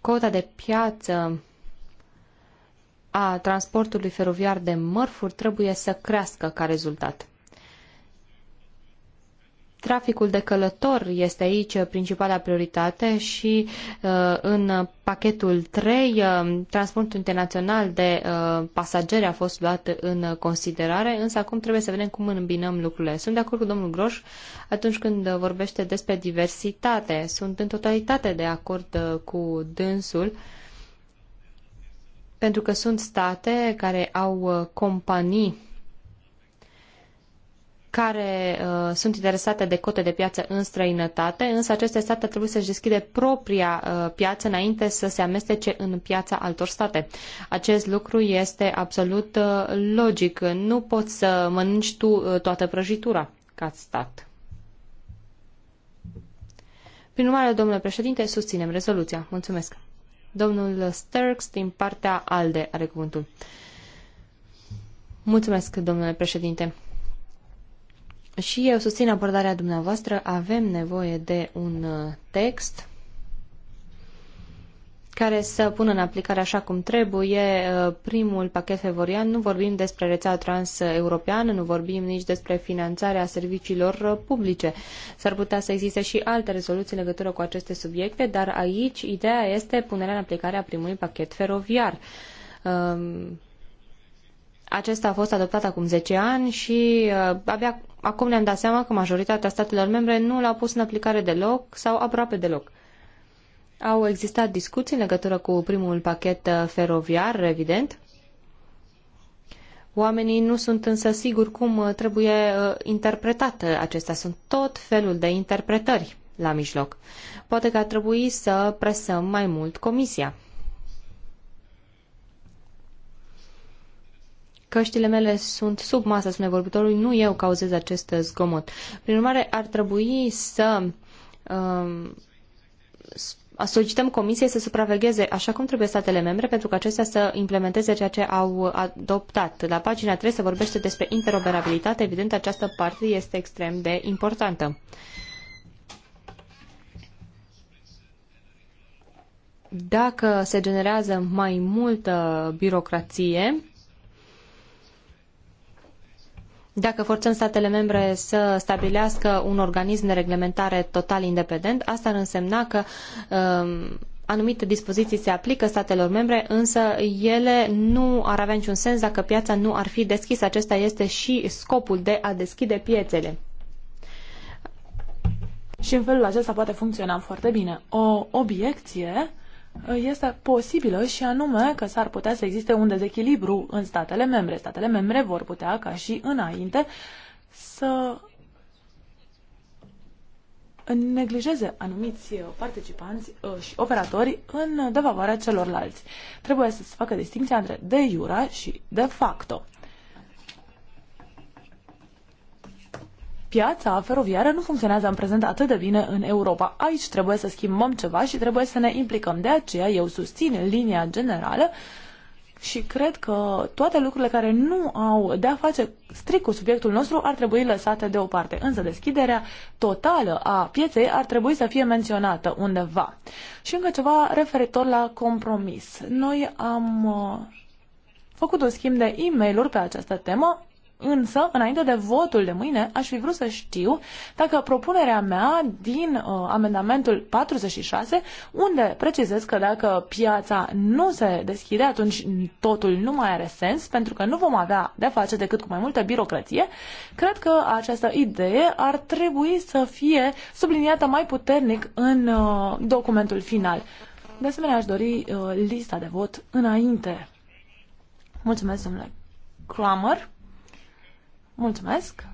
cota de piață a transportului feroviar de mărfuri trebuie să crească ca rezultat. Traficul de călători este aici principala prioritate și uh, în pachetul 3 uh, transportul internațional de uh, pasageri a fost luat în considerare, însă acum trebuie să vedem cum îmbinăm lucrurile. Sunt de acord cu domnul Groș atunci când vorbește despre diversitate. Sunt în totalitate de acord cu dânsul pentru că sunt state care au companii care uh, sunt interesate de cote de piață în străinătate, însă aceste state trebuie să-și deschide propria uh, piață înainte să se amestece în piața altor state. Acest lucru este absolut uh, logic. Nu poți să mănânci tu uh, toată prăjitura ca stat. Prin urmare, domnule președinte, susținem rezoluția. Mulțumesc. Domnul Sturks, din partea ALDE, are cuvântul. Mulțumesc, domnule președinte. Și eu susțin abordarea dumneavoastră. Avem nevoie de un uh, text care să pună în aplicare așa cum trebuie uh, primul pachet fevorian. Nu vorbim despre rețea transeuropeană, nu vorbim nici despre finanțarea serviciilor uh, publice. S-ar putea să existe și alte rezoluții în legătură cu aceste subiecte, dar aici ideea este punerea în aplicare a primului pachet feroviar. Um acesta a fost adoptat acum 10 ani și uh, abia acum ne-am dat seama că majoritatea statelor membre nu l-au pus în aplicare deloc sau aproape deloc. Au existat discuții în legătură cu primul pachet uh, feroviar, evident. Oamenii nu sunt însă siguri cum uh, trebuie uh, interpretat acestea. Sunt tot felul de interpretări la mijloc. Poate că ar trebui să presăm mai mult comisia. Căștile mele sunt sub masa spune vorbitorul, nu eu cauzez acest zgomot. Prin urmare, ar trebui să uh, solicităm Comisiei să supravegheze așa cum trebuie statele membre pentru că acestea să implementeze ceea ce au adoptat. La pagina 3 se vorbește despre interoperabilitate. Evident, această parte este extrem de importantă. Dacă se generează mai multă birocrație, dacă forțăm statele membre să stabilească un organism de reglementare total independent, asta ar însemna că um, anumite dispoziții se aplică statelor membre, însă ele nu ar avea niciun sens dacă piața nu ar fi deschisă. Acesta este și scopul de a deschide piețele. Și în felul acesta poate funcționa foarte bine. O obiecție este posibilă și anume că s-ar putea să existe un dezechilibru în statele membre. Statele membre vor putea, ca și înainte, să neglijeze anumiți participanți uh, și operatori în defavoarea celorlalți. Trebuie să se facă distinția între de iura și de facto. piața feroviară nu funcționează în prezent atât de bine în Europa. Aici trebuie să schimbăm ceva și trebuie să ne implicăm. De aceea eu susțin linia generală și cred că toate lucrurile care nu au de a face strict cu subiectul nostru ar trebui lăsate deoparte. Însă deschiderea totală a pieței ar trebui să fie menționată undeva. Și încă ceva referitor la compromis. Noi am uh, făcut un schimb de e mail pe această temă Însă, înainte de votul de mâine, aș fi vrut să știu dacă propunerea mea din uh, amendamentul 46, unde precizez că dacă piața nu se deschide, atunci totul nu mai are sens, pentru că nu vom avea de face decât cu mai multă birocrație, cred că această idee ar trebui să fie subliniată mai puternic în uh, documentul final. De asemenea, aș dori uh, lista de vot înainte. Mulțumesc, domnule Kramer. Mulțumesc!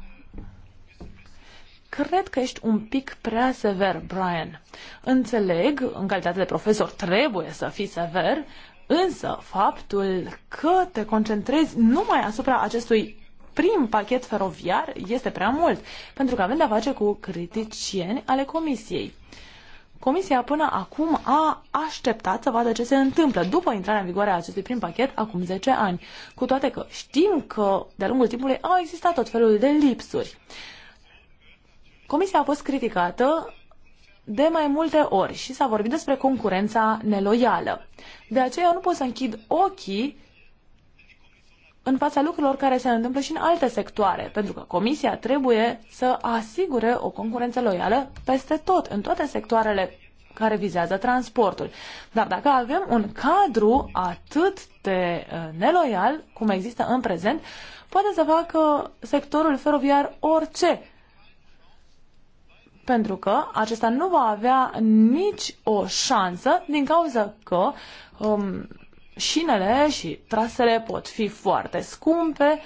Cred că ești un pic prea sever, Brian. Înțeleg, în calitate de profesor trebuie să fii sever, însă faptul că te concentrezi numai asupra acestui prim pachet feroviar este prea mult, pentru că avem de-a face cu criticieni ale comisiei. Comisia până acum a așteptat să vadă ce se întâmplă după intrarea în vigoare a acestui prim pachet acum 10 ani, cu toate că știm că de-a lungul timpului au existat tot felul de lipsuri. Comisia a fost criticată de mai multe ori și s-a vorbit despre concurența neloială. De aceea nu pot să închid ochii în fața lucrurilor care se întâmplă și în alte sectoare, pentru că Comisia trebuie să asigure o concurență loială peste tot, în toate sectoarele care vizează transportul. Dar dacă avem un cadru atât de uh, neloial, cum există în prezent, poate să facă sectorul feroviar orice, pentru că acesta nu va avea nici o șansă din cauza că um, șinele și trasele pot fi foarte scumpe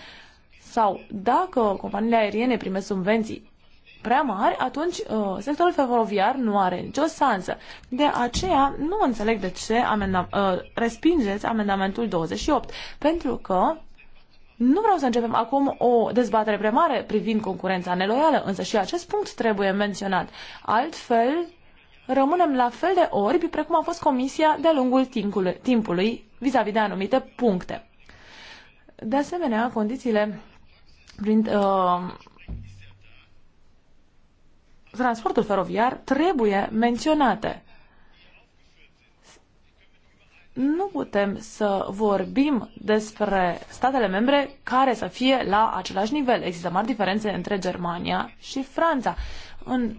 sau dacă companiile aeriene primesc subvenții prea mari, atunci uh, sectorul feroviar nu are nicio sansă. De aceea nu înțeleg de ce amenda- uh, respingeți amendamentul 28, pentru că nu vreau să începem acum o dezbatere prea mare privind concurența neloială, însă și acest punct trebuie menționat. Altfel, rămânem la fel de orbi precum a fost comisia de-a lungul timpului, timpului vis-a-vis -vis de anumite puncte. De asemenea, condițiile prin uh, transportul feroviar trebuie menționate. Nu putem să vorbim despre statele membre care să fie la același nivel. Există mari diferențe între Germania și Franța. În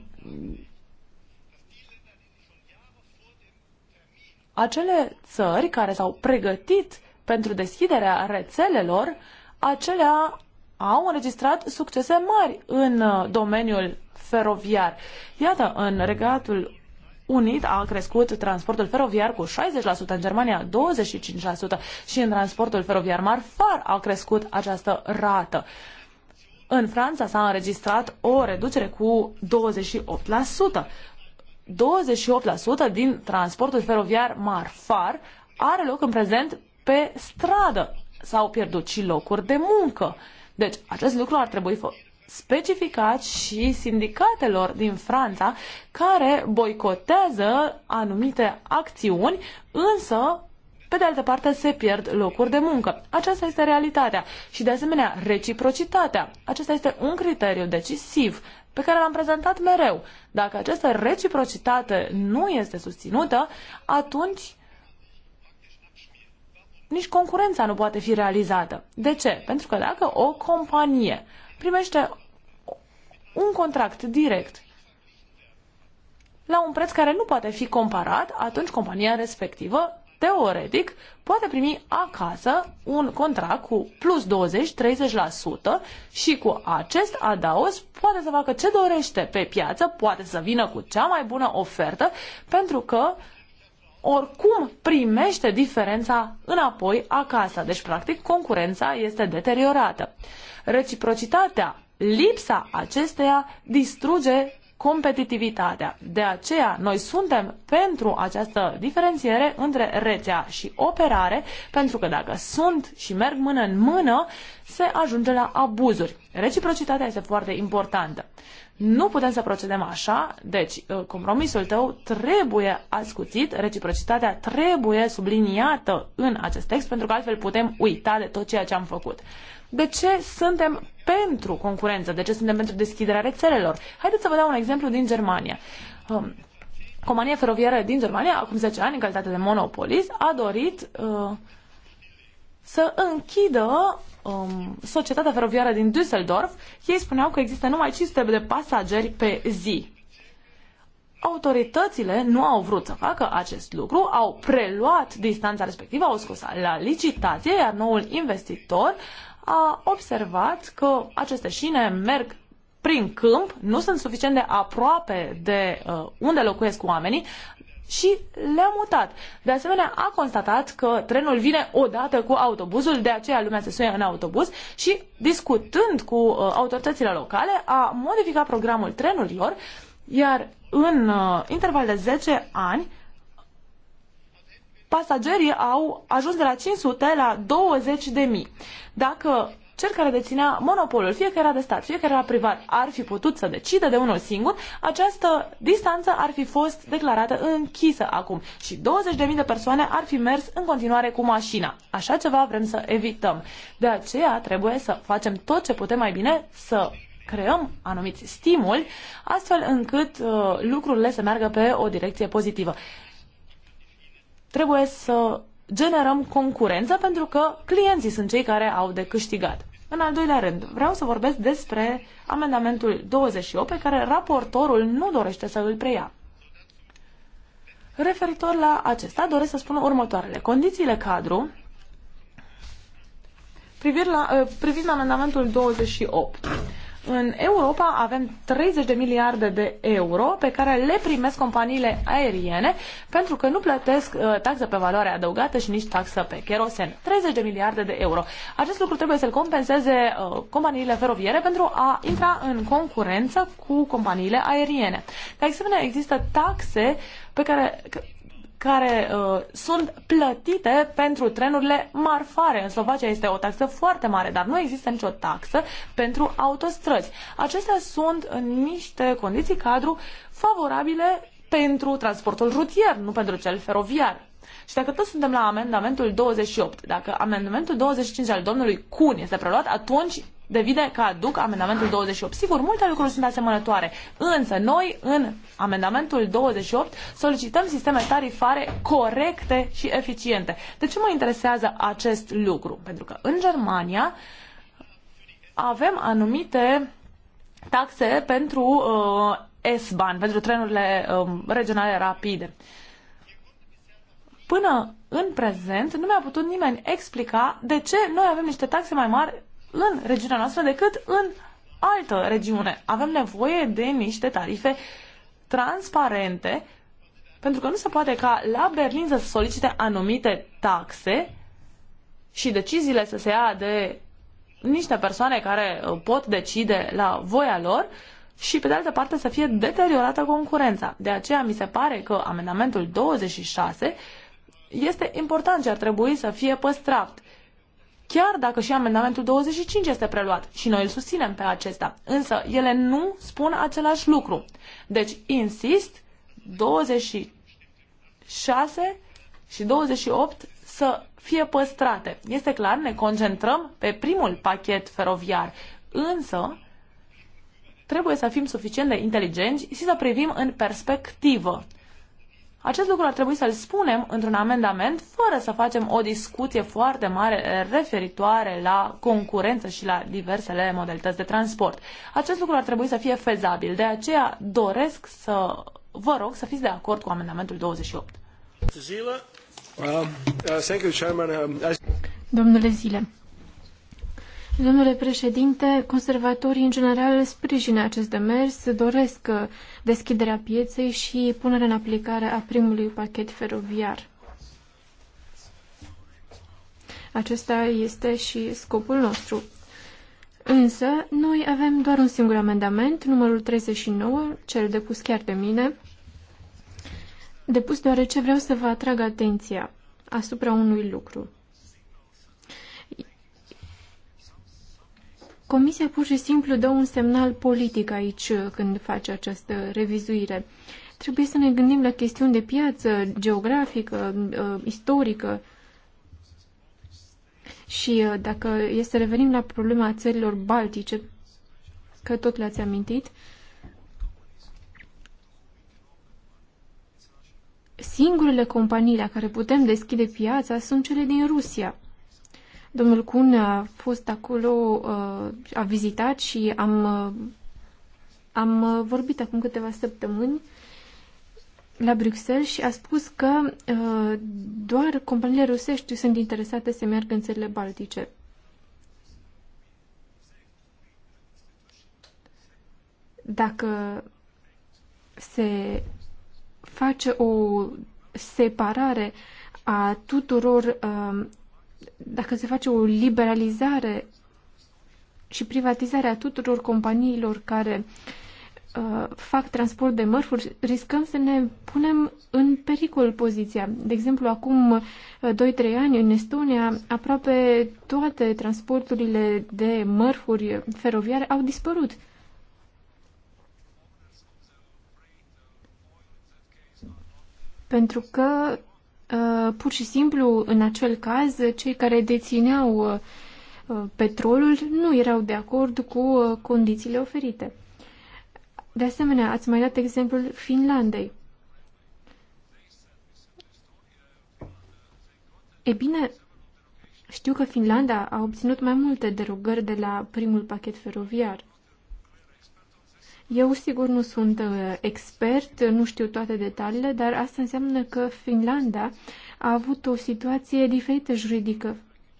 acele țări care s-au pregătit pentru deschiderea rețelelor, acelea au înregistrat succese mari în uh, domeniul feroviar. Iată, în Regatul Unit a crescut transportul feroviar cu 60%, în Germania 25% și în transportul feroviar marfar a crescut această rată. În Franța s-a înregistrat o reducere cu 28%. 28% din transportul feroviar marfar are loc în prezent pe stradă. S-au pierdut și locuri de muncă. Deci, acest lucru ar trebui specificat și sindicatelor din Franța care boicotează anumite acțiuni, însă pe de altă parte se pierd locuri de muncă. Aceasta este realitatea. Și de asemenea, reciprocitatea. Acesta este un criteriu decisiv pe care l-am prezentat mereu. Dacă această reciprocitate nu este susținută, atunci nici concurența nu poate fi realizată. De ce? Pentru că dacă o companie primește un contract direct la un preț care nu poate fi comparat, atunci compania respectivă teoretic, poate primi acasă un contract cu plus 20-30% și cu acest adaos poate să facă ce dorește pe piață, poate să vină cu cea mai bună ofertă, pentru că oricum primește diferența înapoi acasă. Deci, practic, concurența este deteriorată. Reciprocitatea, lipsa acesteia distruge competitivitatea. De aceea, noi suntem pentru această diferențiere între rețea și operare, pentru că dacă sunt și merg mână în mână, se ajunge la abuzuri. Reciprocitatea este foarte importantă. Nu putem să procedăm așa, deci uh, compromisul tău trebuie ascuțit, reciprocitatea trebuie subliniată în acest text, pentru că altfel putem uita de tot ceea ce am făcut. De ce suntem pentru concurență? De ce suntem pentru deschiderea rețelelor? Haideți să vă dau un exemplu din Germania. Um, compania feroviară din Germania, acum 10 ani, în calitate de monopolist, a dorit uh, să închidă um, societatea feroviară din Düsseldorf. Ei spuneau că există numai 500 de pasageri pe zi. Autoritățile nu au vrut să facă acest lucru, au preluat distanța respectivă, au scos la licitație, iar noul investitor a observat că aceste șine merg prin câmp, nu sunt suficient de aproape de uh, unde locuiesc oamenii, și le-a mutat. De asemenea, a constatat că trenul vine odată cu autobuzul, de aceea lumea se suie în autobuz și discutând cu uh, autoritățile locale a modificat programul trenurilor, iar în uh, interval de 10 ani pasagerii au ajuns de la 500 la 20 de mii. Dacă cel care deținea monopolul, fie că era de stat, fie că era privat, ar fi putut să decide de unul singur, această distanță ar fi fost declarată închisă acum și 20.000 de persoane ar fi mers în continuare cu mașina. Așa ceva vrem să evităm. De aceea trebuie să facem tot ce putem mai bine să creăm anumiți stimuli, astfel încât uh, lucrurile să meargă pe o direcție pozitivă. Trebuie să generăm concurență pentru că clienții sunt cei care au de câștigat. În al doilea rând, vreau să vorbesc despre amendamentul 28 pe care raportorul nu dorește să îl preia. Referitor la acesta, doresc să spun următoarele. Condițiile cadru privind, la, eh, privind amendamentul 28. În Europa avem 30 de miliarde de euro pe care le primesc companiile aeriene pentru că nu plătesc uh, taxă pe valoare adăugată și nici taxă pe kerosen. 30 de miliarde de euro. Acest lucru trebuie să-l compenseze uh, companiile feroviere pentru a intra în concurență cu companiile aeriene. De asemenea, există taxe pe care care uh, sunt plătite pentru trenurile marfare. În Slovacia este o taxă foarte mare, dar nu există nicio taxă pentru autostrăzi. Acestea sunt în niște condiții cadru favorabile pentru transportul rutier, nu pentru cel feroviar. Și dacă tot suntem la amendamentul 28, dacă amendamentul 25 al domnului Cun este preluat, atunci devine că aduc amendamentul 28. Sigur, multe lucruri sunt asemănătoare, însă noi în amendamentul 28 solicităm sisteme tarifare corecte și eficiente. De ce mă interesează acest lucru? Pentru că în Germania avem anumite taxe pentru uh, S-Bahn, pentru trenurile uh, regionale rapide. Până în prezent nu mi-a putut nimeni explica de ce noi avem niște taxe mai mari în regiunea noastră decât în altă regiune. Avem nevoie de niște tarife transparente, pentru că nu se poate ca la Berlin să solicite anumite taxe și deciziile să se ia de niște persoane care uh, pot decide la voia lor și, pe de altă parte, să fie deteriorată concurența. De aceea mi se pare că amendamentul 26 este important și ar trebui să fie păstrat chiar dacă și amendamentul 25 este preluat și noi îl susținem pe acesta. Însă ele nu spun același lucru. Deci, insist, 26 și 28 să fie păstrate. Este clar, ne concentrăm pe primul pachet feroviar, însă trebuie să fim suficient de inteligenți și să privim în perspectivă. Acest lucru ar trebui să-l spunem într-un amendament fără să facem o discuție foarte mare referitoare la concurență și la diversele modalități de transport. Acest lucru ar trebui să fie fezabil, de aceea doresc să vă rog să fiți de acord cu amendamentul 28. Zile. Well, uh, thank you, Chairman. Um, Domnule Zile, Domnule președinte, conservatorii în general sprijină acest demers, doresc uh, deschiderea pieței și punerea în aplicare a primului pachet feroviar. Acesta este și scopul nostru. Însă, noi avem doar un singur amendament, numărul 39, cel depus chiar de mine, depus deoarece vreau să vă atrag atenția asupra unui lucru. Comisia pur și simplu dă un semnal politic aici uh, când face această revizuire. Trebuie să ne gândim la chestiuni de piață, geografică, uh, istorică. Și uh, dacă e să revenim la problema țărilor baltice, că tot le-ați amintit, singurele companii la care putem deschide piața sunt cele din Rusia. Domnul Cun a fost acolo, uh, a vizitat și am, uh, am uh, vorbit acum câteva săptămâni la Bruxelles și a spus că doar companiile rusești sunt interesate să meargă în țările baltice. Dacă se face o separare a tuturor dacă se face o liberalizare și privatizarea tuturor companiilor care uh, fac transport de mărfuri, riscăm să ne punem în pericol poziția. De exemplu, acum 2-3 uh, ani în Estonia, aproape toate transporturile de mărfuri feroviare au dispărut. Pentru că Uh, pur și simplu, în acel caz, cei care dețineau uh, petrolul nu erau de acord cu uh, condițiile oferite. De asemenea, ați mai dat exemplul Finlandei. E bine, știu că Finlanda a obținut mai multe derogări de la primul pachet feroviar. Eu sigur nu sunt uh, expert, nu știu toate detaliile, dar asta înseamnă că Finlanda a avut o situație diferită juridică,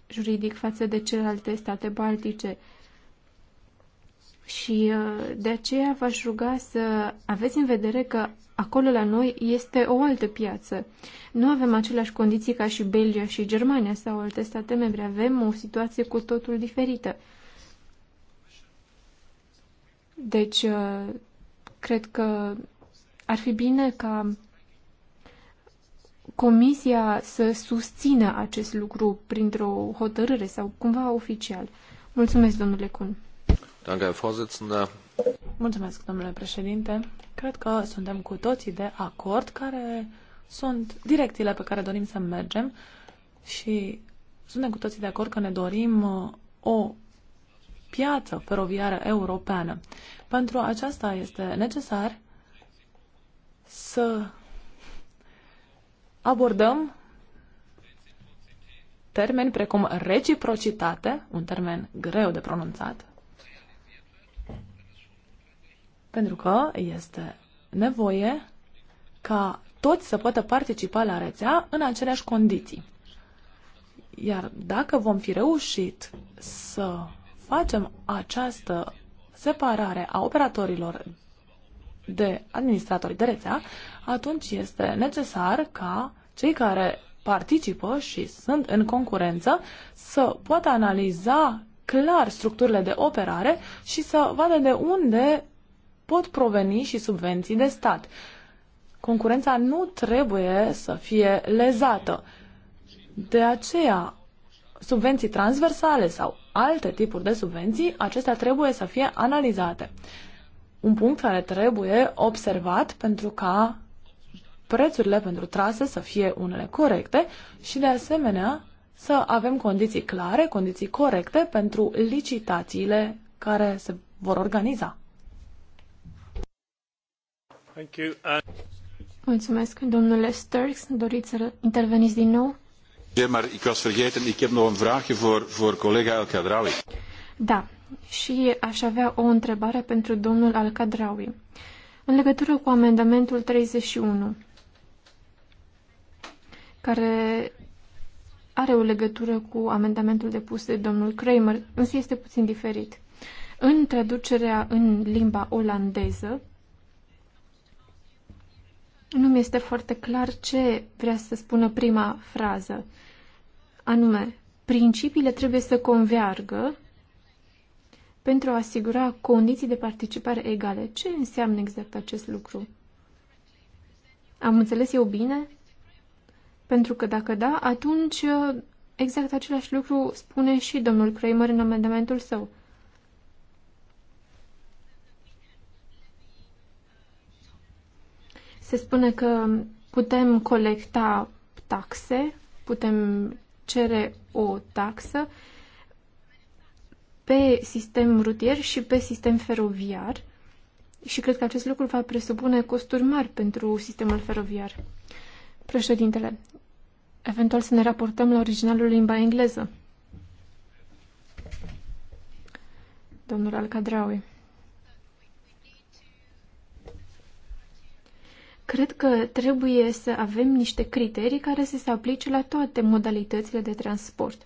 juridic față de celelalte state baltice. Și uh, de aceea v-aș ruga să aveți în vedere că acolo la noi este o altă piață. Nu avem aceleași condiții ca și Belgia și Germania sau alte state membre. Avem o situație cu totul diferită. Deci, uh, cred că ar fi bine ca Comisia să susțină acest lucru printr-o hotărâre sau cumva oficial. Mulțumesc, domnule Kun. Mulțumesc, domnule președinte. Cred că suntem cu toții de acord care sunt direcțiile pe care dorim să mergem și suntem cu toții de acord că ne dorim uh, o piață feroviară europeană. Pentru aceasta este necesar să abordăm termeni precum reciprocitate, un termen greu de pronunțat, pentru că este nevoie ca toți să poată participa la rețea în aceleași condiții. Iar dacă vom fi reușit să facem această separare a operatorilor de administratori de rețea, atunci este necesar ca cei care participă și sunt în concurență să poată analiza clar structurile de operare și să vadă de unde pot proveni și subvenții de stat. Concurența nu trebuie să fie lezată. De aceea subvenții transversale sau alte tipuri de subvenții, acestea trebuie să fie analizate. Un punct care trebuie observat pentru ca prețurile pentru trase să fie unele corecte și, de asemenea, să avem condiții clare, condiții corecte pentru licitațiile care se vor organiza. Mulțumesc, domnule Sturks. Doriți să interveniți din nou? Maar ik was vergeten, ik heb nog een vraagje voor, voor collega El Kadrawi. Da, și aș avea o întrebare pentru domnul Al Kadrawi. În legătură cu amendamentul 31, care are o legătură cu amendamentul depus de domnul Kramer, însă este puțin diferit. În traducerea în limba olandeză, nu mi este foarte clar ce vrea să spună prima frază. Anume, principiile trebuie să convergă pentru a asigura condiții de participare egale. Ce înseamnă exact acest lucru? Am înțeles eu bine? Pentru că dacă da, atunci uh, exact același lucru spune și domnul Kramer în amendamentul său. Se spune că putem colecta taxe, putem cere o taxă pe sistem rutier și pe sistem feroviar și cred că acest lucru va presupune costuri mari pentru sistemul feroviar. Președintele, eventual să ne raportăm la originalul limba engleză. Domnul Alcadraui. Cred că trebuie să avem niște criterii care să se aplice la toate modalitățile de transport.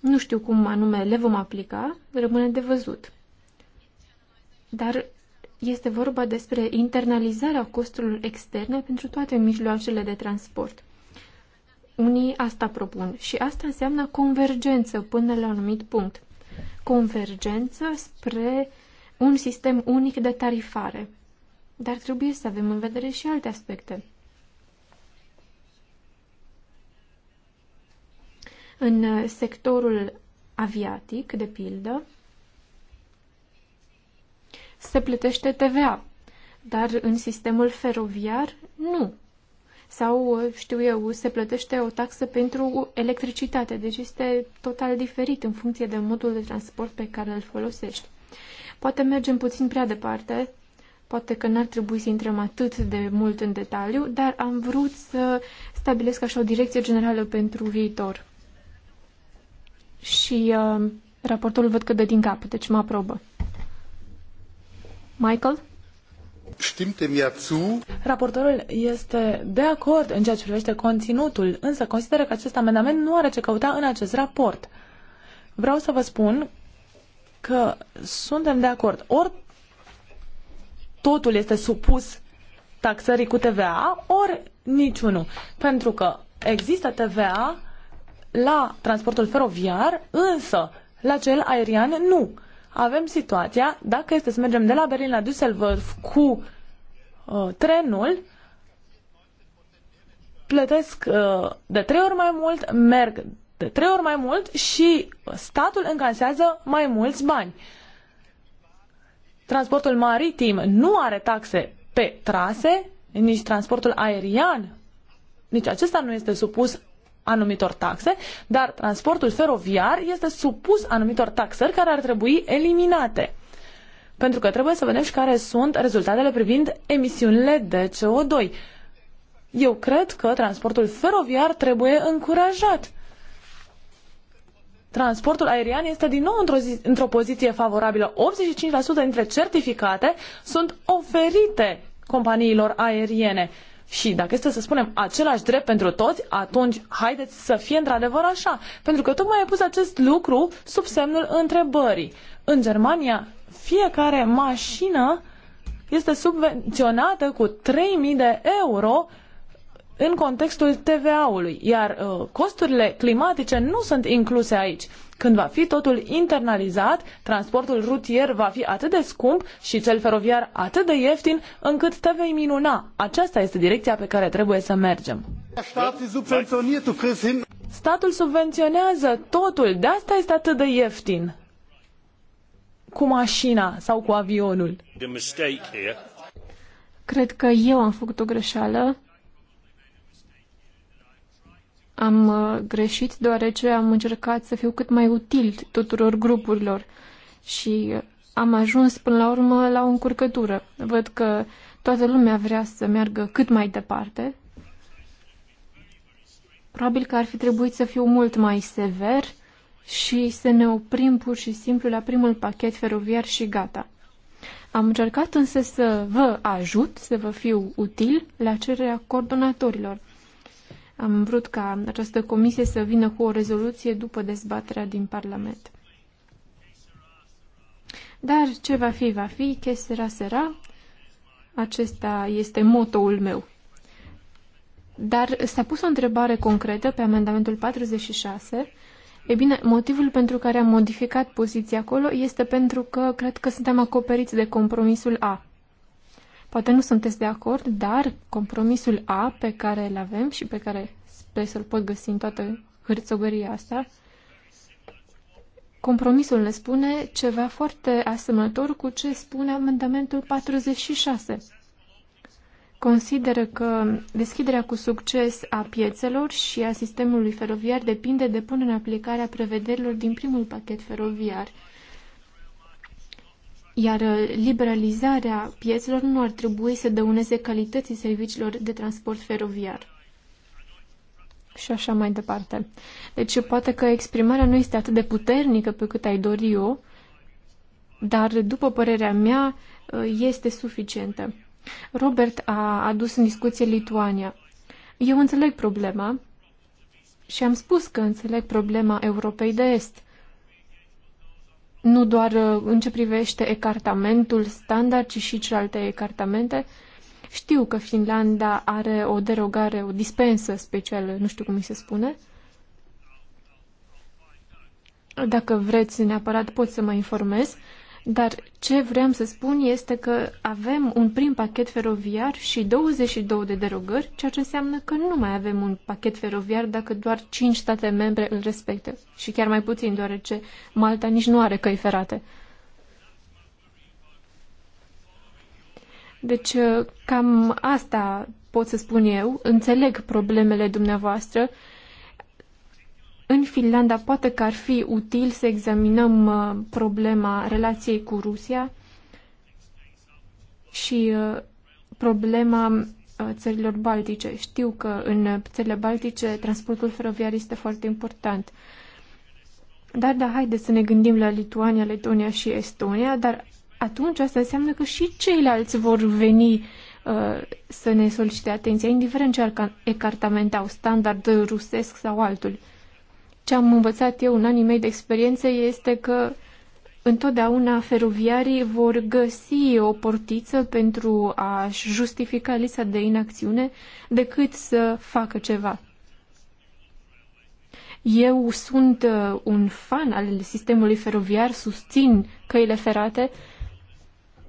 Nu știu cum anume le vom aplica, rămâne de văzut. Dar este vorba despre internalizarea costurilor externe pentru toate mijloacele de transport. Unii asta propun și asta înseamnă convergență până la un anumit punct. Convergență spre un sistem unic de tarifare. Dar trebuie să avem în vedere și alte aspecte. În uh, sectorul aviatic, de pildă, se plătește TVA, dar în sistemul feroviar nu. Sau, uh, știu eu, se plătește o taxă pentru electricitate, deci este total diferit în funcție de modul de transport pe care îl folosești. Poate mergem puțin prea departe, Poate că n-ar trebui să intrăm atât de mult în detaliu, dar am vrut să stabilesc așa o direcție generală pentru viitor. Și uh, raportorul văd că dă din cap, deci mă aprobă. Michael? Raportorul este de acord în ceea ce privește conținutul, însă consideră că acest amendament nu are ce căuta în acest raport. Vreau să vă spun că suntem de acord. Ori totul este supus taxării cu TVA, ori niciunul. Pentru că există TVA la transportul feroviar, însă la cel aerian nu. Avem situația, dacă este să mergem de la Berlin la Düsseldorf cu uh, trenul, plătesc uh, de trei ori mai mult, merg de trei ori mai mult și statul încasează mai mulți bani. Uh, transportul maritim nu are taxe pe trase, nici transportul aerian, nici acesta nu este supus anumitor taxe, dar transportul feroviar este supus anumitor taxări care ar trebui eliminate. Pentru că trebuie să vedem și care sunt rezultatele privind emisiunile de CO2. Eu cred că transportul feroviar trebuie încurajat Transportul aerian este din nou într-o, într poziție favorabilă. 85% dintre certificate sunt oferite companiilor aeriene. Și dacă este să spunem același drept pentru toți, atunci haideți să fie într-adevăr așa. Pentru că tocmai ai pus acest lucru sub semnul întrebării. În Germania, fiecare mașină este subvenționată cu 3.000 de euro în contextul TVA-ului, iar uh, costurile climatice nu sunt incluse aici. Când va fi totul internalizat, transportul rutier va fi atât de scump și cel feroviar atât de ieftin, încât te vei minuna. Aceasta este direcția pe care trebuie să mergem. Statul subvenționează totul, de asta este atât de ieftin. Cu mașina sau cu avionul. Cred că eu am făcut o greșeală am uh, greșit deoarece am încercat să fiu cât mai util tuturor grupurilor și am ajuns până la urmă la o încurcătură. Văd că toată lumea vrea să meargă cât mai departe. Probabil că ar fi trebuit să fiu mult mai sever și să ne oprim pur și simplu la primul pachet feroviar și gata. Am încercat însă să vă ajut, să vă fiu util la cererea coordonatorilor. Am vrut ca această comisie să vină cu o rezoluție după dezbaterea din Parlament. Dar ce va fi, va fi, che sera, sera. Acesta este motoul meu. Dar s-a pus o întrebare concretă pe amendamentul 46. E bine, motivul pentru care am modificat poziția acolo este pentru că cred că suntem acoperiți de compromisul A. Poate nu sunteți de acord, dar compromisul A pe care îl avem și pe care sper să-l pot găsi în toată hârțogăria asta, compromisul ne spune ceva foarte asemănător cu ce spune amendamentul 46. Consideră că deschiderea cu succes a piețelor și a sistemului feroviar depinde de punerea în aplicarea prevederilor din primul pachet feroviar – iar uh, liberalizarea piețelor nu ar trebui să dăuneze calității serviciilor de transport feroviar. Și așa mai departe. Deci poate că exprimarea nu este atât de puternică pe cât ai dori eu, dar după părerea mea uh, este suficientă. Robert a adus în discuție Lituania. Eu înțeleg problema și am spus că înțeleg problema Europei de Est – nu doar uh, în ce privește ecartamentul standard, ci și celelalte ecartamente. Știu că Finlanda are o derogare, o dispensă specială, nu știu cum mi se spune. Dacă vreți neapărat pot să mă informez. Dar ce vreau să spun este că avem un prim pachet feroviar și 22 de derogări, ceea ce înseamnă că nu mai avem un pachet feroviar dacă doar 5 state membre îl respectă. Și chiar mai puțin, deoarece Malta nici nu are căi ferate. Deci, cam asta pot să spun eu. Înțeleg problemele dumneavoastră în Finlanda poate că ar fi util să examinăm uh, problema relației cu Rusia și uh, problema uh, țărilor baltice. Știu că în țările baltice transportul feroviar este foarte important. Dar da, haideți să ne gândim la Lituania, Letonia și Estonia, dar atunci asta înseamnă că și ceilalți vor veni uh, să ne solicite atenția, indiferent ce ecartament au, standard rusesc sau altul. Uh, ce am învățat eu în anii mei de experiență este că întotdeauna feroviarii vor găsi o portiță pentru a-și justifica lista de inacțiune decât să facă ceva. Eu sunt uh, un fan al sistemului feroviar, susțin căile ferate,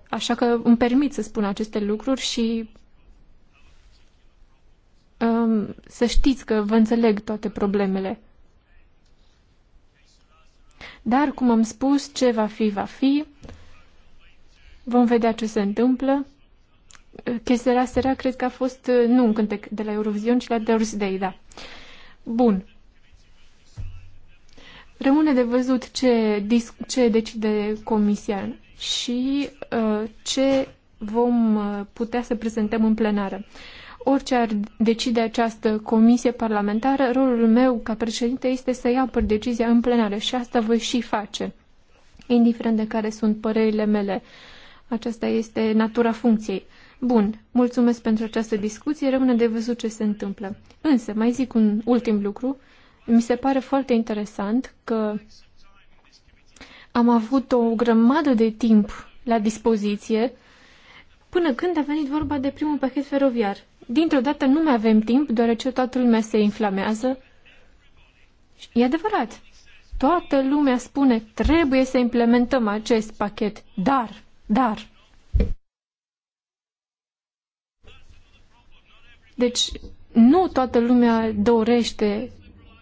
așa că îmi permit să spun aceste lucruri și um, să știți că vă înțeleg toate problemele. Dar, cum am spus, ce va fi, va fi. Vom vedea ce se întâmplă. Chestia sera cred că a fost, uh, nu un cântec de la Eurovision, ci la Thursday, Day, da. Bun. Rămâne de văzut ce, ce decide comisia și uh, ce vom uh, putea să prezentăm în plenară. Uh, Orice ar decide această comisie parlamentară, rolul meu ca președinte este să iau păr decizia în plenare și asta voi și face, indiferent de care sunt părerile mele. Aceasta este natura funcției. Bun, mulțumesc pentru această discuție, rămâne de văzut ce se întâmplă. Însă, mai zic un ultim lucru. Mi se pare foarte interesant că am avut o grămadă de timp la dispoziție până când a venit vorba de primul pachet feroviar dintr-o dată nu mai avem timp, deoarece toată lumea se inflamează. E adevărat, toată lumea spune, trebuie să implementăm acest pachet, dar, dar. Deci, nu toată lumea dorește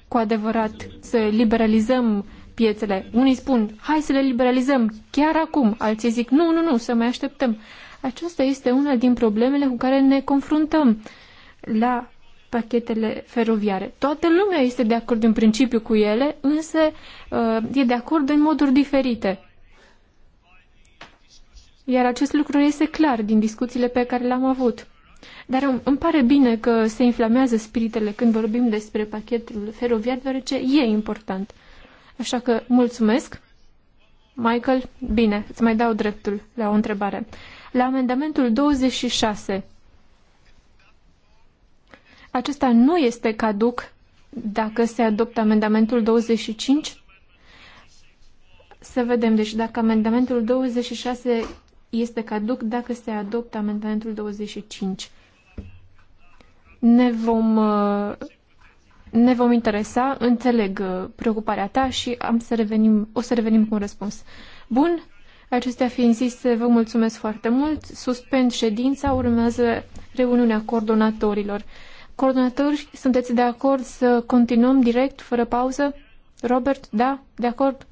cu adevărat să liberalizăm piețele. Unii spun, hai să le liberalizăm chiar acum, alții zic, nu, nu, nu, să mai așteptăm. Aceasta este una din problemele cu care ne confruntăm la pachetele feroviare. Toată lumea este de acord în principiu cu ele, însă uh, e de acord în moduri diferite. Iar acest lucru este clar din discuțiile pe care le-am avut. Dar îmi pare bine că se inflamează spiritele când vorbim despre pachetul feroviar, deoarece e important. Așa că mulțumesc. Michael, bine, îți mai dau dreptul la o întrebare la amendamentul 26. Acesta nu este caduc dacă se adoptă amendamentul 25. Să vedem, deci, dacă amendamentul 26 este caduc dacă se adoptă amendamentul 25. Ne vom, uh, ne vom interesa, înțeleg uh, preocuparea ta și am să revenim, o să revenim cu un răspuns. Bun, Acestea fiind zise, vă mulțumesc foarte mult. Suspend ședința, urmează reuniunea coordonatorilor. Coordonatori, sunteți de acord să continuăm direct, fără pauză? Robert, da? De acord?